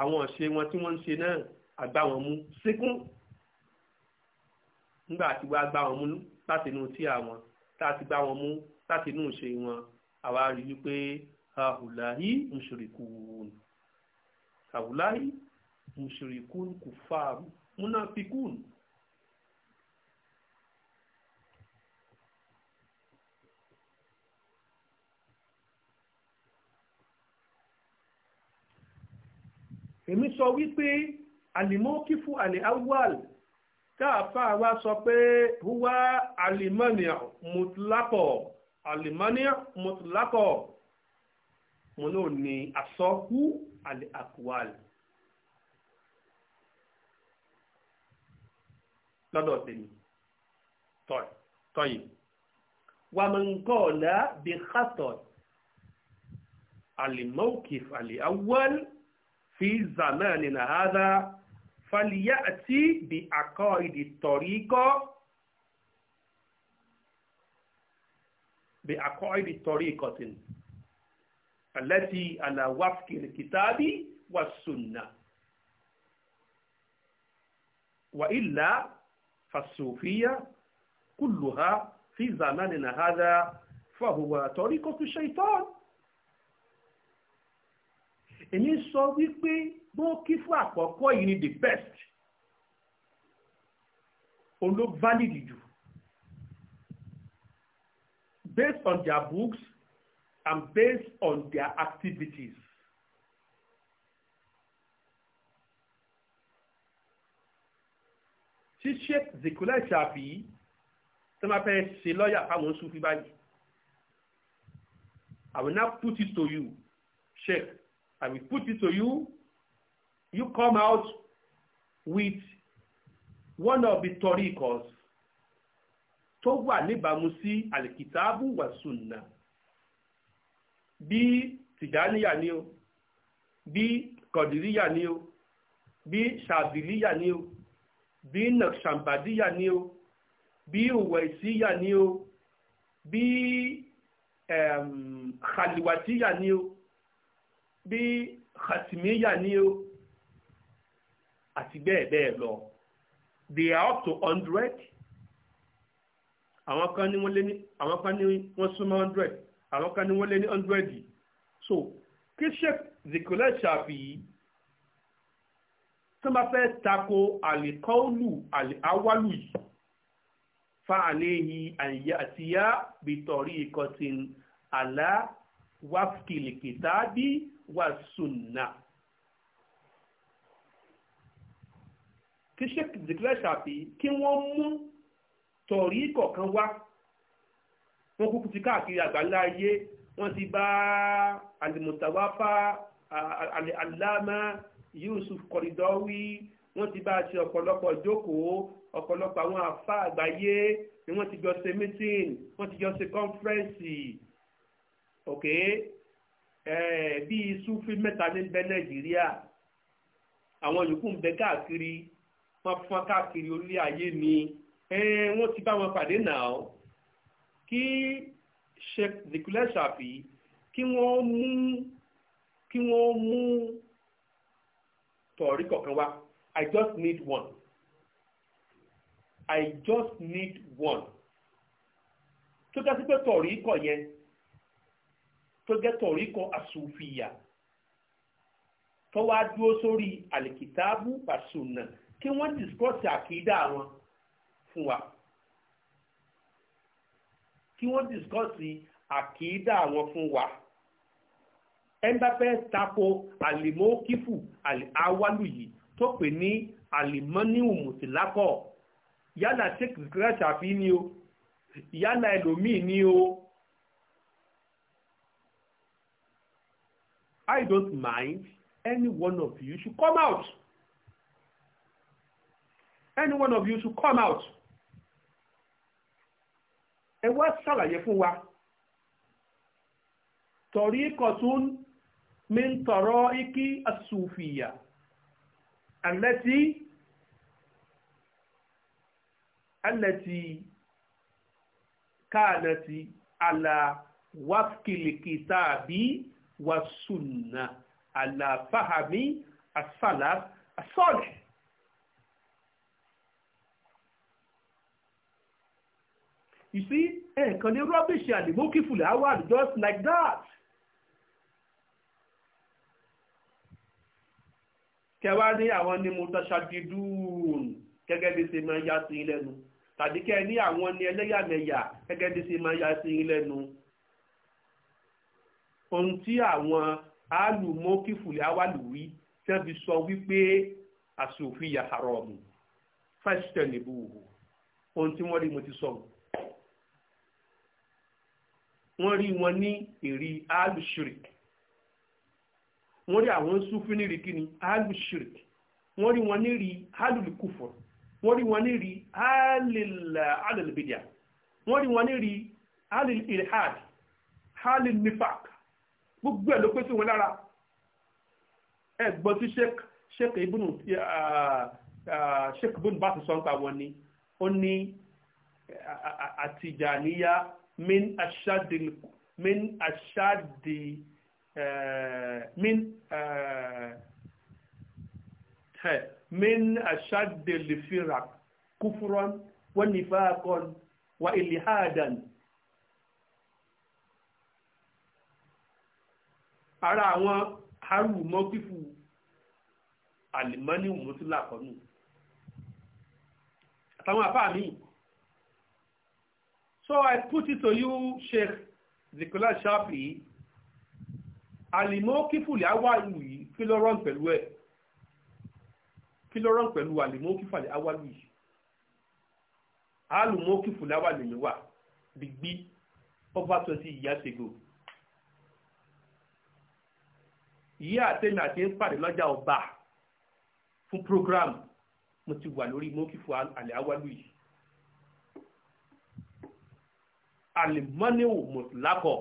àwọn ọ̀ṣẹ́ wọn tí wọ́n ń ṣe náà àgbá wọn mú síkún nígbà tí wàá gbá wọn mú láti inú tí àwọn tá a ti gbá wọn mú láti inú ìṣe wọn àwa rí i pé àhùláyí mushrikun àhùláyí mushrikun kufar munafikun. èmi sọ wípé àlìmọ́ kífù àlè awal táàfà wa sọ pé huwa alimania mutlakọ alimania mutlakọ mo náà ní asọ́kú àlè àkùwálì. lọ́dọ̀ tèmi tọ́yì wà mọ̀ nǹkan ọ̀la bí kàtọ̀ alimọ́kìf àlè awọ́l fi zàmánì nà hádà. فليأتي بعقائد الطريقة بعقائد الطريقه التي على وفق الكتاب والسنة وإلا فالصوفية كلها في زماننا هذا فهو طريقة الشيطان èmi sọ wípé bó kí fún àkọ́kọ́ yìí ni the best òun ló valid jù based on their books and based on their activities. tí sheikh zikula ṣàbí tó máa fẹ́ ṣe lọ́ọ̀yà fáwọn oṣù fi báyìí i will now put it to you sheikh I will put it to you. You come out with one of the torikos tó wà níbàámu sí alikitaabu wa sunna bí tìjáníyà ni o bí kọdìríyà ni o bí ṣàbìlíyà ni o bí nàṣàmbàdíyà ni o bí òwẹ̀síyà ni o bí um, ni o bí khatimiya ni o àti bẹ́ẹ̀ bẹ́ẹ̀ lọ they are up to hundred àwọn kan ní wọ́n lé ní àwọn kan ní wọ́n súnmọ́ hundred àwọn kan ní wọ́n lé ní hundred so kí sheikh zikula ṣàfihì tó bá fẹ́ tako àlìkọ́ọ̀lù àwálù yìí fa àléhi àyàtìyá bìtọ̀rí ìkọ̀tìn àlá wafkil kitabi wa sunna kí sheik zikilẹ ṣàfi kí wọ́n mú tọ̀rí kọ̀ọ̀kan wá wọ́n kúkú ti káàkiri àgbáńlá ayé wọ́n ti bá alimutawafa alama yusuf kọridọwi wọ́n ti bá ṣe ọ̀pọ̀lọpọ̀ jókòó ọ̀pọ̀lọpọ̀ àwọn àfa àgbáyé ni wọ́n ti jọ ṣe mítìn wọ́n ti jọ ṣe kọ́nfẹ́rẹ́nsì ok ẹ̀ẹ́ bíi sufi mẹ́ta ní bẹ nàìjíríà àwọn yòókù ń bẹ káàkiri wọ́n fọ́n káàkiri orílẹ̀ ayé ni ẹ̀ẹ́ wọ́n ti bá wọn pàdé náà kí sheikh zikulẹ̀ ṣàfi kí wọ́n mú kí wọ́n mú tọ̀rí kọ̀ọ̀kan wá I just need one I just need one tó dá sí pé tọ̀rí kọ̀ yẹn tó jẹ́ tọ̀ríkọ àsùfìyà tó wá dúró sórí àlìkìtáàbù pàṣùnà kí wọ́n discourse àkídà wọn fún wa kí wọ́n discourse àkídà wọn fún wa ẹn bá fẹ́ tako àlìmọ́kífù àwálù yìí tó pè ní àlìmọ́níwù mùtìlákọ̀ yálà sheikh zikra ni o yálà ẹlòmíì ni o. I don't mind any one of you should come out any one of you should come out ẹ wá ṣàlàyé fún wa torí kọ̀tún min tọ̀rọ̀ ikí asùfìyà التي التي كانت على وفق wa sunna ala fahami as-salaf as-salih. you see ẹ̀ẹ̀kan ní rubbish àdìmókìfù làwọn just like that. kẹwàá ní àwọn ni mo tọ́ṣàdìdún gẹ́gẹ́ bí ṣe máa ya sí lẹ́nu tàbí kẹ́ ní àwọn ni ẹlẹ́yàmẹ̀yà gẹ́gẹ́ bí ṣe máa ya sí lẹ́nu ohun tí àwọn alùmọ́kìfùlẹ̀ awàlùwí tí wọ́n fi sọ wípé àsòfìyà haramu fásitẹ̀ nìbú wò ohun tí wọ́n rí mo ti sọ wọ́n rí wọn ní èrí alùsírìkì wọ́n rí àwọn súnfín ní rìkí ni alùsírìkì wọ́n rí wọn ní rí alùlùkùfọ̀ wọ́n rí wọn ní rí alìlbìdíà wọ́n rí wọn ní rí alìlìhàd alìlmifak gbogbo ẹ̀ ló pé sí wọn lára ẹ gbọ́ tí sheik sheik ibùnú ah, ah, sheik ibùnú bá ti sọ nípa wọn ni ó ní àtìjàníyá min aṣáàdì min aṣáàdì eh, min eh, eh, min aṣáàdì lè fi rà kúfúrọ́n wọ́n nífàá kan wà ìlíhàdàn. ara àwọn arú mọ́kífù àlìmọ́nì mùtúlà kọ́nù àtàwọn àfáà míì so I put it to you Sheikh zikola shafi àlìmọ́kífù lè wá ìlú yìí kí ló rán pẹ̀lú ẹ̀ kí ló rán pẹ̀lú àlìmọ́kífù lè wá ìlú yìí àlùmọ́kífù lè wá ìlú yìí wà gbígbí over twenty years ago. yí àtẹ̀mí àti ń pàdé lọ́jà ọba fún program mo ti wà lórí mọ́kìfù àlẹ́ awálù yìí alimọ́níwò mọ̀lákọ̀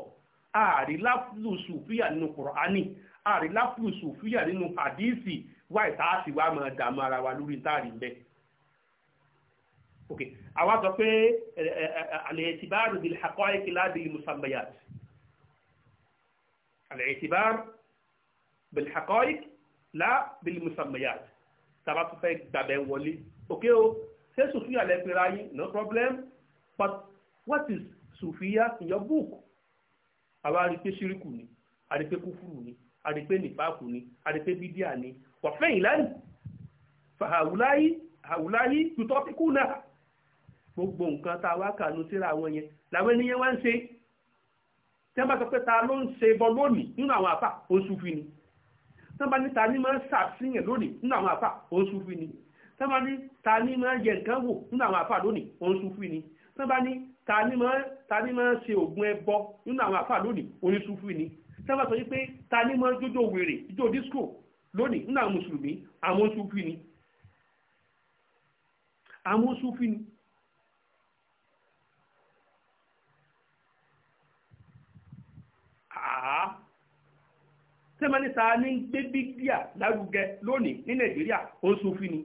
ààrí láfùlù sùfíà nínú kùrọ̀ánì ààrí láfùlù sùfíà nínú àdíìsì wá ìtaàsì wa máa dààmú ara wa lórí táàrí mbẹ́. ok àwa sọ pé al-i'tibar bil haqa'iq la bil musammayat al bilhakọ́ik lá bilimusamayat tàbá tó fẹ́ gbàbẹ̀ wọlé ok o ṣé sùfíà lẹ pera no problem but what is sùfíà in your book àwa rí pé ṣíríkù ni a rí pé kúfùrù ni a rí pé nìpáàkù ni a rí pé bídíà ni wàfẹ́ ìlànà fàhàwùláyí àwùláyí tutọ́píkù náà gbogbo nǹkan tá a wá kànú àwọn yẹn làwọn ènìyàn wá ń ṣe tẹ́ bá sọ pé ta ló ń ṣe bọ́ lónìí nínú àwọn àfà oṣù fi ni tán bá ní ta ní máa ń ṣàfihàn lónìí nínú àwọn àfà òun ṣùfì ni tán bá ní ta ní máa ń yẹ nǹkan wò nínú àwọn àfà lónìí òun ṣùfì ni tán bá ní ta ní máa ń ṣe ògùn ẹbọ nínú àwọn àfà lónìí òun ṣùfì ni tán bá sọ wípé ta ní máa ń jójó wèrè ijó disco lónìí nínú àwọn mùsùlùmí àwọn ṣùfì ni àwọn ṣùfì ni. ah sẹ́mẹ́ni ta ní gbé bídíà lárugẹ lónìí ní nàìjíríà ó ń sunfin ni.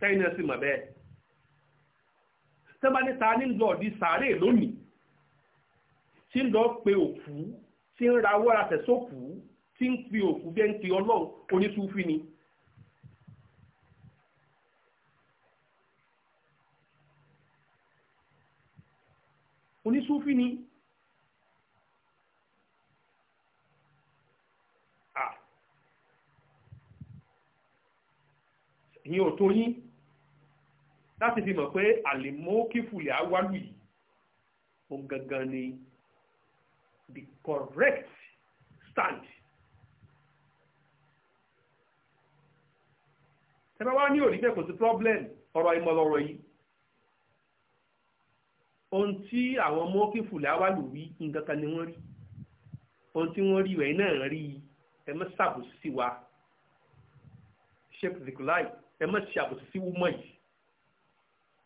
tẹ́yìn náà sì mọ̀ bẹ́ẹ̀ sẹ́mẹ́ni ta ní lọ di sàárè lónìí tí ń lọ pe òkú tí ń ra wọ́ra tẹ̀sọ́kù tí ń pe òkú bẹ́ẹ̀ ń pe ọlọ́run onísùnfin ni. onísúfí ni ìyẹn ò tó yín láti fi mọ̀ pé àlèmókìfùlẹ̀ awálù yìí òun gangan ni the correct stand. tẹ́lẹ̀ wá ní òrí kẹ́kọ̀ọ́ sí problem ọ̀rọ̀ ìmọ̀lọ́rọ̀ yìí ohun tí àwọn mọ́kìfùlẹ̀ awálù wí nǹkan kan ni wọ́n rí ohun tí wọ́n rí ìwẹ̀ náà rí ẹ mọ́ ṣàbòsí sí wa sheikh zikulai ẹ má ṣe àbòsí sí wúmọ̀ yìí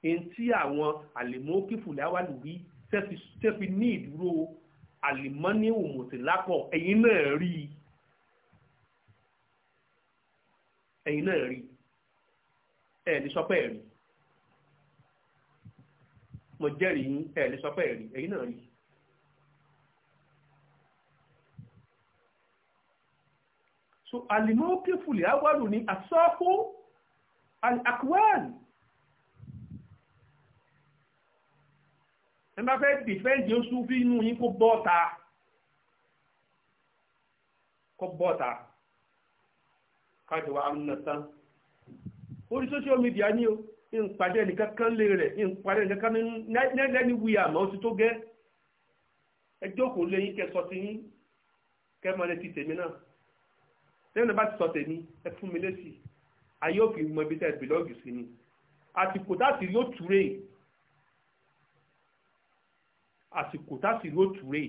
èyí tí àwọn àlèmókìfù láwàlú wí tẹ́ fi ní ìdúró àlìmọ́nì òmùtì lápọ̀ ẹ̀yin náà rí i ẹ̀yin náà rí i ẹ̀ lè sọ ẹ̀ rí mo jẹ́rìí yín ẹ̀ lè sọ ẹ̀ rí ẹ̀yin náà rí i. so àlìmọ́ kí fúlẹ̀ awárò al-akwal ẹ bá fẹ́ dìfẹ́ǹdì oṣù fi inú yín kó bọ́ọ̀ta kó bọ́ọ̀ta kájọ wa ń nàtán orí social media ní o ń pàdé ẹnìkan kan lé rẹ̀ ń pàdé ẹnìkan kan lẹ́ni wí àmọ́ oṣù tó gẹ́ ẹ jókòó lẹ́yìn kẹsọ ti yín kẹ́mọ́ lẹ́sí tèmi náà lẹ́yìn náà bá ti sọ tèmi ẹ fún mi lẹ́sí ayé òfin mọ ibi tẹ́ bìlọ́ọ̀gì sí ni àsìkò táti rí òtúrè àsìkò táti rí òtúrè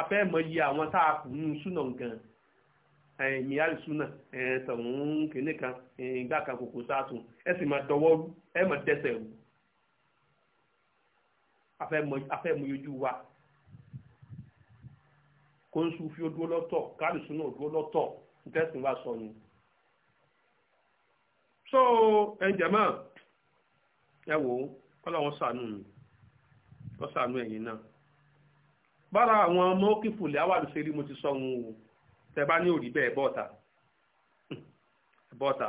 afẹ́ mọ iye àwọn tá a kù nínú súnà gan ẹ̀yìn mìíràn súnà ẹ̀yìn tọ̀hún kìíní kan ẹ̀yìn gbà kan kòkó sáàtún ẹ sì máa dọwọ́ rú máa dẹsẹ̀ rú afẹ́ mọ ojú wa kóńsù fi ó dúró lọ́tọ̀ káàdùsùn náà dúró lọ́tọ̀ ìtẹ́sìn wa sọ ni. so ẹnjẹ̀mọ́ ẹ wò ó kọ́lọ́wọ́n sànú mi wọ́n sànú ẹ̀yìn náà. bára àwọn ọmọ òkìfùlẹ̀ awàlù ṣe rí mo ti sọ wọn o tẹ bá ní òrí bẹ́ẹ̀ bọ́ọ̀ta bọ́ọ̀ta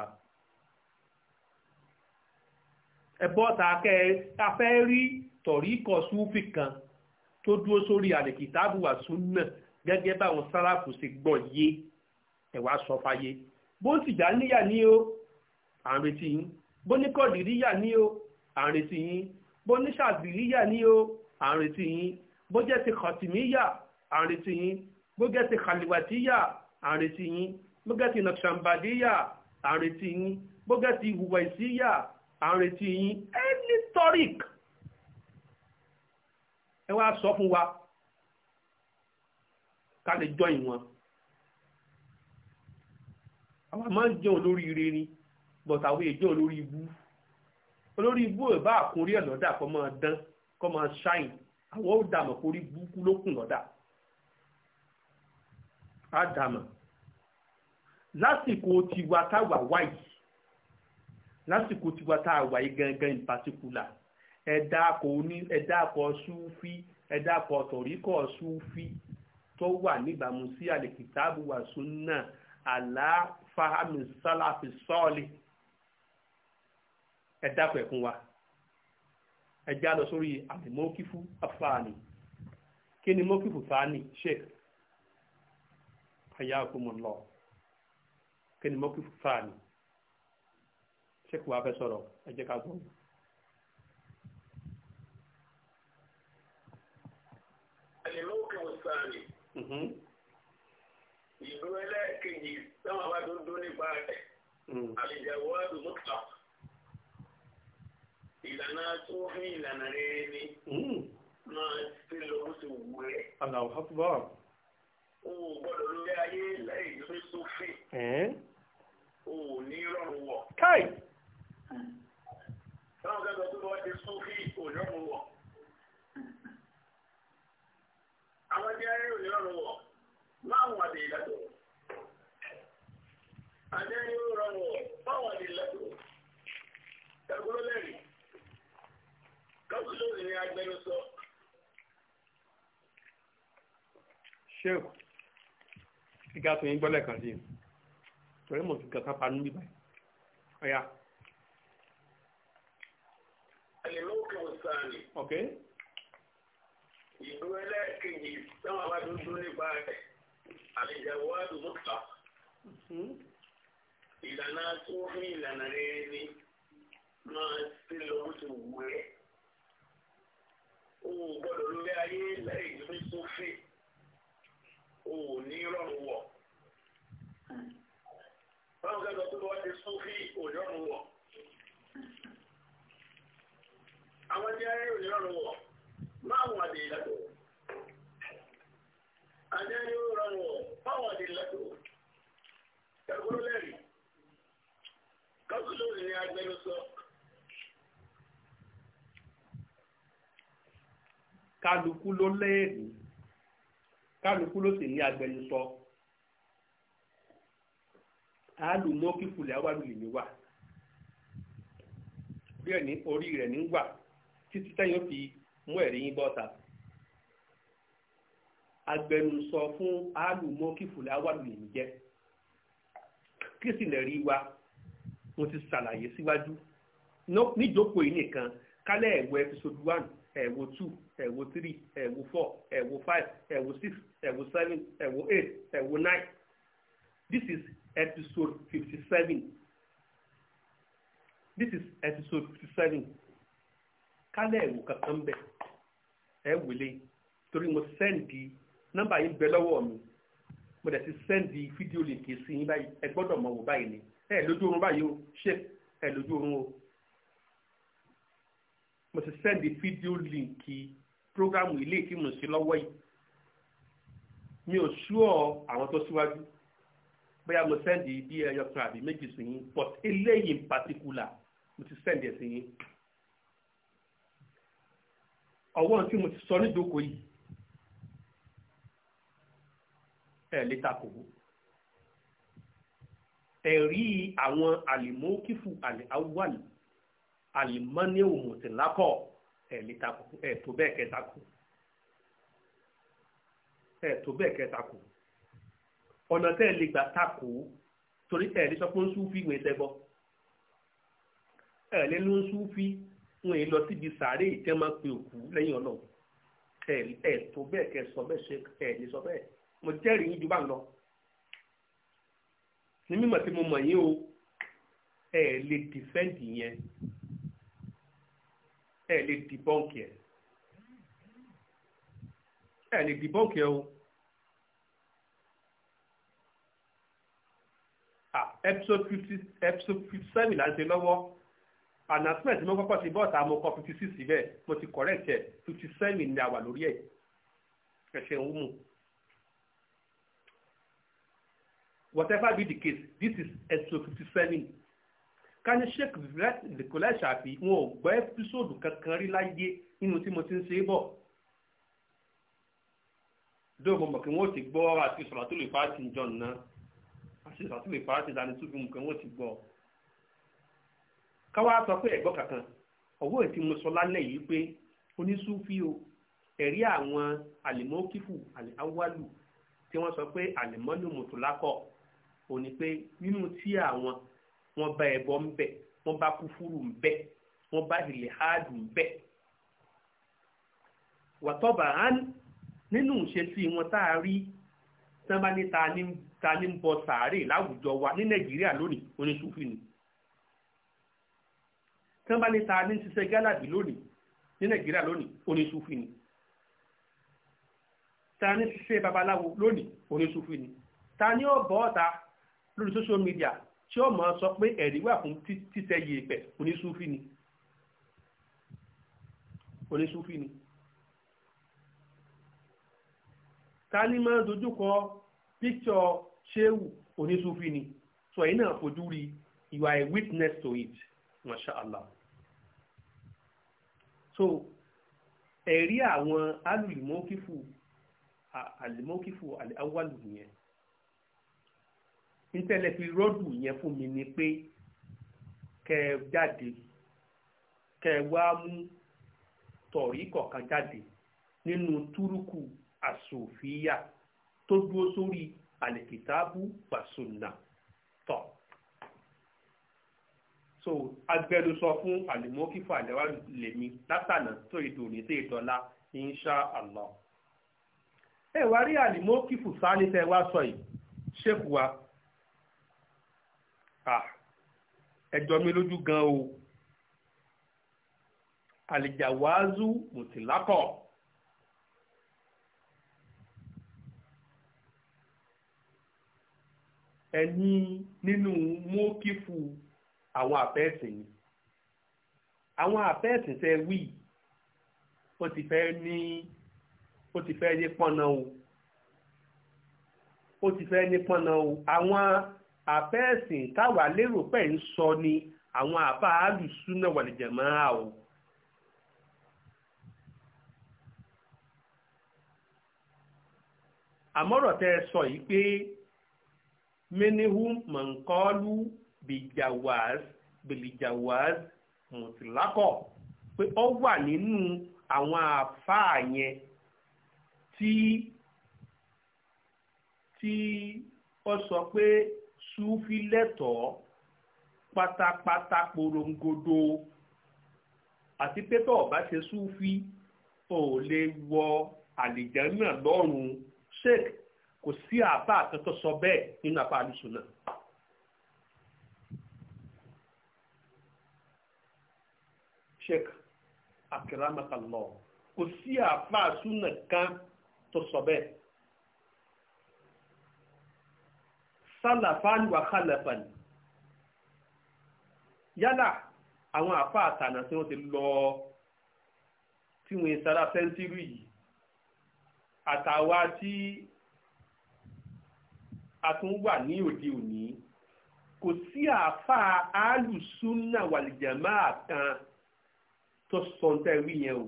ẹ̀bọ́ta kẹ́ ta fẹ́ rí tọ̀rí kọ súnfì kan tó dúró sórí àlèkìtàbù wà súnnà gẹ́gẹ́ báwọn sáráàfù ṣe gbọ́ yé ẹ wá sọ fáyé bó ń tìjà níyà ní o à ń retí yín bó ní kọ̀dìríyà ní o à ń retí yín bó ní ṣàbìlíyà ní o à ń retí yín bó jẹ́ ti kọ̀tìmíyà à ń yín bó jẹ́ ti kàlìwàtíyà à ń yín bó jẹ́ ti nàkṣàmbàdíyà à ń yín bó jẹ́ ti hùwàìsíyà à ń retí yín ẹni tọ́rík ẹ wá sọ fún wa ká lè jọ ìwọ̀n àwọn máa ń jẹun lórí ire ni but àwọn èèjọ́ olórí ibú olórí ibú ẹ̀ bá àkórí ẹ̀ lọ́dà kọ́ máa dán kọ́ máa ṣáìn àwọn ó dàmọ̀ kórí búkú lókùn lọ́dà á dàmọ̀ lásìkò tiwa táwa wáyìí lásìkò tiwa tá a wà yìí gangan in particular ẹ̀dá akọ oní ẹ̀dá akọ súfí ẹ̀dá akọ tọ̀ríkọ̀ súfí tó wà níbàámu sí àlèkìtàbù wà sùnnà àlá fahami sálàfi sọ́ọ̀lì ẹ dákọ̀ ẹ̀kún wa ẹ já lọ sórí àlìmọ́kífù afáàní kí ni mọ́kífù fáàní sheik ayakumullah kí ni mọ́kífù fáàní sheik wa fẹ́ sọ̀rọ̀ ẹ jẹ́ ká gbọ́. الموقف الثاني ìlú ẹlẹ́ẹ̀kejì táwọn bá dúdú nípa rẹ̀ hmm. àlejò wọ́ọ̀dù mọ́tà ìlànà tó fi ìlànà rere ni hmm. máa ti lọ bó ti wù ẹ́. aláwọ̀ o gbọ́dọ̀ lórí ayé lẹ́yìn tó tó fi. o ní rọrùn wọ̀. káì. táwọn kẹ́kọ̀ọ́ tó bá ti sún kò rọrùn wọ̀. àwọn ما وسيلته أن يورد ما وسيلته تقول لي كقول لي أجمل صوت ṣéwù ìgbà tó yín gbọ́lẹ̀ kan sí i torí mo ti gàtà pa níbi báyìí ọ̀yà. àlèmọ́kè wòsàn-án. ok. ìlú ẹlẹ́ẹ̀kejì táwọn abádúndún nípa rẹ̀. àlejàwádùn mọ́ta mhm. ìlànà tó ní ìlànà rere ni máa sí lọ bó ti wù ẹ́ o ò gbọ́dọ̀ lórí ayé láì gbé sófin o ò ní rọrùn wọ̀ báwo ká lọ tó bá ti sófin ò ní rọrùn wọ̀ àwọn tí ayé ò ní rọrùn wọ̀ máa wọ̀ àdéhìlá tó àjẹ́ yóò rọrùn fáwọn àdìlẹ́tò ẹ̀kúrú lẹ́rì kábùlù kálukú ló lẹ́ẹ̀rù kálukú ló sì ní agbẹnusọ kíkulẹ̀ ní wà bí ẹ̀ ní orí rẹ̀ ní wà títí táyọ̀ fi mú ẹ̀rí yín bọ́ta. agbẹnusọ fún alùmọ́kìfùlà wàlù èmi jẹ́ kí sì lè rí wa mo ti ṣàlàyé síwájú níjókòó yìí nìkan kálẹ̀ ẹ̀wọ̀ episode one ẹ̀wọ̀ two ẹ̀wọ̀ three ẹ̀wọ̀ four ẹ̀wọ̀ five ẹ̀wọ̀ six ẹ̀wọ̀ seven ẹ̀wọ̀ eight ẹ̀wọ̀ nine this is episode fifty seven this is episode fifty seven kálẹ̀ ẹ̀wọ̀ kankan bẹ̀ ẹ̀wọ̀ lé torí mo sẹ́ǹdì nọ́mbà yìí ń bẹ lọ́wọ́ mi mo dẹ̀ ti sẹ́ndì fídíò lè ké sí yín báyìí ẹ gbọ́dọ̀ mọ̀ wò báyìí ni ẹ lójú oorun báyìí o ṣe ẹ lójú oorun o mo ti sẹ́ndì fídíò líǹkì prógámù ilé tí mo ṣe lọ́wọ́ yìí mi ò ṣúọ̀ àwọn tó síwájú bóyá mo sẹ́ndì bí ẹyọ kan àbí méjì sí yín but eléyìí in particular mo ti sẹ́ndì ẹ̀ sí yín ọwọ́ tí mo ti sọ nídòkó yìí ẹ̀ lè takò ó ẹ̀rí àwọn àlìmọ́kífù àwàlì àlìmọ́níwò mọ̀tìlákọ̀ ẹ̀ lè takò ẹ̀ tó bẹ́ẹ̀ kẹta kù ẹ̀ tó bẹ́ẹ̀ kẹta kù ọ̀nà tẹ́ ẹ̀ lè gbà takò torí ẹ̀ lè sọ pé ń súnfì ìwé sẹ́gbọ́ ẹ̀ lè ló ń súnfì wọn èyí lọ síbi sàárè ìtẹ́ máa pe òkú lẹ́yìn ọlọ́run ẹ̀ tó bẹ́ẹ̀ kẹ sọ bẹ́ẹ̀ ṣe ẹ̀ lè sọ bẹ́ẹ̀ mo jẹ́rìí yín ju bá ń lọ ní mímọ̀ tí mo mọ̀ yín o ẹ lè dìfẹ́ǹdì yẹn ẹ lè dìbọ́ǹkì ẹ ẹ lè dìbọ́ǹkì ẹ o episode fifty episode fifty seven là ń ṣe lọ́wọ́ announcement mo kọ́kọ́ ti bọ́ọ̀tà mo kọ fifty six síbẹ̀ mo ti correct ẹ fifty seven ni a wà lórí ẹ̀ ẹ ṣeun mú. whatever be the case this is episode fifty seven kani sheikh nikola ṣàfi wọn ò gbọ́ ẹpísòdù kankan rí láyé nínú tí mo ti ń ṣe é bọ̀ dóò mo mọ̀ kí wọ́n ti gbọ́ àti sọ̀rọ̀ tó lè pààtì john náà àti sọ̀rọ̀ tó lè pààtì dání tó fi mọ̀ kí wọ́n ti gbọ́ káwá sọ pé ẹ̀gbọ́n kankan ọwọ́ ètí mo sọ lálẹ́ yìí pé onísúfí o ẹ̀rí àwọn àlìmọ́kífù àlìáwálù tí wọ́n sọ pé àlìmọ́nù mùtòlákọ̀ọ́ ò ní pé nínú tí àwọn wọn bá ẹbọ ń bẹ wọn bá kúfúrú ń bẹ wọn bá ilẹ̀ háàdù ń bẹ wàtọ́bà án nínú ìṣesí wọn tá a rí tán bá ní ta ní ń bọ sàárè láwùjọ wa ní nàìjíríà lónìí oníṣùfì ni tán bá ní ta ní ṣiṣẹ́ gálàbì lónìí ní nàìjíríà lónìí oníṣùfì ni ta ní ṣiṣẹ́ babaláwo lónìí oníṣùfì ni ta ní ọ̀bọ̀ ọ̀ta lórí social media tí ó máa sọ pé ẹ̀rí wà fún títẹ yèèpẹ̀ onísúfì ni onísúfì ni ta ni máa dojúkọ píkṣọ ṣéwù onísúfì ni so ẹ̀yin náà fojú rí you are a witness to it masha allah so ẹ̀rí àwọn alùlùmọ́kífù alùmọ́kífù aláwọ̀lù nìyẹn nítẹ̀lẹ̀ fi rọ́dù yẹn fún mi ni pé kẹ ẹ jáde kẹ ẹ wá mú tọ̀rí kọ̀ọ̀kan jáde nínú túrúkù àsòfíà tó dúró sórí àlèkìtàbù pàṣùnà tọ̀. so agbẹnusọ fún àlùmọ́kífà lẹ́wà lèmi látànà tó ìdòní tó ìdọ́lá insha allah. ẹ wá rí àlùmọ́kífù sáà ní tẹ́ wá sọ yìí ṣéèkù wa ẹjọ́ mi lójú gan o àlìjàwáàzú mùtìlákọ̀ ẹni nínú mọ́kífù àwọn àfẹ́sìn ni àwọn àfẹ́sìn tẹ wí ó ti fẹ́ ní ó ti fẹ́ ní pọ́nà o ó ti fẹ́ ní pọ́nà o àwọn àfẹ́ẹ̀sìn táwa lérò pẹ̀ ń sọ ni àwọn àbá alùsúnà wàlìjẹ̀mọ́ à o. àmọ́rọ̀ tẹ́ sọ yìí pé minihum mọ̀nkọ́lù bìjàwáz bìlìjàwáz mùtìlákọ̀ pé ó wà nínú àwọn àfáà yẹn tí tí ó sọ pé súfì lẹ́tọ̀ọ́ pátápátá porongodo àti pé tó o bá ṣe súfì o lè wọ àlìjánà lọ́rùn sheik kò sí àbá kan tó sọ bẹ́ẹ̀ nínú apá àlùsùn náà. sheik akiramakalọ kò sí àbá kan tó sọ bẹ́ẹ̀. sálàfáàlì wà kálàfáàlì yálà àwọn àfa àtànà tí wọ́n ti lọ tí wọ́n sára sẹ́ńtírì yìí àtàwa tí a tún wà ní òde òní kò sí àfa alùsúnà wàlìjàmá kan tó sọ̀ǹtẹ̀ wí yẹn o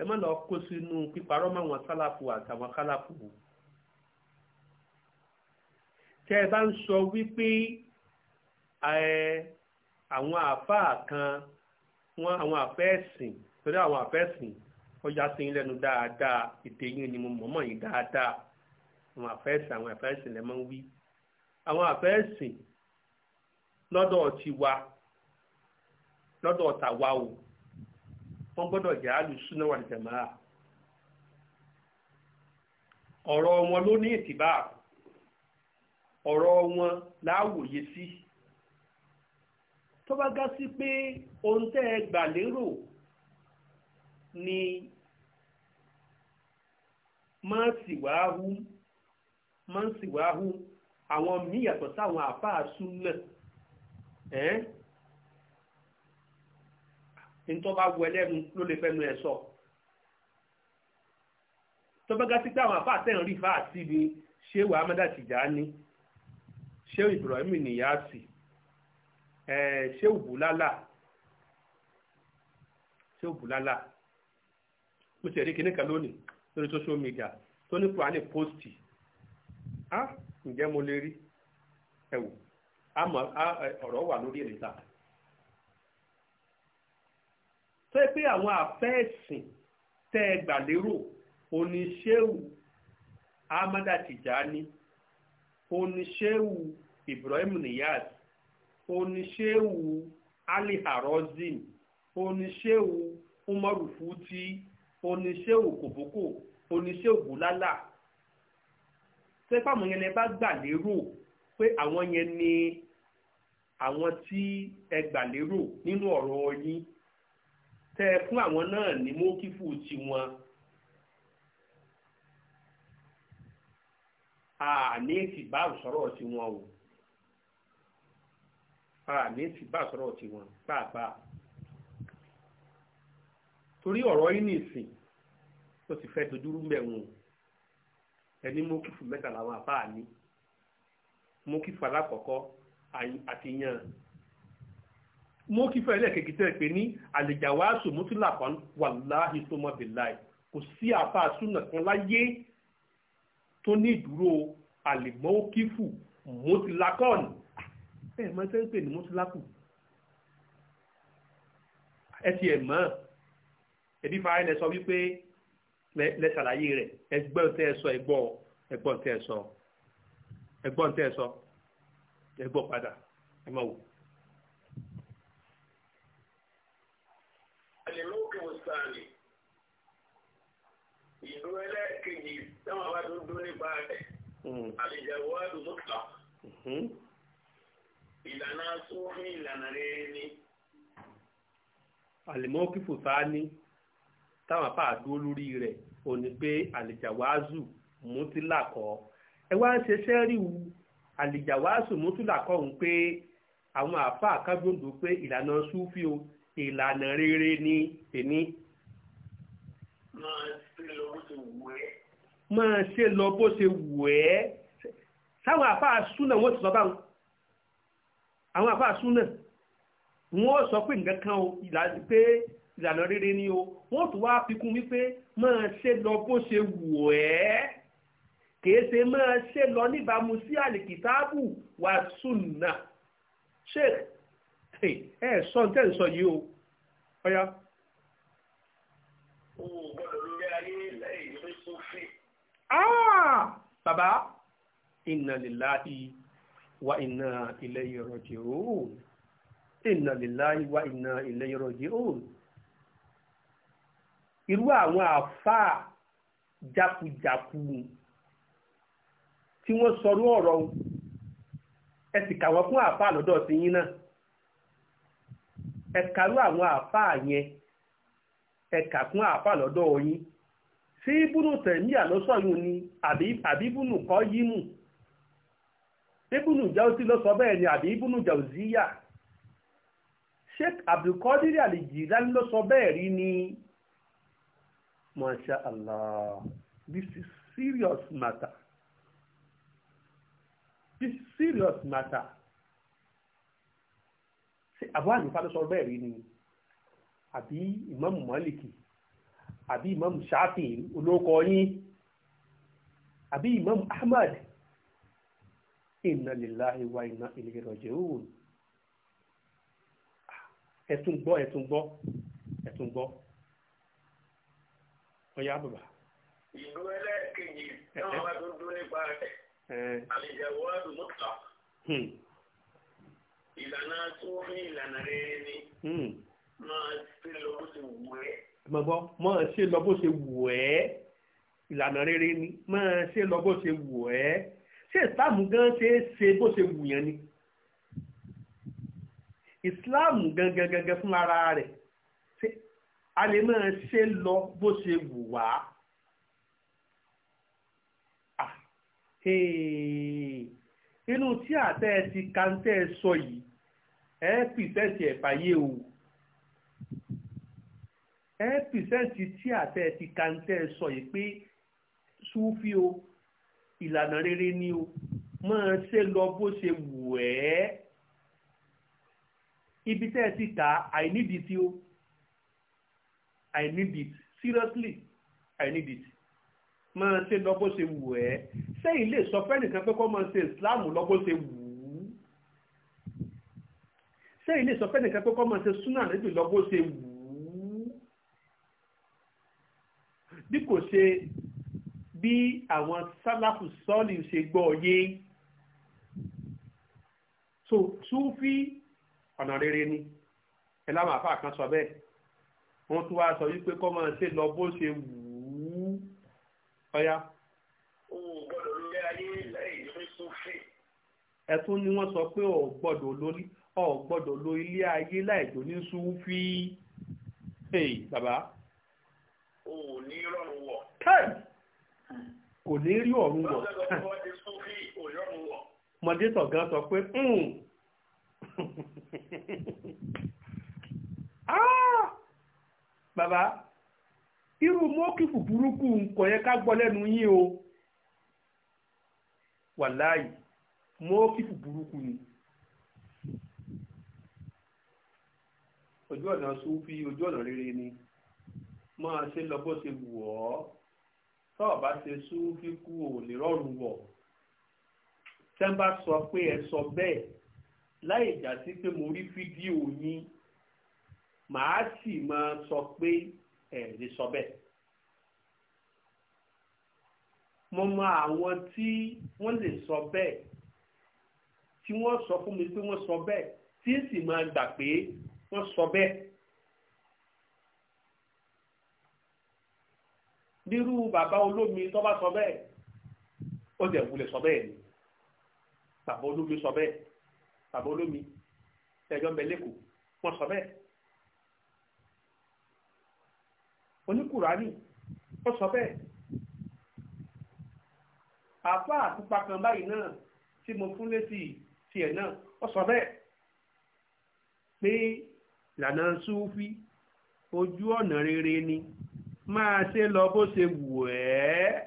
ẹ má lọ kó sínú píparọ́ mọ́ sálàfù àtàwọn kálàfù o tẹ́ ẹ bá ń sọ wípé àwọn àfáà kan wọn àwọn àfẹ́ẹ̀sìn torí àwọn àfẹ́ẹ̀sìn ọjà sí lẹ́nu dáadáa ètè yín ni mo mọ̀mọ́ yín dáadáa àwọn àfẹ́ẹ̀sìn àwọn àfẹ́ẹ̀sìn lẹ́ máa ń wí àwọn àfẹ́ẹ̀sìn lọ́dọ̀ tiwa lọ́dọ̀ tàwa o wọ́n gbọ́dọ̀ jẹ́ alùsùnà wà lìjàmáà ọ̀rọ̀ wọn ló ní ìtìbáà ọ̀rọ̀ wọn láwòye sí tó bá gá sí pé ohun tẹ́ ẹ gbà lérò ni máa sì wá hú máa sì wá hú àwọn míì yàtọ̀ sáwọn àfáà súnà ẹ́ ntọ́ bá wọ ẹlẹ́nu ló lè fẹ́nu ẹ̀ sọ tó bá gá sí pé àwọn àfáà tẹ̀ rí fáà síbi ṣé wàá mọ́dà tìjà ni ṣéwù Ibrahim Niyasi ṣéwù Bùlálà ṣéwù Bùlálà mo ṣe rí kinní kan lónìí lórí social media tó ní kúránì pósìtì á ǹjẹ́ mo lè rí ẹ wò àmọ́ ọ̀rọ̀ wà lórí èlìta tó yẹ pé àwọn àfẹ́ẹ̀sìn tẹ́ ẹ gbà lérò oníṣẹ́wù Ahmada oníṣẹ́wù Ibrahim Niyaz oníṣẹ́wù Ali Harozin oníṣẹ́wù Umaru Futi oníṣẹ́wù Kòbókò oníṣẹ́wù Bùlálà sẹ́fàmù yẹn lẹ bá gbà lérò pé àwọn yẹn ni àwọn tí ẹ gbà lérò nínú ọ̀rọ̀ yín tẹ fún àwọn náà ní mókífù tiwọn. àní ti bá sọ̀rọ̀ tiwọn o àní sì bá sọ̀rọ̀ tiwọn pàápàá torí ọ̀rọ̀ yìí nìsín ó sì fẹ́ dojúrú mẹ́wọ̀n ẹni mú kí fún mẹ́ta làwọn àbá ní mú kí fún alákọ̀ọ́kọ́ àti yan mú kí fún ẹlẹ́ẹ̀kejì tẹ́ pé ní àlèjàwá sòmútìlà kan wà láàyè tó mọ́ bìláì kò sí àbá súnà kan láyé tó ní ìdúró àlèmọ́ kífù mọ́tìlákọ́ọ̀nù ẹ̀ mọ́ tẹ́ ń pè ní mọ́tíláàkù ẹ ti ẹ̀ mọ́ ẹbí fara ẹ̀ sọ wípé lẹ ṣàlàyé rẹ̀ ẹgbọ́n tẹ́ ẹ sọ ẹgbọ́ ẹgbọ́n tẹ́ ẹ sọ ẹgbọ́n tẹ́ ẹ sọ ẹgbọ́ padà ẹ máa wò. ìlú ẹlẹ́ẹ̀kejì táwọn bá dúdú nípa rẹ̀ àlejò àwọn àdúgbò kan ìlànà sófin ìlànà rere ni. àlìmọ́kìfù sáà ní táwọn apá àdúró lórí rẹ̀ ò ní pé àlìjàwáàzù mútílà kọ́ ẹ wá ń ṣe sẹ́ríwù àlìjàwáàzù mútílà kọ́ ń pé àwọn àfa àkágbòǹdò pé ìlànà súfì o ìlànà rere ni èní. máa ṣe lọ bó ṣe wù ẹ́. máa ṣe lọ bó ṣe wù ẹ́. sáwọn àfa àsúná wọn ti sọ báwọn àwọn àfáà súnà wọ́n sọ pé nǹkan kan o pé ìlànà rere ni o wọ́n tún wá fikún wípé máa ṣe lọ bó ṣe wù ẹ́ kìí ṣe máa ṣe lọ níbàámu sí àlìkìtáàbù wà súnà sheikh ẹ sọ ní tẹ́lẹ̀ sọ yìí o ọ̀yá. Ah! bàbá inna lillahi wa inna ilayhi raji'un inna lillahi wa inna ilayhi raji'un irú àwọn àfáà jákujàku tí wọ́n sọrú ọ̀rọ̀ ẹ sì kà wọ́n fún àfáà lọ́dọ̀ na yín náà ẹ yẹn ẹ kà fún àfáà lọ́dọ̀ yín sí ni àbí ibùnú kọ́ yimu. ibùnú jauzi ló sọ bẹ́ẹ̀ ni àbí ibùnú jauziya sheikh abdulkadir alijilani ló sọ bẹ́ẹ̀ rí ni masha allah this is serious matter this is serious matter ṣe àbúrò àlùfáà ló sọ bẹ́ẹ̀ rí ni àbí imam maliki àbí imam shafi olóko yín àbí imam ahmad inna lillahi wa inna ilayhi raji'un ẹ̀tún gbọ́ ẹ̀tún gbọ́ ẹ̀tún gbọ́ ọ̀yá bàbá. ìlú ẹlẹ́ẹ̀kejì náà wà tó dún nípa rẹ̀ àlejò wọ́ọ̀dù mọ́tà hmm. ìlànà tó ní ìlànà rere ni hmm. máa ṣe lọ bó ṣe wù ẹ́. gbọ́ngbọ́n máa ṣe lọ bó ṣe wù ẹ́ ìlànà rere ni máa ṣe lọ bó ṣe wù ẹ́ ṣé ìsìláàmù gan ṣe é ṣe bó ṣe wùyàn ni ìsìláàmù gangan gangan fún ara rẹ̀ ṣé a lè máa ṣe lọ bó ṣe wù wá. inú tí àtẹ ti kàńtẹ sọ yìí ẹ pìsẹ́ǹtì ẹ̀fàyè o ẹ pìsẹ́ǹtì tí àtẹ ti kàńtẹ sọ yìí pé súfì o ìlànà rere ni o máa ṣe lọ bó ṣe wù ẹ́ ibi tẹ́ ẹ ti ta i need it o i need it seriously i need it máa ṣe lọ bó ṣe wù ẹ́ sẹ́yìn lè sọ fẹ́nìkan pé kó máa ṣe islam lọ bó ṣe wù ú sẹ́yìn lè sọ fẹ́nìkan pé kó máa ṣe súnà níbi lọ bó ṣe wù ú bí kò ṣe bí àwọn sálàfù sọ́ọ̀lì ṣe gbọ́ yé so súfì ọ̀nà rere ni ẹ láwọn àfáà kan sọ bẹ́ẹ̀ wọ́n tún wá sọ wípé kọ́ máa ṣe lọ bó ṣe wù ú ọ̀yá. o gbọ́dọ̀ lórí ayé lẹ́yìn ní súfì. ẹ tún ni wọ́n sọ pé ò gbọ́dọ̀ lórí ò gbọ́dọ̀ lo ilé ayé láìjó ní súfì. ee bàbá. o ò ní rọrùn wọ̀. kẹ́ẹ̀ kò ní rí ọ̀run wọ̀ mọ̀détọ̀ gan sọ pé hmm. ah! bàbá irú mọ́kìfù burúkú kò yẹ ká gbọ́ lẹ́nu yín o wàláyì mọ́kìfù burúkú ni ojú ọ̀nà súnfí ojú ọ̀nà rere ni máa ṣe lọ bó ṣe wù ọ́ tọ́ọ̀ bá ṣe súnfí kú ò lè rọrùn wọ̀ tẹ́ ń bá sọ pé ẹ sọ bẹ́ẹ̀ láì já sí pé mo rí fídíò yín màá sì máa sọ pé ẹ lè sọ bẹ́ẹ̀. mo mọ àwọn tí wọ́n lè sọ bẹ́ẹ̀ tí wọ́n sọ fún mi pé wọ́n sọ bẹ́ẹ̀ tí sì máa gbà pé wọ́n sọ bẹ́ẹ̀. nírú bàbá olómi tó bá sọ bẹ́ẹ̀ ó dẹ̀ wulẹ̀ sọ bẹ́ẹ̀ ni bàbá olómi sọ bẹ́ẹ̀ bàbá olómi ẹjọ́ ń bẹ lẹ́kọ̀ọ́ wọ́n sọ bẹ́ẹ̀ oníkùránì ó sọ bẹ́ẹ̀ àfa àtúpa kan báyìí náà tí mo fún létí tiẹ̀ náà ó sọ bẹ́ẹ̀ pé ìlànà súfí ojú ọ̀nà rere ni máa ṣe lọ bó ṣe wù ẹ́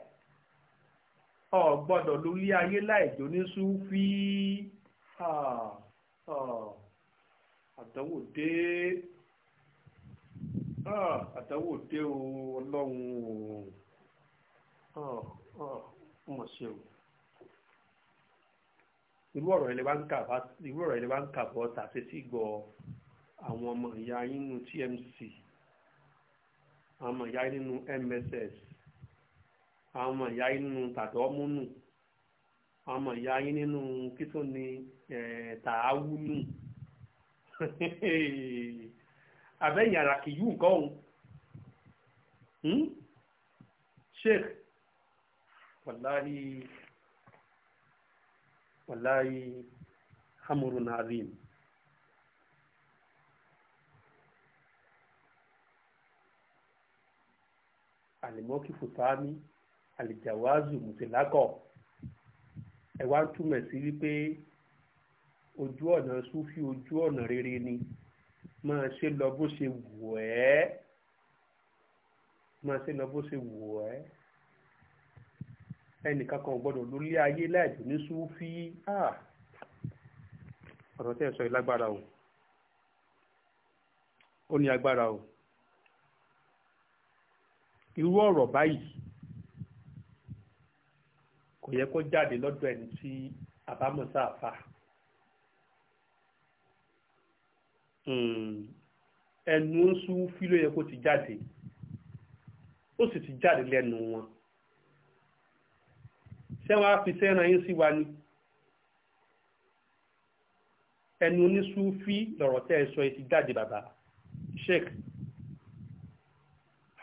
ọ gbọ́dọ̀ lórí ayé láìjó ní súfì àdánwò dé àdánwò dé o ọlọ́run o mọ̀ ṣe o irú ọ̀rọ̀ ilé wa ń kà irú ọ̀rọ̀ ilé wa ń kà bọ́ tàṣe sí gọ àwọn ọmọ ìyá yín nu TMC àwọn ọmọ ìyá nínú MSS àwọn ọmọ ìyá nínú tàdọ́múnù àwọn ọmọ ìyá yín nínú kí tó ni tàáwúnù àbẹ́yìn àràkìyú nǹkan òun hmm? sheikh wàláhì wàláhì hamurun azim. àlìmọ́kì fùtàmí alijawazu mùtìlákọ̀ ẹ wá ń túmọ̀ sí wípé ojú ọ̀nà súfì ojú ọ̀nà rere ni máa ṣe lọ bó ṣe wù ẹ́ máa ṣe lọ bó ṣe wù ẹ́ ẹnìkan kan ò gbọdọ̀ lórí ayé láìdùn ní súfì ah! ọ̀rọ̀ tẹ́ sọ yìí lágbára o ó ní agbára o irú ọ̀rọ̀ báyìí kò yẹ kó jáde lọ́dọ̀ ẹni tí àbámọ̀sá àfà hmm. ẹnu ń sú fí ló yẹ kó ti jáde ó sì ti jáde lẹ́nu wọn sẹ́wọ́n á fi sẹ́ran yín sí wa ni ẹnu onísúfí lọ̀rọ̀ tẹ́ ẹ sọ ẹ ti jáde bàbá sheikh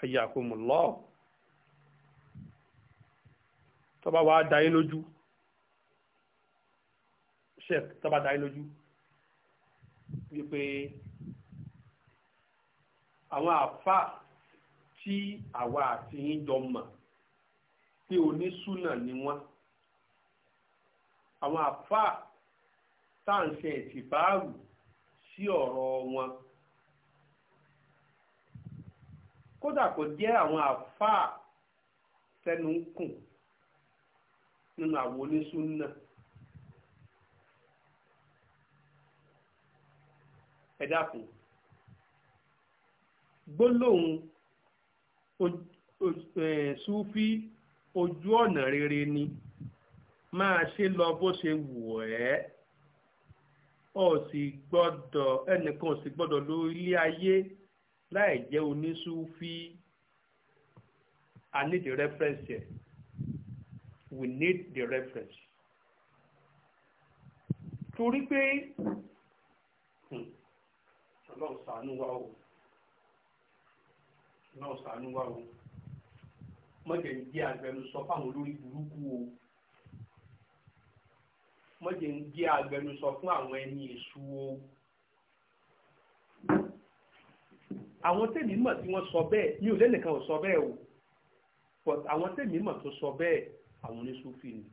hayyakumullah tọba wa dá yín lójú sheik tọba dá yín lójú wípé àwọn àfa tí àwa àti yín jọ mọ̀ pé onísùnà ni wọ́n àwọn àfa tá à ń ṣe ìtìbáàrù sí ọ̀rọ̀ wọn kódà kò jẹ́ àwọn àfáà tẹnu ń kùn nínú àwọn onísúnnà ẹ dákun gbólóhùn súfí ojú ọ̀nà rere ni máa ṣe lọ bó ṣe wù ẹ́ ó sì gbọ́dọ̀ ẹnìkan ò gbọ́dọ̀ lórí ayé láì jẹ́ onísúfí i need the reference here we need the reference torí pé hmm, ọlọ́run ṣàánú wa o ọlọ́run ṣàánú wa o mọ̀jẹ̀ ń jẹ́ agbẹnusọ fáwọn olórí burúkú o mọ̀jẹ̀ ń jẹ́ agbẹnusọ fún àwọn ẹni èṣù o àwọn tèmi mọ̀ tí wọ́n sọ bẹ́ẹ̀ mi ò lẹ́nìkan ò sọ bẹ́ẹ̀ o but àwọn tèmi mọ̀ tó sọ bẹ́ẹ̀ àwọn oníṣúfì ni.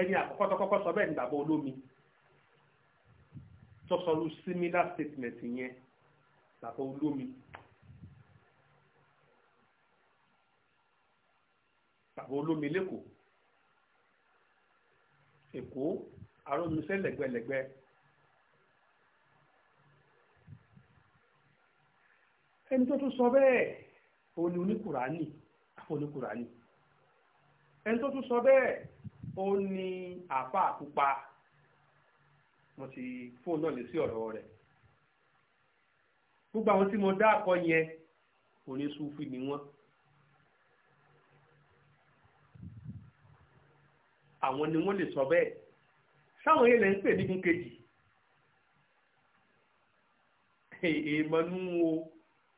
ẹni àkọ́kọ́ tó kọ́kọ́ sọ bẹ́ẹ̀ ni bàbá olómi tó sọ lu similar statement yẹn bàbá olómi. bàbá olómi lẹ́kọ̀ọ́ èkó arómi sẹ́lẹ̀gbẹ́lẹ́gbẹ́. ẹni tó tún sọ bẹ́ẹ̀ òun ni oníkùránì àfọ̀níkùránì ẹni tó tún sọ bẹ́ẹ̀ òun ni àfa àpupa mo ti fóun náà lè sí ọ̀rọ̀ rẹ̀ gbogbo àwọn tí mo dá àkọ yẹn òní sufi ni wọ́n àwọn ni wọ́n lè sọ bẹ́ẹ̀ sáwọn yẹn lè ń pè nígun kejì èèmọ̀ nú o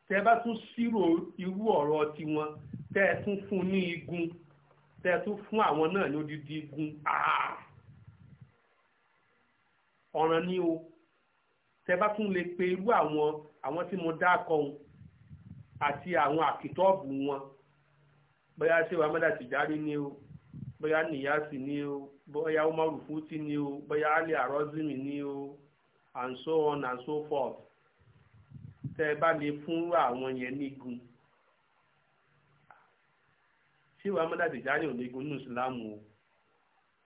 tẹ́ bá tún sírò irú ọ̀rọ̀ tiwọn tẹ́ ẹ tún fún ní igun tẹ́ ẹ tún fún àwọn náà ní odidi igun ọ̀ràn ni o tẹ́ bá tún lè pe irú àwọn àwọn tí mo dá kọ ohun àti àwọn àkìtọ́ọ̀bù wọn bóyá ṣé wàá mọ́dà tìjárí ni o bóyá nìyásì ni o bóyá umaru fúti ni o bóyá ali arozimi ni o and so on and so forth tẹ́ ẹ bá lè fún àwọn yẹn nígun ṣé wàá mọ́dà tìjáni ò nígun nínú ìsìláàmù o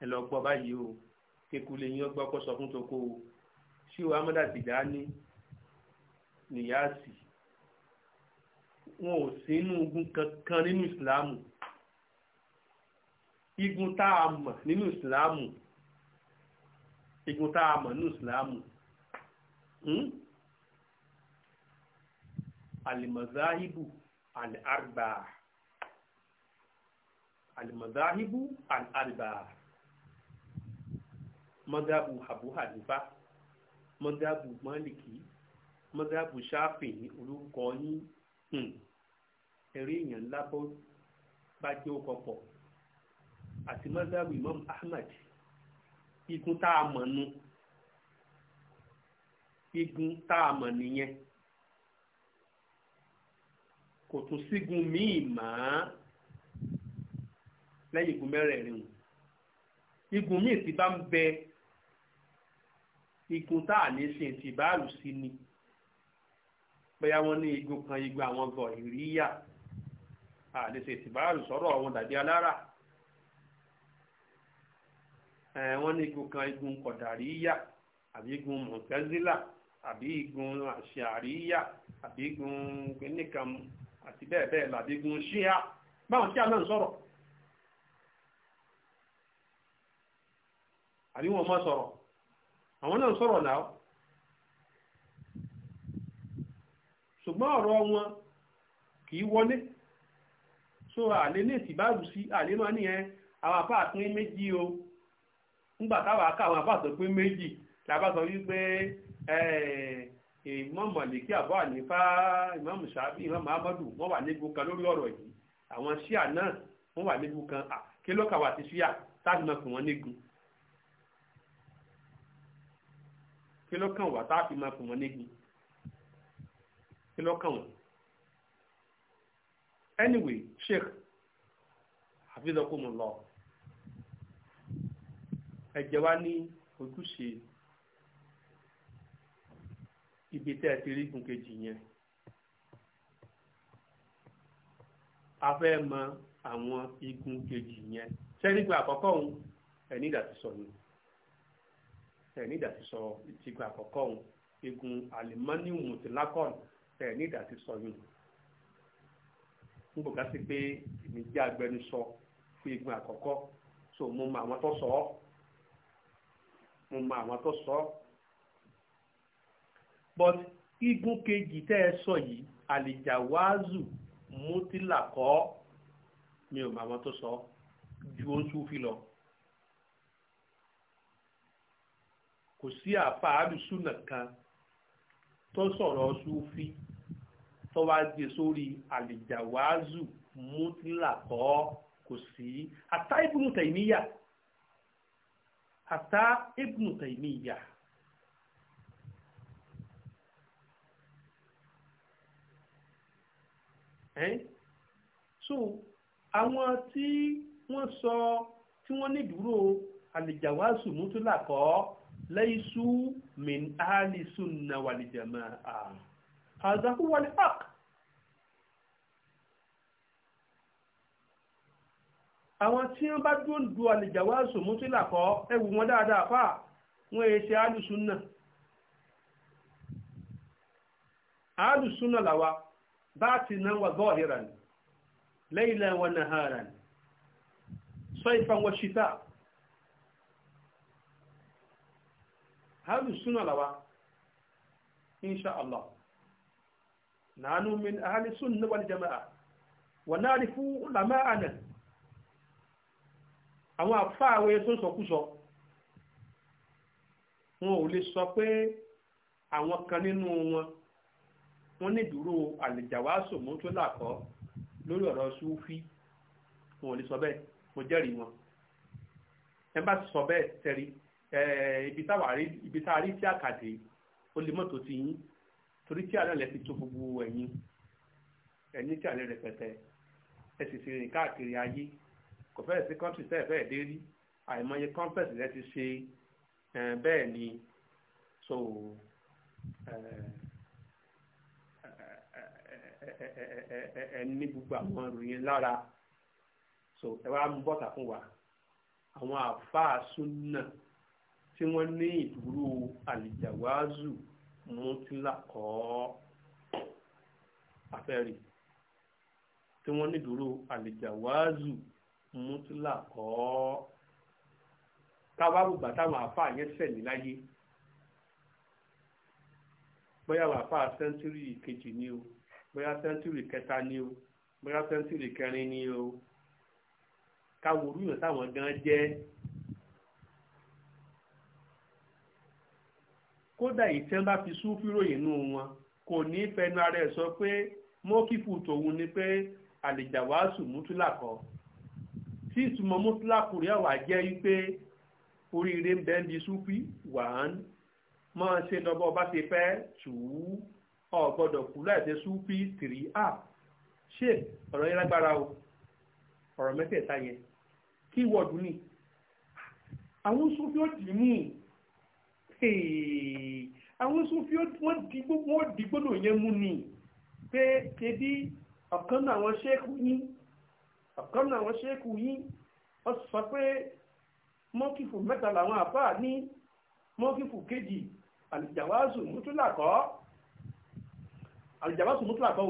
ẹ lọ gbọ́ báyìí o kékulé yín ọgbọ́ kó sọ fún toko o ṣé wàá mọ́dà tìjáni nìyáàsì wọn ò sí inú igun kankan nínú ìsìláàmù igun tá a mọ̀ nínú ìsìláàmù igun tá a mọ̀ nínú ìsìláàmù. Hmm? alimazahibu al'arba alimazahibu al'arba mọ́dábù abu hanifa mọ́dábù maliki mọ́dábù shafi'i orúkọ yín hmm. eré èèyàn ńlá bá jẹ́ ó kọpọ̀ àti mọ́dábù imam ahmad igun tá a nu igun tá a mọ̀ kò tún sígun míì mọ́ lẹ́yìn igun mẹ́rẹ̀ẹ̀rin o igun míì ti bá ń bẹ igun tá à ní ṣe ti báàlù sí ni bóyá wọ́n ní igun kan igun àwọn gọ̀ ìríyà à ní ṣe ti báàlù sọ̀rọ̀ àwọn dàbí alára wọ́n ní igun kan igun kọ̀dàríyà àbí igun mọ̀tẹ́zílà àbí igun àṣàríyà àbí igun nìkan àti bẹ́ẹ̀ bẹ́ẹ̀ làbígun ṣíà báwọn a náà sọ́rọ̀ àbí wọn sọ̀rọ̀ àwọn náà sọ̀rọ̀ náà ṣùgbọ́n ọ̀rọ̀ wọn kì wọlé so àlè ní ìtìbáàrù sí àlè máa ní ẹ àwọn àpá àpín méjì o àwọn àpá méjì wípé Imam Màlìkí àbọ̀ ànífà Imam Ṣáfì Imam Ahmadu wọ́n wà níbu kan lórí ọ̀rọ̀ yìí àwọn ṣíà náà wọ́n wà níbu kan kí ló kà wá ti ṣíà táàbì máa pè wọ́n nígun kí ló kàn wá táàbì máa pè wọ́n nígun kí ló kàn wọ́n. anyway sheikh hafizakumullah ẹ jẹ́ wá ní ojúṣe ibi tẹ́ ẹ ti rí gun kejì yẹn a fẹ́ mọ àwọn igun kejì yẹn sẹ́rígun àkọ́kọ́ òun ẹ̀ní ìdàtí sọ ni ẹ̀ní ìdàtí sọ ìtìgbà àkọ́kọ́ òun igun alimọ́níwù mùtìlákọ̀ọ̀nù ẹ̀ní ìdàtí sọ yìí n kò ká sí pé èmi jẹ́ agbẹnusọ fún igun àkọ́kọ́ so mo mọ àwọn tó sọ ọ́ mo mọ àwọn tó sọ ọ́ but igun kejì tẹ́ ẹ sọ yìí àlìjàwáàzù mútìlà kọ́ mi ò mọ àwọn tó sọ ju oṣù fi lọ. kò sí àáfàá alùsùnà kan tó sọ̀rọ̀ sufi tó wá gbé sórí àlìjàwáàzù mútìlà kọ́ kò sí àtà Ibn Taymiyyah àtà Ibn Taymiyyah. so àwọn tí wọ́n sọ tí wọ́n ní dúró àlìjàwásù mútúlà kọ́ lẹ́yìísú min ahli sunna wal a àzàkú wal haq. àwọn tí wọ́n bá dúró du àlìjàwásù mútúlà kọ́ ẹ̀wù wọn dáadáa fà wọ́n èyí ṣe ahli sunna ahli sunna làwa. batinan wa zahiran laila wa naharan sayfan wa shita ahlus sunna lawa insha Allah nanu min ahli sunna wal jamaa wa narifu ulama'ana àwọn àfáàwẹ̀ tó sọkúsọ wọn ò lè sọ pé awon kan nínú wọn wọ́n ní dúró àlèjàwáṣò mọ́tòlá kọ́ lórí ọ̀rọ̀ sufi wọn ò lè sọ bẹ́ẹ̀ mo jẹ́rìí wọn ẹ bá sọ bẹ́ẹ̀ tẹ̀rí ibi tá a rí sí àkàdé ó lè mọ́tò ti yín torí tí àlẹ́ rẹ̀ fi tó gbogbo ẹ̀yìn ẹ̀yìn tí àlẹ́ rẹ̀ pẹ̀tẹ́ ẹ sì ti rìn káàkiri ayé kò fẹ́ẹ̀ sí kọ́ńtì tẹ́ ẹ̀ fẹ́ẹ̀ dé rí àìmọye kọ́ńpẹ̀sì rẹ ti ṣe bẹ́ẹ̀ ni so ẹ ní gbogbo àwọn ìròyìn lára so ẹ wá mú bọ́tà fún wa àwọn àfáà súnà tí wọ́n ní ìdúró àlìjàwázù mútílà kọ́ afẹ́rì tí wọ́n ní ìdúró àlìjàwázù mútílà kọ́ táwa bùgbà táwọn àfáà yẹn sẹ̀lẹ̀ láyé bóyá àwọn àfáà sẹ́ńtúrì kejì ni o bóyá sẹ́ńtúrì kẹta ni o bóyá sẹ́ńtúrì kẹrin ni o káwọn olùyàn táwọn gan jẹ́ kódà ìtẹ́ bá fi sún fíròyìn nù wọn kò ní fẹnu ara ẹ̀ sọ pé mọ́kífù tòun ni pé àlèjàwáṣù mútúlà kọ́ tí ìtumọ̀ mútúlà kùrìà wà jẹ́ wípé oríire bẹ́ẹ̀ bí súfì wà máa ṣe lọ́bọ̀ bá ṣe fẹ́ tù ú ọ̀ gbọ́dọ̀ kú láìsẹ̀ súfì tìrì à ṣe ọ̀rọ̀ yẹn lágbára o ọ̀rọ̀ mẹ́tẹ̀ẹ̀ta yẹn kí wọ́ọ̀dù ni àwọn súfì ó dì mú àwọn súfì wọ́n di gbogbo wọ́n di gbọ́dọ̀ yẹn mú ni pé kébí ọ̀kan náà àwọn ṣẹ́ẹ̀kù yín ọ̀kan náà àwọn ṣẹ́ẹ̀kù yín wọ́n sọ pé mọ́kìfù mẹ́ta làwọn àbá ní mọ́kìfù kejì àlìjàwázù mútúlàkọ́ àlùjábàtù mùtúlà kọ́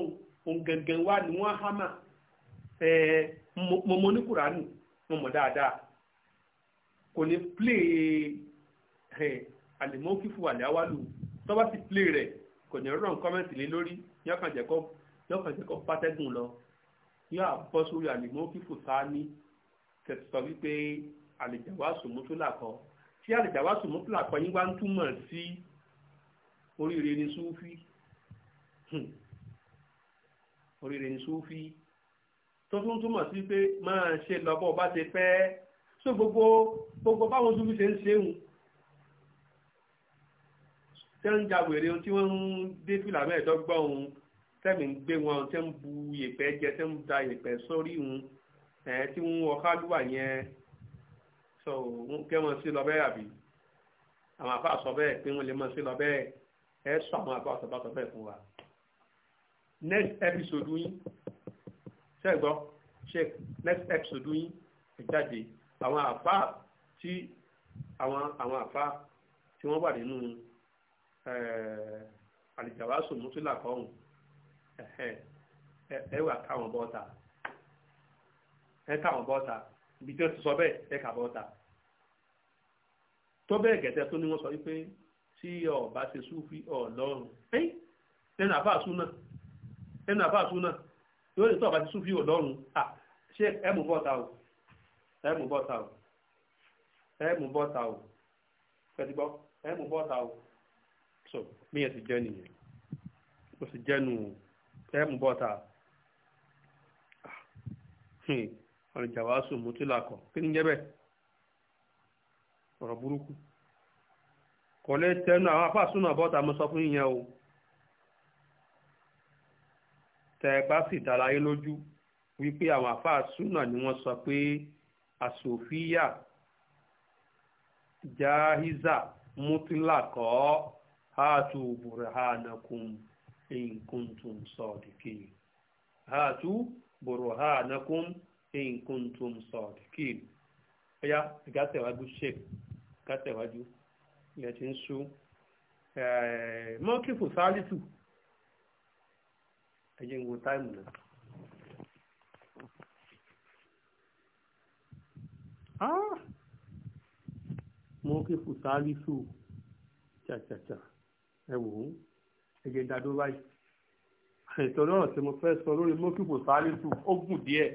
òun gẹ̀ǹgẹ̀ǹ wa ni wọ́n hámà mo mọ ní kùránì mo mọ̀ dáadáa kò ní pílè àlèmọ́kífù àlẹ́wálù tó bá ti pílè rẹ̀ kò ní rán kọ́mẹ́ǹtì lé lórí yọkànjẹ́kọ́ yọkànjẹ́kọ́ pátẹ́gùn lọ yóò àbọ̀ sórí àlèmọ́kífù sáání tẹ̀sítọ́ wípé àlèjàwásù mùtúlà kọ́ tí àlèjàwásù mùtúlà kọ́ yín wá ń túmọ̀ sí oríire ní súfì. Hmm. oríire ní sófì tó tún túmọ̀ sí pé máa ṣe lọ́bọ̀ bá ti pẹ́ so gbogbo gbogbo báwọn sófì ṣe ń ṣeun tẹ́ ń jagbèrè ohun tí wọ́n ń dé fìlà mẹ́ẹ̀ẹ́dọ́gbọ̀n ohun tẹ́mi ń gbé wọn tẹ́ ń bu yèpẹ́ jẹ tẹ́ ń da yèpẹ́ sórí ohun ẹ̀ tí ń wọ kálúwà yẹn sọ kẹ́wọ́n sí lọ bẹ́ẹ̀ àbí àwọn àfa àsọ bẹ́ẹ̀ pé wọ́n lè mọ̀ sí lọ bẹ́ẹ̀ ẹ̀ sọ àwọn àfa àsọ bá sọ bẹ́ẹ̀ fún wa next episode yín ṣẹ́gbọ́n ṣe next episode yín ìjáde àwọn àfa tí àwọn àwọn àfa tí wọ́n wà nínú àlìjàwásù mùtúlà kọ́hùn ẹ wà káwọn bọ́ta ẹ káwọn bọ́ta ibi tí wọ́n ti sọ bẹ́ẹ̀ ẹ kà bọ́ta tó bẹ́ẹ̀ gẹ̀tẹ́ tó ní wọ́n sọ wípé tí ọba ṣe súfì ọlọ́run ẹ́ lẹ́nu àbá àsú náà. ẹnu àbá àtúnà yóò lè tó àbá ti súnfì ọ̀dọ́run à ṣé ẹ bọ́ta o ẹ bọ́ta o bọ́ta o o so mí yẹn ti jẹ́ nìyẹn mo sì jẹ́nu ẹ mú kí ni jẹ́ bẹ́ẹ̀ ọ̀rọ̀ burúkú tẹnu àwọn o. tẹ́ sì dára lójú wípé àwọn àfáà súnà ni wọ́n sọ pé àsòfíà jahiza mutilakọ hàtú burhanakum in kuntum sadiqin burhanakum in kuntum sadiqin ẹyá ìgásẹ̀wájú ṣe ìgásẹ̀wájú ń sún mọ́kìfù sálítù. ẹ jẹ́ ń wo táìmù náà. Ah! mo kí fùsàlì sùn chàchàchà ẹ wò ó ẹ jẹ́ dádó báyìí ètò ọlọ́rọ̀ tí mo fẹ́ sọ lórí mọ́kìfù sáálítù ó gùn díẹ̀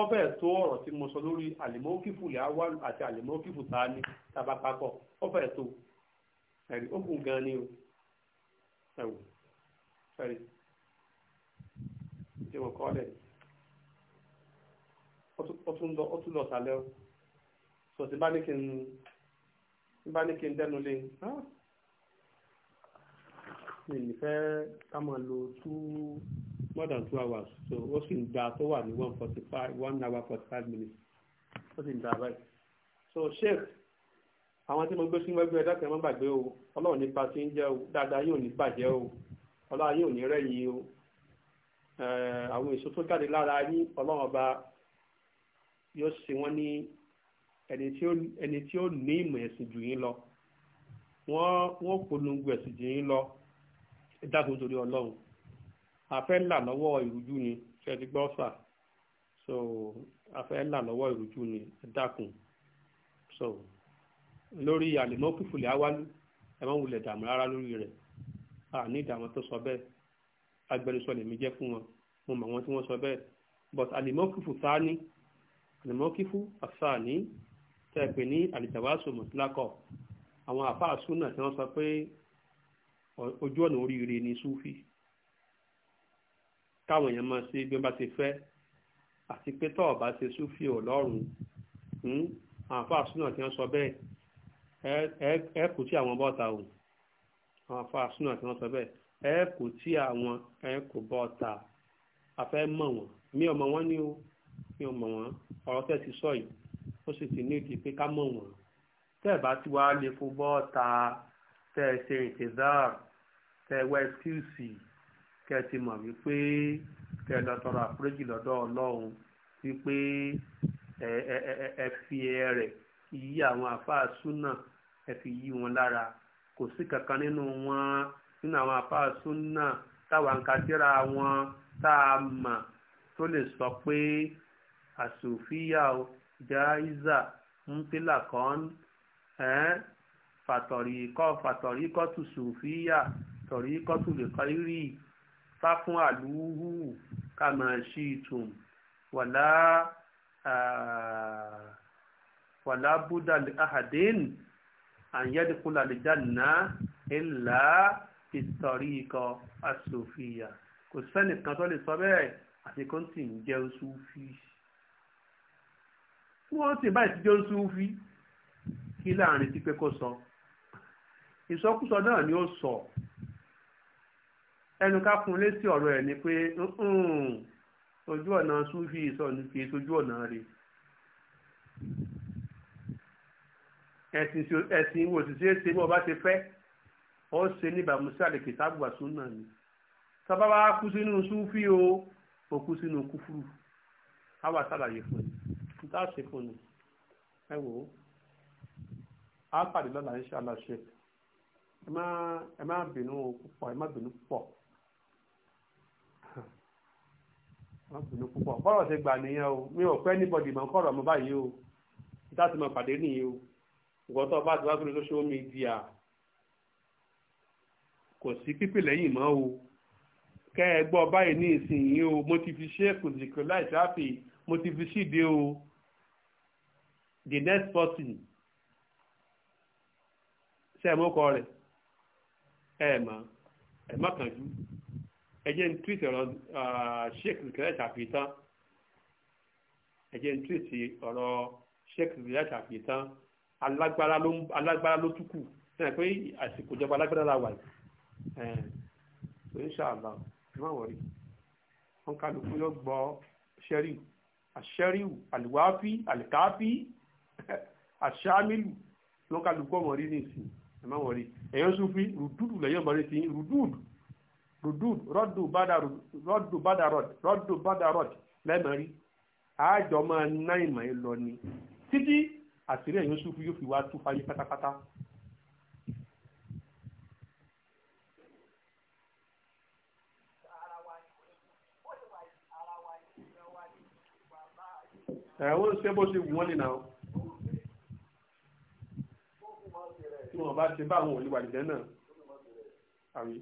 ó fẹ́ tó ọ̀rọ̀ tí mo sọ lórí àlèmọ́kìfù lẹ́wà àti àlèmọ́kìfù sáání tabapapọ̀ ó fẹ́ tó ẹ̀rí ó gùn gan ni o ẹ̀wò ẹ̀rí tí wọ́n kọ́ lẹ̀ ó lọ sàlẹ̀ o sọ tí bá ní kí n dẹnu lé mi ní fẹ́ ká máa lo more than two hours so ó sì ń gba tó wà ní one forty five one hour forty five minutes ó sì ń gba báyìí so sheikh àwọn tí mo gbé sí wẹ́gbẹ́ ẹ̀dá kan má gbàgbé o ọlọ́run nípa ti ń jẹ́ o dáadáa yóò ní bàjẹ́ o ọlọ́run yóò ní rẹ́yìn o. Eh, àwọn èso tó jáde lára yín ọlọ́run ọba yóò ṣe wọ́n ní ẹni tí ó ní ìmọ̀ ẹ̀sìn jù yín lọ wọ́n polongo ẹ̀sìn jù yín lọ dákun torí ọlọ́run afẹ́ là lọ́wọ́ ìrújú ni fẹ́ẹ́ ti gbọ́ fà so afẹ́ là lọ́wọ́ ìrújú ni dákun so lórí àlèmọ́ kúfùlẹ̀ awálú ẹ̀ máa ń wulẹ̀ dààmú rárá lórí rẹ̀ àní ìdààmú tó sọ bẹ́ẹ̀ agbẹnusọ lèmi jẹ́ fún wọn mo mọ̀ wọn tí wọ́n sọ bẹ́ẹ̀ but alimọ́kìfù sáání alimọ́kìfù sáání tẹ́ pé ní alìjàwáṣọ mọ̀tílákọ̀ àwọn àfáà súnà tí wọ́n sọ pé ojú ọ̀nà oríire ni súfì káwọn èèyàn máa ṣe bí wọ́n bá ti fẹ́ àti pé tọ́ ọ̀bá ṣe súfì ọlọ́run hmm? àwọn àfáà súnà tí wọ́n sọ bẹ́ẹ̀ ẹ kù sí àwọn bọ́ta o àwọn àfáà súnà tí wọ́n sọ bẹ́ẹ̀ ẹ kò tí àwọn ẹ kò bọ́ ta mi ọmọ wọn ni o mi ọmọ wọn ọrọ ti sọ yìí ó sì ti ní ìdí pé ká bá ti wá lè fo bọ́ ṣe ìtẹ̀záàr tẹ ẹ wá ti wípé kẹ́ lọ lọ́dọ̀ fi ẹ wọn lára kò sí kankan nínú wọn. nínú àwọn apá súnà táwa ń ka síra wọn tá a mọ̀ tó lè sọ pé àsòfíà o jaiza mpila kan ẹ́n fàtọ̀ríkọ́ fàtọ̀ríkọ́ tù sòfíà tọ̀ríkọ́ tù lè kọ́ rírì fá fún àlùhù kàmà sí ìtùm wàlá wàlá búdà àhàdín àyẹ́dìkúlà lè jáde náà ńlá ìtọ̀rí ikọ̀ asòfìyà kò sẹ́nìkan tó lè sọ bẹ́ẹ̀ àti kó sì ń jẹ́ oṣùfì wọ́n sì báyìí ti jẹ́ oṣùfì kí láàrin tí pé kó sọ ìsọkúsọ náà ni ó sọ ẹnu ká fún lé sí ọ̀rọ̀ ẹ̀ ni pé ojú ọ̀nà súfì ìsọ̀nù kì í sojú ọ̀nà rẹ̀ ẹ̀sìn wo sì ṣe é ṣe bí ọba ti fẹ́ ó ṣe níbàámu sí àlèkìtàbù wa sunna ni tọ́ba wa kú sínú súfì o ó kú sínú kúfúrú á wà sàlàyé fún ẹ níta ṣe fún ni ẹ wò ó á pàdé lọ́la insha Allah ṣe ẹ má ẹ má bínú púpọ̀ ẹ má bínú púpọ̀ ẹ má bínú púpọ̀ bọ́rọ̀ ṣe gbà nìyẹn o mi ò pẹ́ níbọ̀dì mọ̀ kọ́rọ̀ mọ́ báyìí o níta ti mọ̀ pàdé nìyẹn o ìgbọ́tọ̀ bá ti wá sórí social media kò sí pípè lẹ́yìn mọ́ o kẹ́ ẹ gbọ́ báyìí ní ìsinyìí o mo ti fi ṣe kùsìkò láì sáfì mo ti fi ṣíde o the next person ṣe mo kọ rẹ̀ ẹ mọ̀ ẹ má kánjú ẹ jẹ́ ń tweet ọ̀rọ̀ sheik kìlẹ̀ ṣàfihàn ẹ jẹ́ ń tweet ọ̀rọ̀ sheik kìlẹ̀ ṣàfihàn alágbára ló alágbára ló ṣe é pé àsìkò ìjọba alágbára la wà yìí inshallah ẹ má wọrí wọn kálukú yóò gbọ́ ṣẹ́ríù àṣẹ́ríù àlùwáfí àlìkáfí àṣàmìlù ló kálukú ọmọ rí ní ìsìn ẹ má wọrí ẹ̀yọ́ sufi rùdúdù lẹ́yìn ọmọ rí ti rùdúdù rùdúdù rọ́dù bàdà rọ́dù bàdà rọ́dù rọ́dù bàdà rọ́dù lẹ́mọ̀rí àjọ máa ná ìmọ̀ ẹ lọ ni títí àṣírí ẹ̀yọ́ sufi yóò fi wá tú fáyé pátápátá. ẹ̀wọ́n ṣe bó ṣe wù wọ́n nìyà ó tí wọ́n bá ṣe bá àwọn òlúwa ìjẹ́ náà àwí.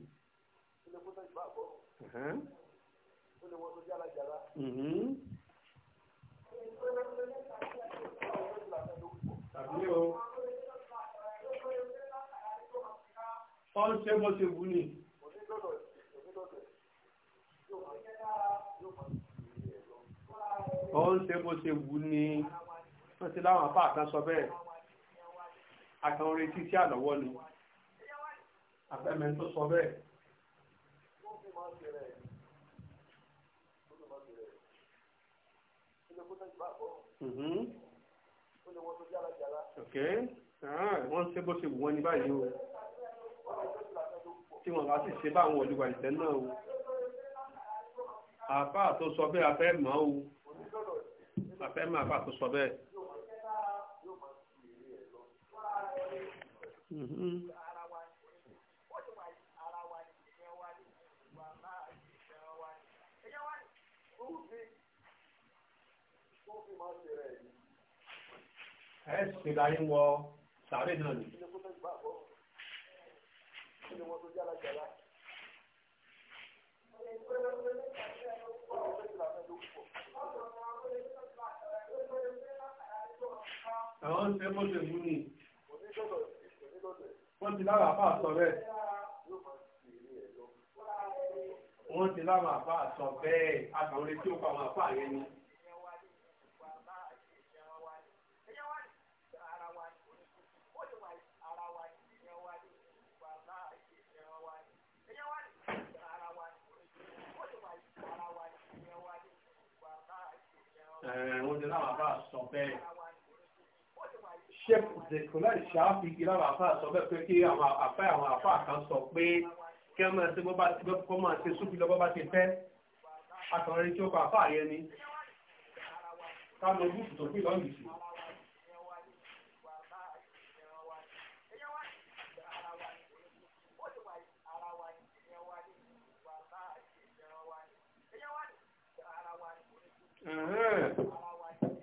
Ọ̀n ṣe bó ṣe wù ní ó ń ṣe bó ṣe wù ní wọ́n ti láwọn apá àkàn sọ bẹ́ẹ̀ àkàn orin títí àlọ́wọ́ ni àfẹ́mẹ́ tó sọ bẹ́ẹ̀. Mm-hmm. ok ah, wọ́n ń ṣe bó ṣe wù wọ́n ní báyìí o tí wọ́n bá ṣe báwọn olùwà ìtẹ́ náà o àfáà tó sọ bẹ́ẹ̀ afẹ́ mọ́ o àfẹ́ máa fà tó sọ bẹ́ẹ̀. ẹ sì darí wọ sàárè náà ni. Thank you. àwọn ń ṣe bóṣe mú ni wọ́n ti lára àbá àsọ bẹ́ẹ̀ wọ́n ti lára àbá àsọ bẹ́ẹ̀ àtàwọn etí òkú àwọn àbá yẹn ni. wọ́n ti láwọn àbá sọ bẹ́ẹ̀ sheikh zekulai ṣááfi ìlànà àfa sọ bẹ́ẹ̀ pé kí àwọn àfẹ àwọn àfa kan sọ pé kí wọn máa ṣe bó bá ti kó máa ṣe súnfì lọ bó bá ti fẹ́ àtọrin tí ó kọ àfa yẹn ni ká lọ bú tó pé lọ́nà ìṣe.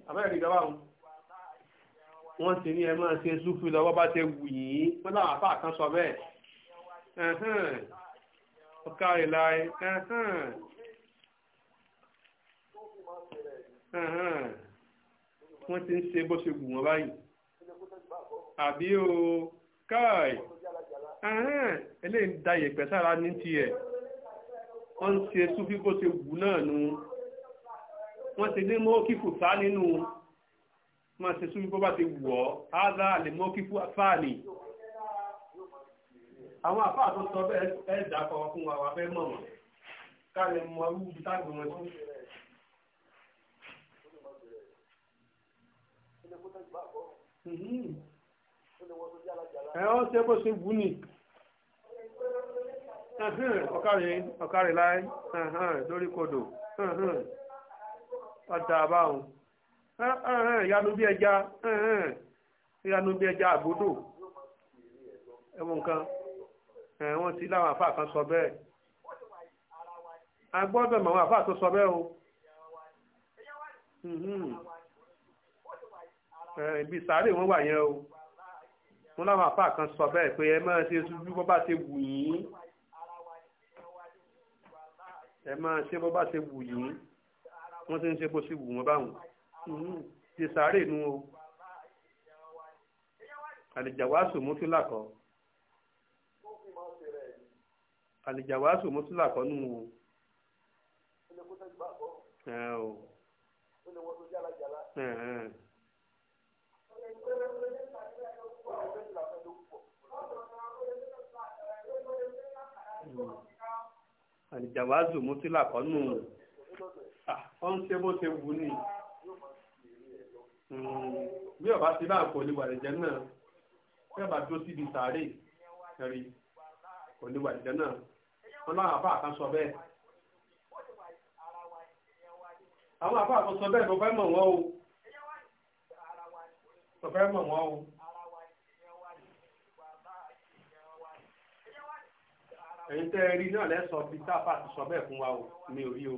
Àbẹ́rẹ́ ìjọba ọ̀hún wọ́n ti ní ẹ máa ṣe súfì lọ́wọ́ bá ti wù yín wọ́n láwọn àfáà kan sọ bẹ́ẹ̀ ọkà ìlàrí wọ́n ti ń ṣe bó ṣe wù wọ́n báyìí àbí o káì eléyìí ń da yẹ̀pẹ̀ sára ní tiẹ̀ wọ́n ń ṣe súfì bó ṣe wù náà nu wọ́n ti ní mọ́ kíkù sá nínú máa ṣe súnmí bó bá ti wọ̀ ọ́ ádá lè mọ́ kí fáà ni àwọn àfáà tó sọ bẹ́ẹ̀ ẹ̀ dákọ̀ fún wa wà fẹ́ mọ̀ wọ́n ká lè mọ irú ibi tágbé wọn sí. Mhm. ẹ̀ ọ́ ṣe bó ṣe wù ní ọ̀kàrẹ̀ ọ̀kàrẹ̀ láì lórí kodò ọ̀dà àbáhùn ìyanu bí ẹja ìyanu bí ẹja àgbódò ẹwọn nǹkan wọ́n ti láwọn àfáà kan sọ bẹ́ẹ̀ a gbọ́dọ̀ mọ̀ àwọn àfáà tó sọ bẹ́ẹ̀ o mhm. ibi sàárè wọn wà yẹn o wọ́n láwọn àfáà kan sọ bẹ́ẹ̀ pé ẹ máa ṣe ṣubú bọ́ bá ṣe wù yín ẹ máa ṣe bọ́ bá ṣe wù yín wọ́n ti ń ṣe bó ṣe wù wọ́n báwọn ìsàárè hmm, nu o àlìjàwásù mùsùlà kọ àlìjàwásù mùsùlà kọ nù o. ẹ o. ẹ ẹ. Hmm. àlìjàwásù mùsùlà kọ nù o. Ah, ó ṣe bó ṣe wù ní bí ọba ti bá kò lè wà lẹ́jẹ̀ náà bí ọba tó síbi sàárè kẹrì kò lè wà lẹ́jẹ̀ náà wọn láwọn àbá kan sọ àwọn àbá kan sọ tó fẹ́ mọ̀ wọ́n o tó fẹ́ mọ̀ wọ́n o. ẹ̀yin tẹ́ ẹ rí náà lẹ́sọ̀ọ́ bíi táfà ti sọ bẹ́ẹ̀ fún wa o mi ò rí o.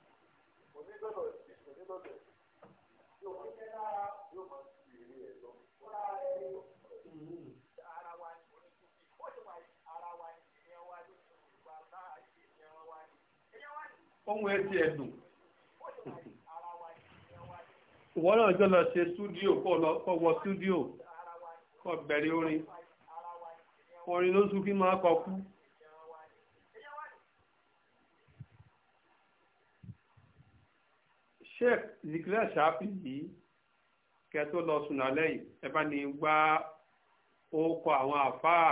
ohun etí ẹ̀dùn ìwọ́n náà jọ lọ ṣe stúdíò kọ́ wọ stúdíò kọ́ bẹ̀rẹ̀ orin orin ló sún kí máa kọ kú. sheikh zikira ṣaafi yìí kẹ tó lọ sùn lálẹ́ yìí ẹ bá ní gbá orúkọ àwọn àfáà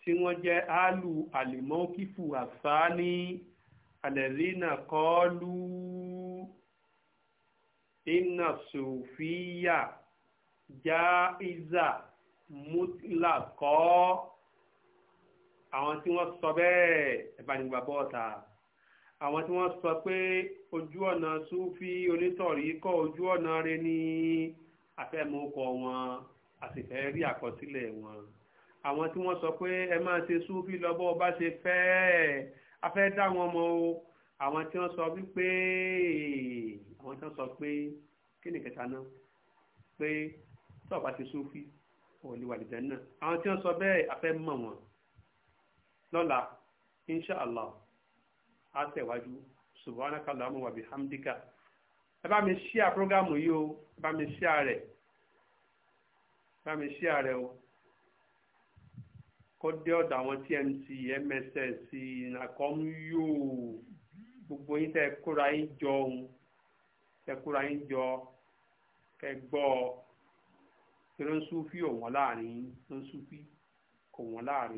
tí wọ́n jẹ́ alu alimọ́kífù àsáni alẹ́rìnà kọ́ọ́lù iná sòfíà já ìzà mútlàkọ́ àwọn tí wọ́n sọ bẹ́ẹ̀ ẹ bá ní gbà bọ́ọ̀ta àwọn tí wọ́n sọ pé ojú ọ̀nà súfì onítọ̀rí kọ́ ojú ọ̀nà rẹ ní afẹ́mọ́kọ wọn àsìfẹ́ rí àkọsílẹ̀ wọn àwọn tí wọ́n sọ pé ẹ máa ṣe súfì lọ́bọ́ bá ṣe fẹ́ ẹ̀ afẹ́ dá wọn mọ́ o àwọn tí wọ́n sọ wípé àwọn tí wọ́n sọ pé kí ni kẹta náà pé tó bá ti súfì ò lè wà lìjẹ́ náà àwọn tí wọ́n sọ bẹ́ẹ̀ afẹ́ mọ̀ wọn lọ́la insha á tẹ̀wájú subhanaka Allahumma wa bihamdika ẹ bá mi ṣíà prógámù yìí o ẹ bá mi ṣíà rẹ̀ ẹ bá mi ṣíà rẹ̀ o kó dé ọ̀dọ̀ àwọn TMC MSS nàkọ́mú yóò gbogbo yín tẹ́ kóra yín jọ ohun tẹ́ kóra yín jọ kẹ́ gbọ́ ọ kí ló ń súnfí òwọ́n láàrin ló ń súnfí kò wọ́n láàrin.